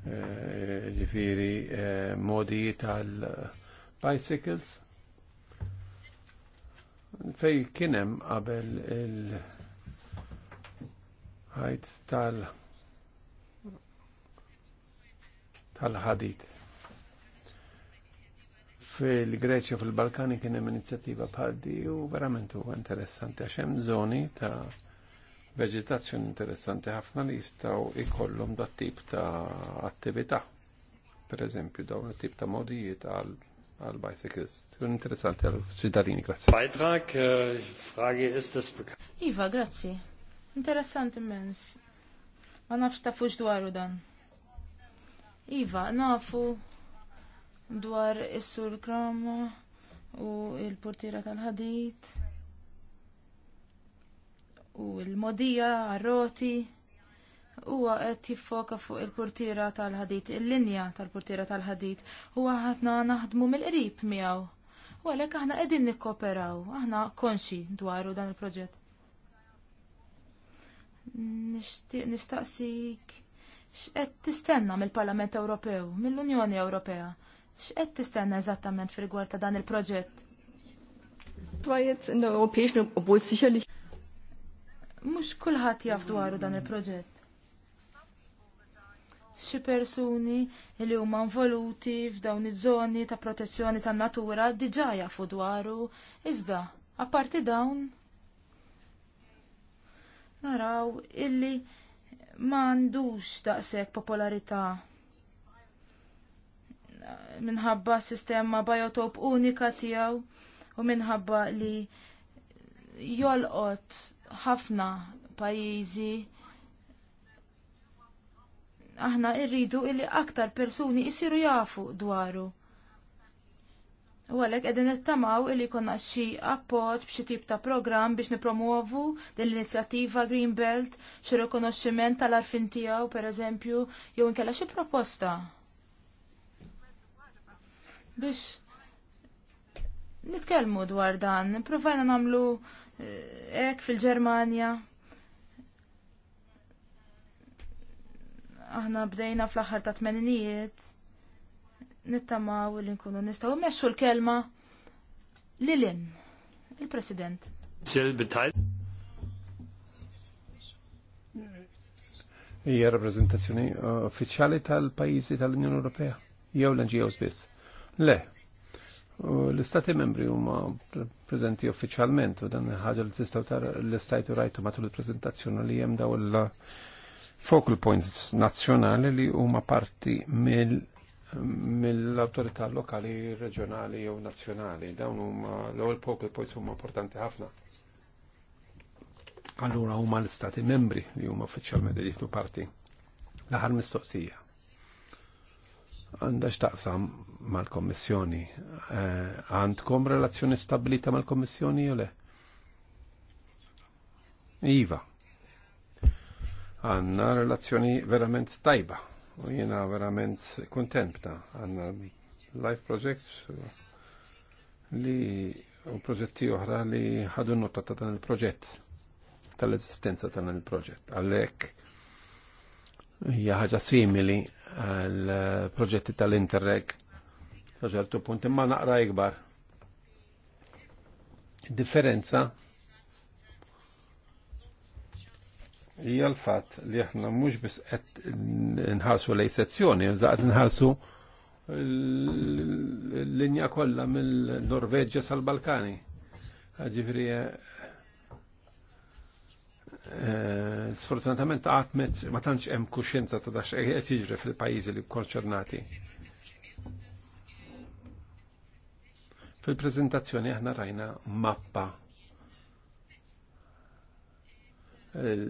Eh, ġifiri eh, modi tal-bicycles fej kienem qabel il-ħajt tal-bicycles tal-ħadit. Fil-Greċja fil-Balkani kien hemm inizjattiva bħal di u verament huwa interessanti għax hemm żoni ta' veġitazzjoni interessanti ħafna li jistgħu jkollhom dat tip ta' attività. Per eżempju, dawn tip ta' modijiet għal għal bicycles. Kun interessanti għal ċittadini, grazzi. Bajtrak, eh, fragi istis Iva, grazzi. Interessanti immens. Ma nafx ta' fuġ dwaru dan. Iva, nafu dwar is-sur Krama u l portiera tal-ħadit u l-modija għar-roti huwa qed jiffoka fuq il portiera tal-ħadit, il-linja tal portiera tal-ħadit, huwa ħadna naħdmu mill-qrib miegħu. U għalhekk aħna qegħdin nikkoperaw, aħna konxi dwaru dan il-proġett. Nistaqsik x'qed tistenna mill-Parlament Ewropew, mill-Unjoni Ewropea? X'qed tistenna eżattament fir-rigward ta' dan il-proġett? Mhux kulħadd jaf dwaru dan il-proġett. Xi persuni li huma involuti f'dawn iż-żoni ta' protezzjoni tan-natura diġà jafu dwaru, iżda apparti dawn naraw illi m'għandux daqshekk popolarità minħabba sistema biotop unika tiegħu u minħabba li jolqot ħafna pajjiżi aħna irridu illi aktar persuni jisiru jafu dwaru. U għalek edin nittamaw illi konna xi appoġġ b'xi tip ta' programm biex nipromuovu din l-inizjattiva Green Belt, xi rikonoxximent tal-arfin tiegħu pereżempju, jew inkella xi proposta. Biex nitkellmu dwar dan, provajna nagħmlu eh, hekk fil-Ġermanja. Aħna bdejna fl-aħħar ta' tmeninijiet nittamaw li nkunu nistaw meċu l-kelma Lilin, il-President. Hija rappresentazzjoni eh, uffiċjali tal-pajjiżi tal-Unjoni Ewropea jew l-NGOs biss. Le, l-istati membri huma prezenti uffiċjalment u dan ħaġa li tistgħu tara l-istajtu rajtu matul il-preżentazzjoni li hemm daw il- focal points nazzjonali li huma parti mill mill-autorità lokali, regionali jew nazzjonali. Dawn huma l-ewwel focal points huma importanti ħafna. Allura huma l-istati membri li huma uffiċjalment li jieħdu parti. L-aħħar mistoqsija. Għandha x'taqsam mal-Kommissjoni. Eh, għandkom relazzjoni stabilita mal-Kommissjoni jew le? Iva. Għanna relazzjoni verament tajba u jena verament kontempta għanna life projects li u proġetti oħra li ħadu nota ta' dan il-proġett tal-eżistenza ta' dan il-proġett Għallek hija ħaġa simili għal proġetti tal-Interreg ta' ġertu punt imma naqra ikbar differenza hija l-fatt li aħna mhux biss qed nħarsu lej sezzjoni, iżda qed nħarsu l-linja kollha mill-Norveġġja sal-Balkani. Ġifieri eh, eh, sfortunatament għatmet ma tantx hemm kuxjenza ta' dax qed jiġri fil-pajjiżi li konċernati. Fil-preżentazzjoni aħna rajna mappa eh,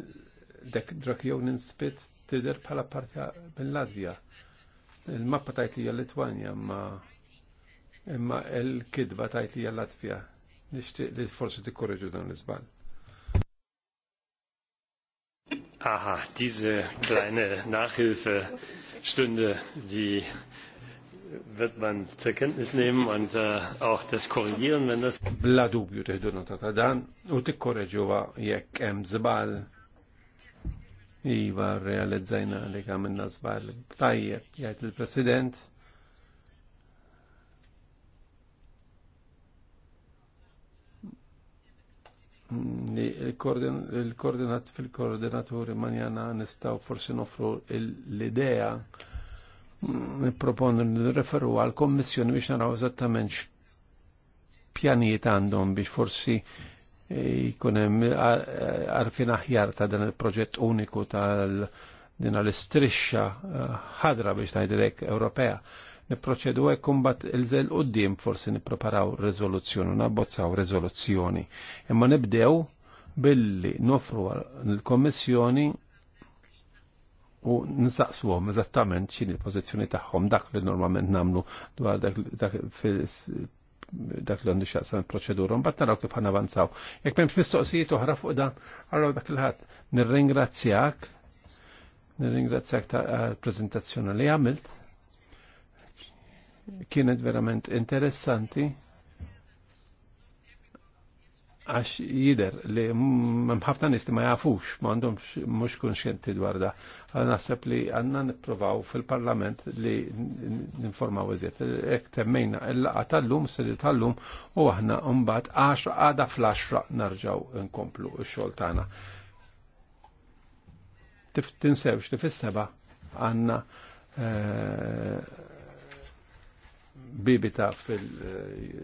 dek Drakjonin spit tider bħala partja minn Latvija. Il-mappa tajt li Litwanja ma imma il-kidba tajt li Latvija. Nixtieq li forsi tikkorreġu dan l-iżbal. Aha, diese kleine Nachhilfe Stunde, die wird man zur Kenntnis nehmen und uh, auch das korrigieren, wenn das... Bla dubju teħdu nota dan, u tikkorreġuwa jekk hemm żbal Iva, realizzajna li għamilna zbar tajjeb, jgħajt il-President. Il-koordinat fil-koordinaturi manjana nistaw forsi nofru l-idea proponu n-referu għal-kommissjoni biex naraw eżattament pjanijiet għandhom biex forsi jikunem għarfin aħjar ta' dan il-proġett uniku tal din l-istrixxa eh, ħadra biex jidrek Ewropea. Niproċedu għek kumbat il-żel d-dim forsi nipreparaw riżoluzzjoni, nabbozzaw rezoluzzjoni. Imma nibdew billi nofru l komissjoni u għom eżattament x'in l pożizzjoni tagħhom dak li normalment namlu dwar dak fil dak l-għandu xaqsan proċedura, mbatt naraw kif avanzaw. Jek memx mistoqsijiet uħra fuq dan, għarraw dak l ħat Nirringrazzjak, nirringrazzjak ta' prezentazzjoni li għamilt, kienet verament interessanti għax jider li mħafna nisti ma jafux, ma għandhom mux konxjenti dwar da. Naħseb li għanna nipprovaw fil-parlament li ninformaw eżiet. Ek temmejna il-laqa tal-lum, s-sirri tal-lum, u għahna umbat 10 għada fl-10 narġaw nkomplu x-xol tana. Tinsewx li fis-seba għanna eh, bibita fil-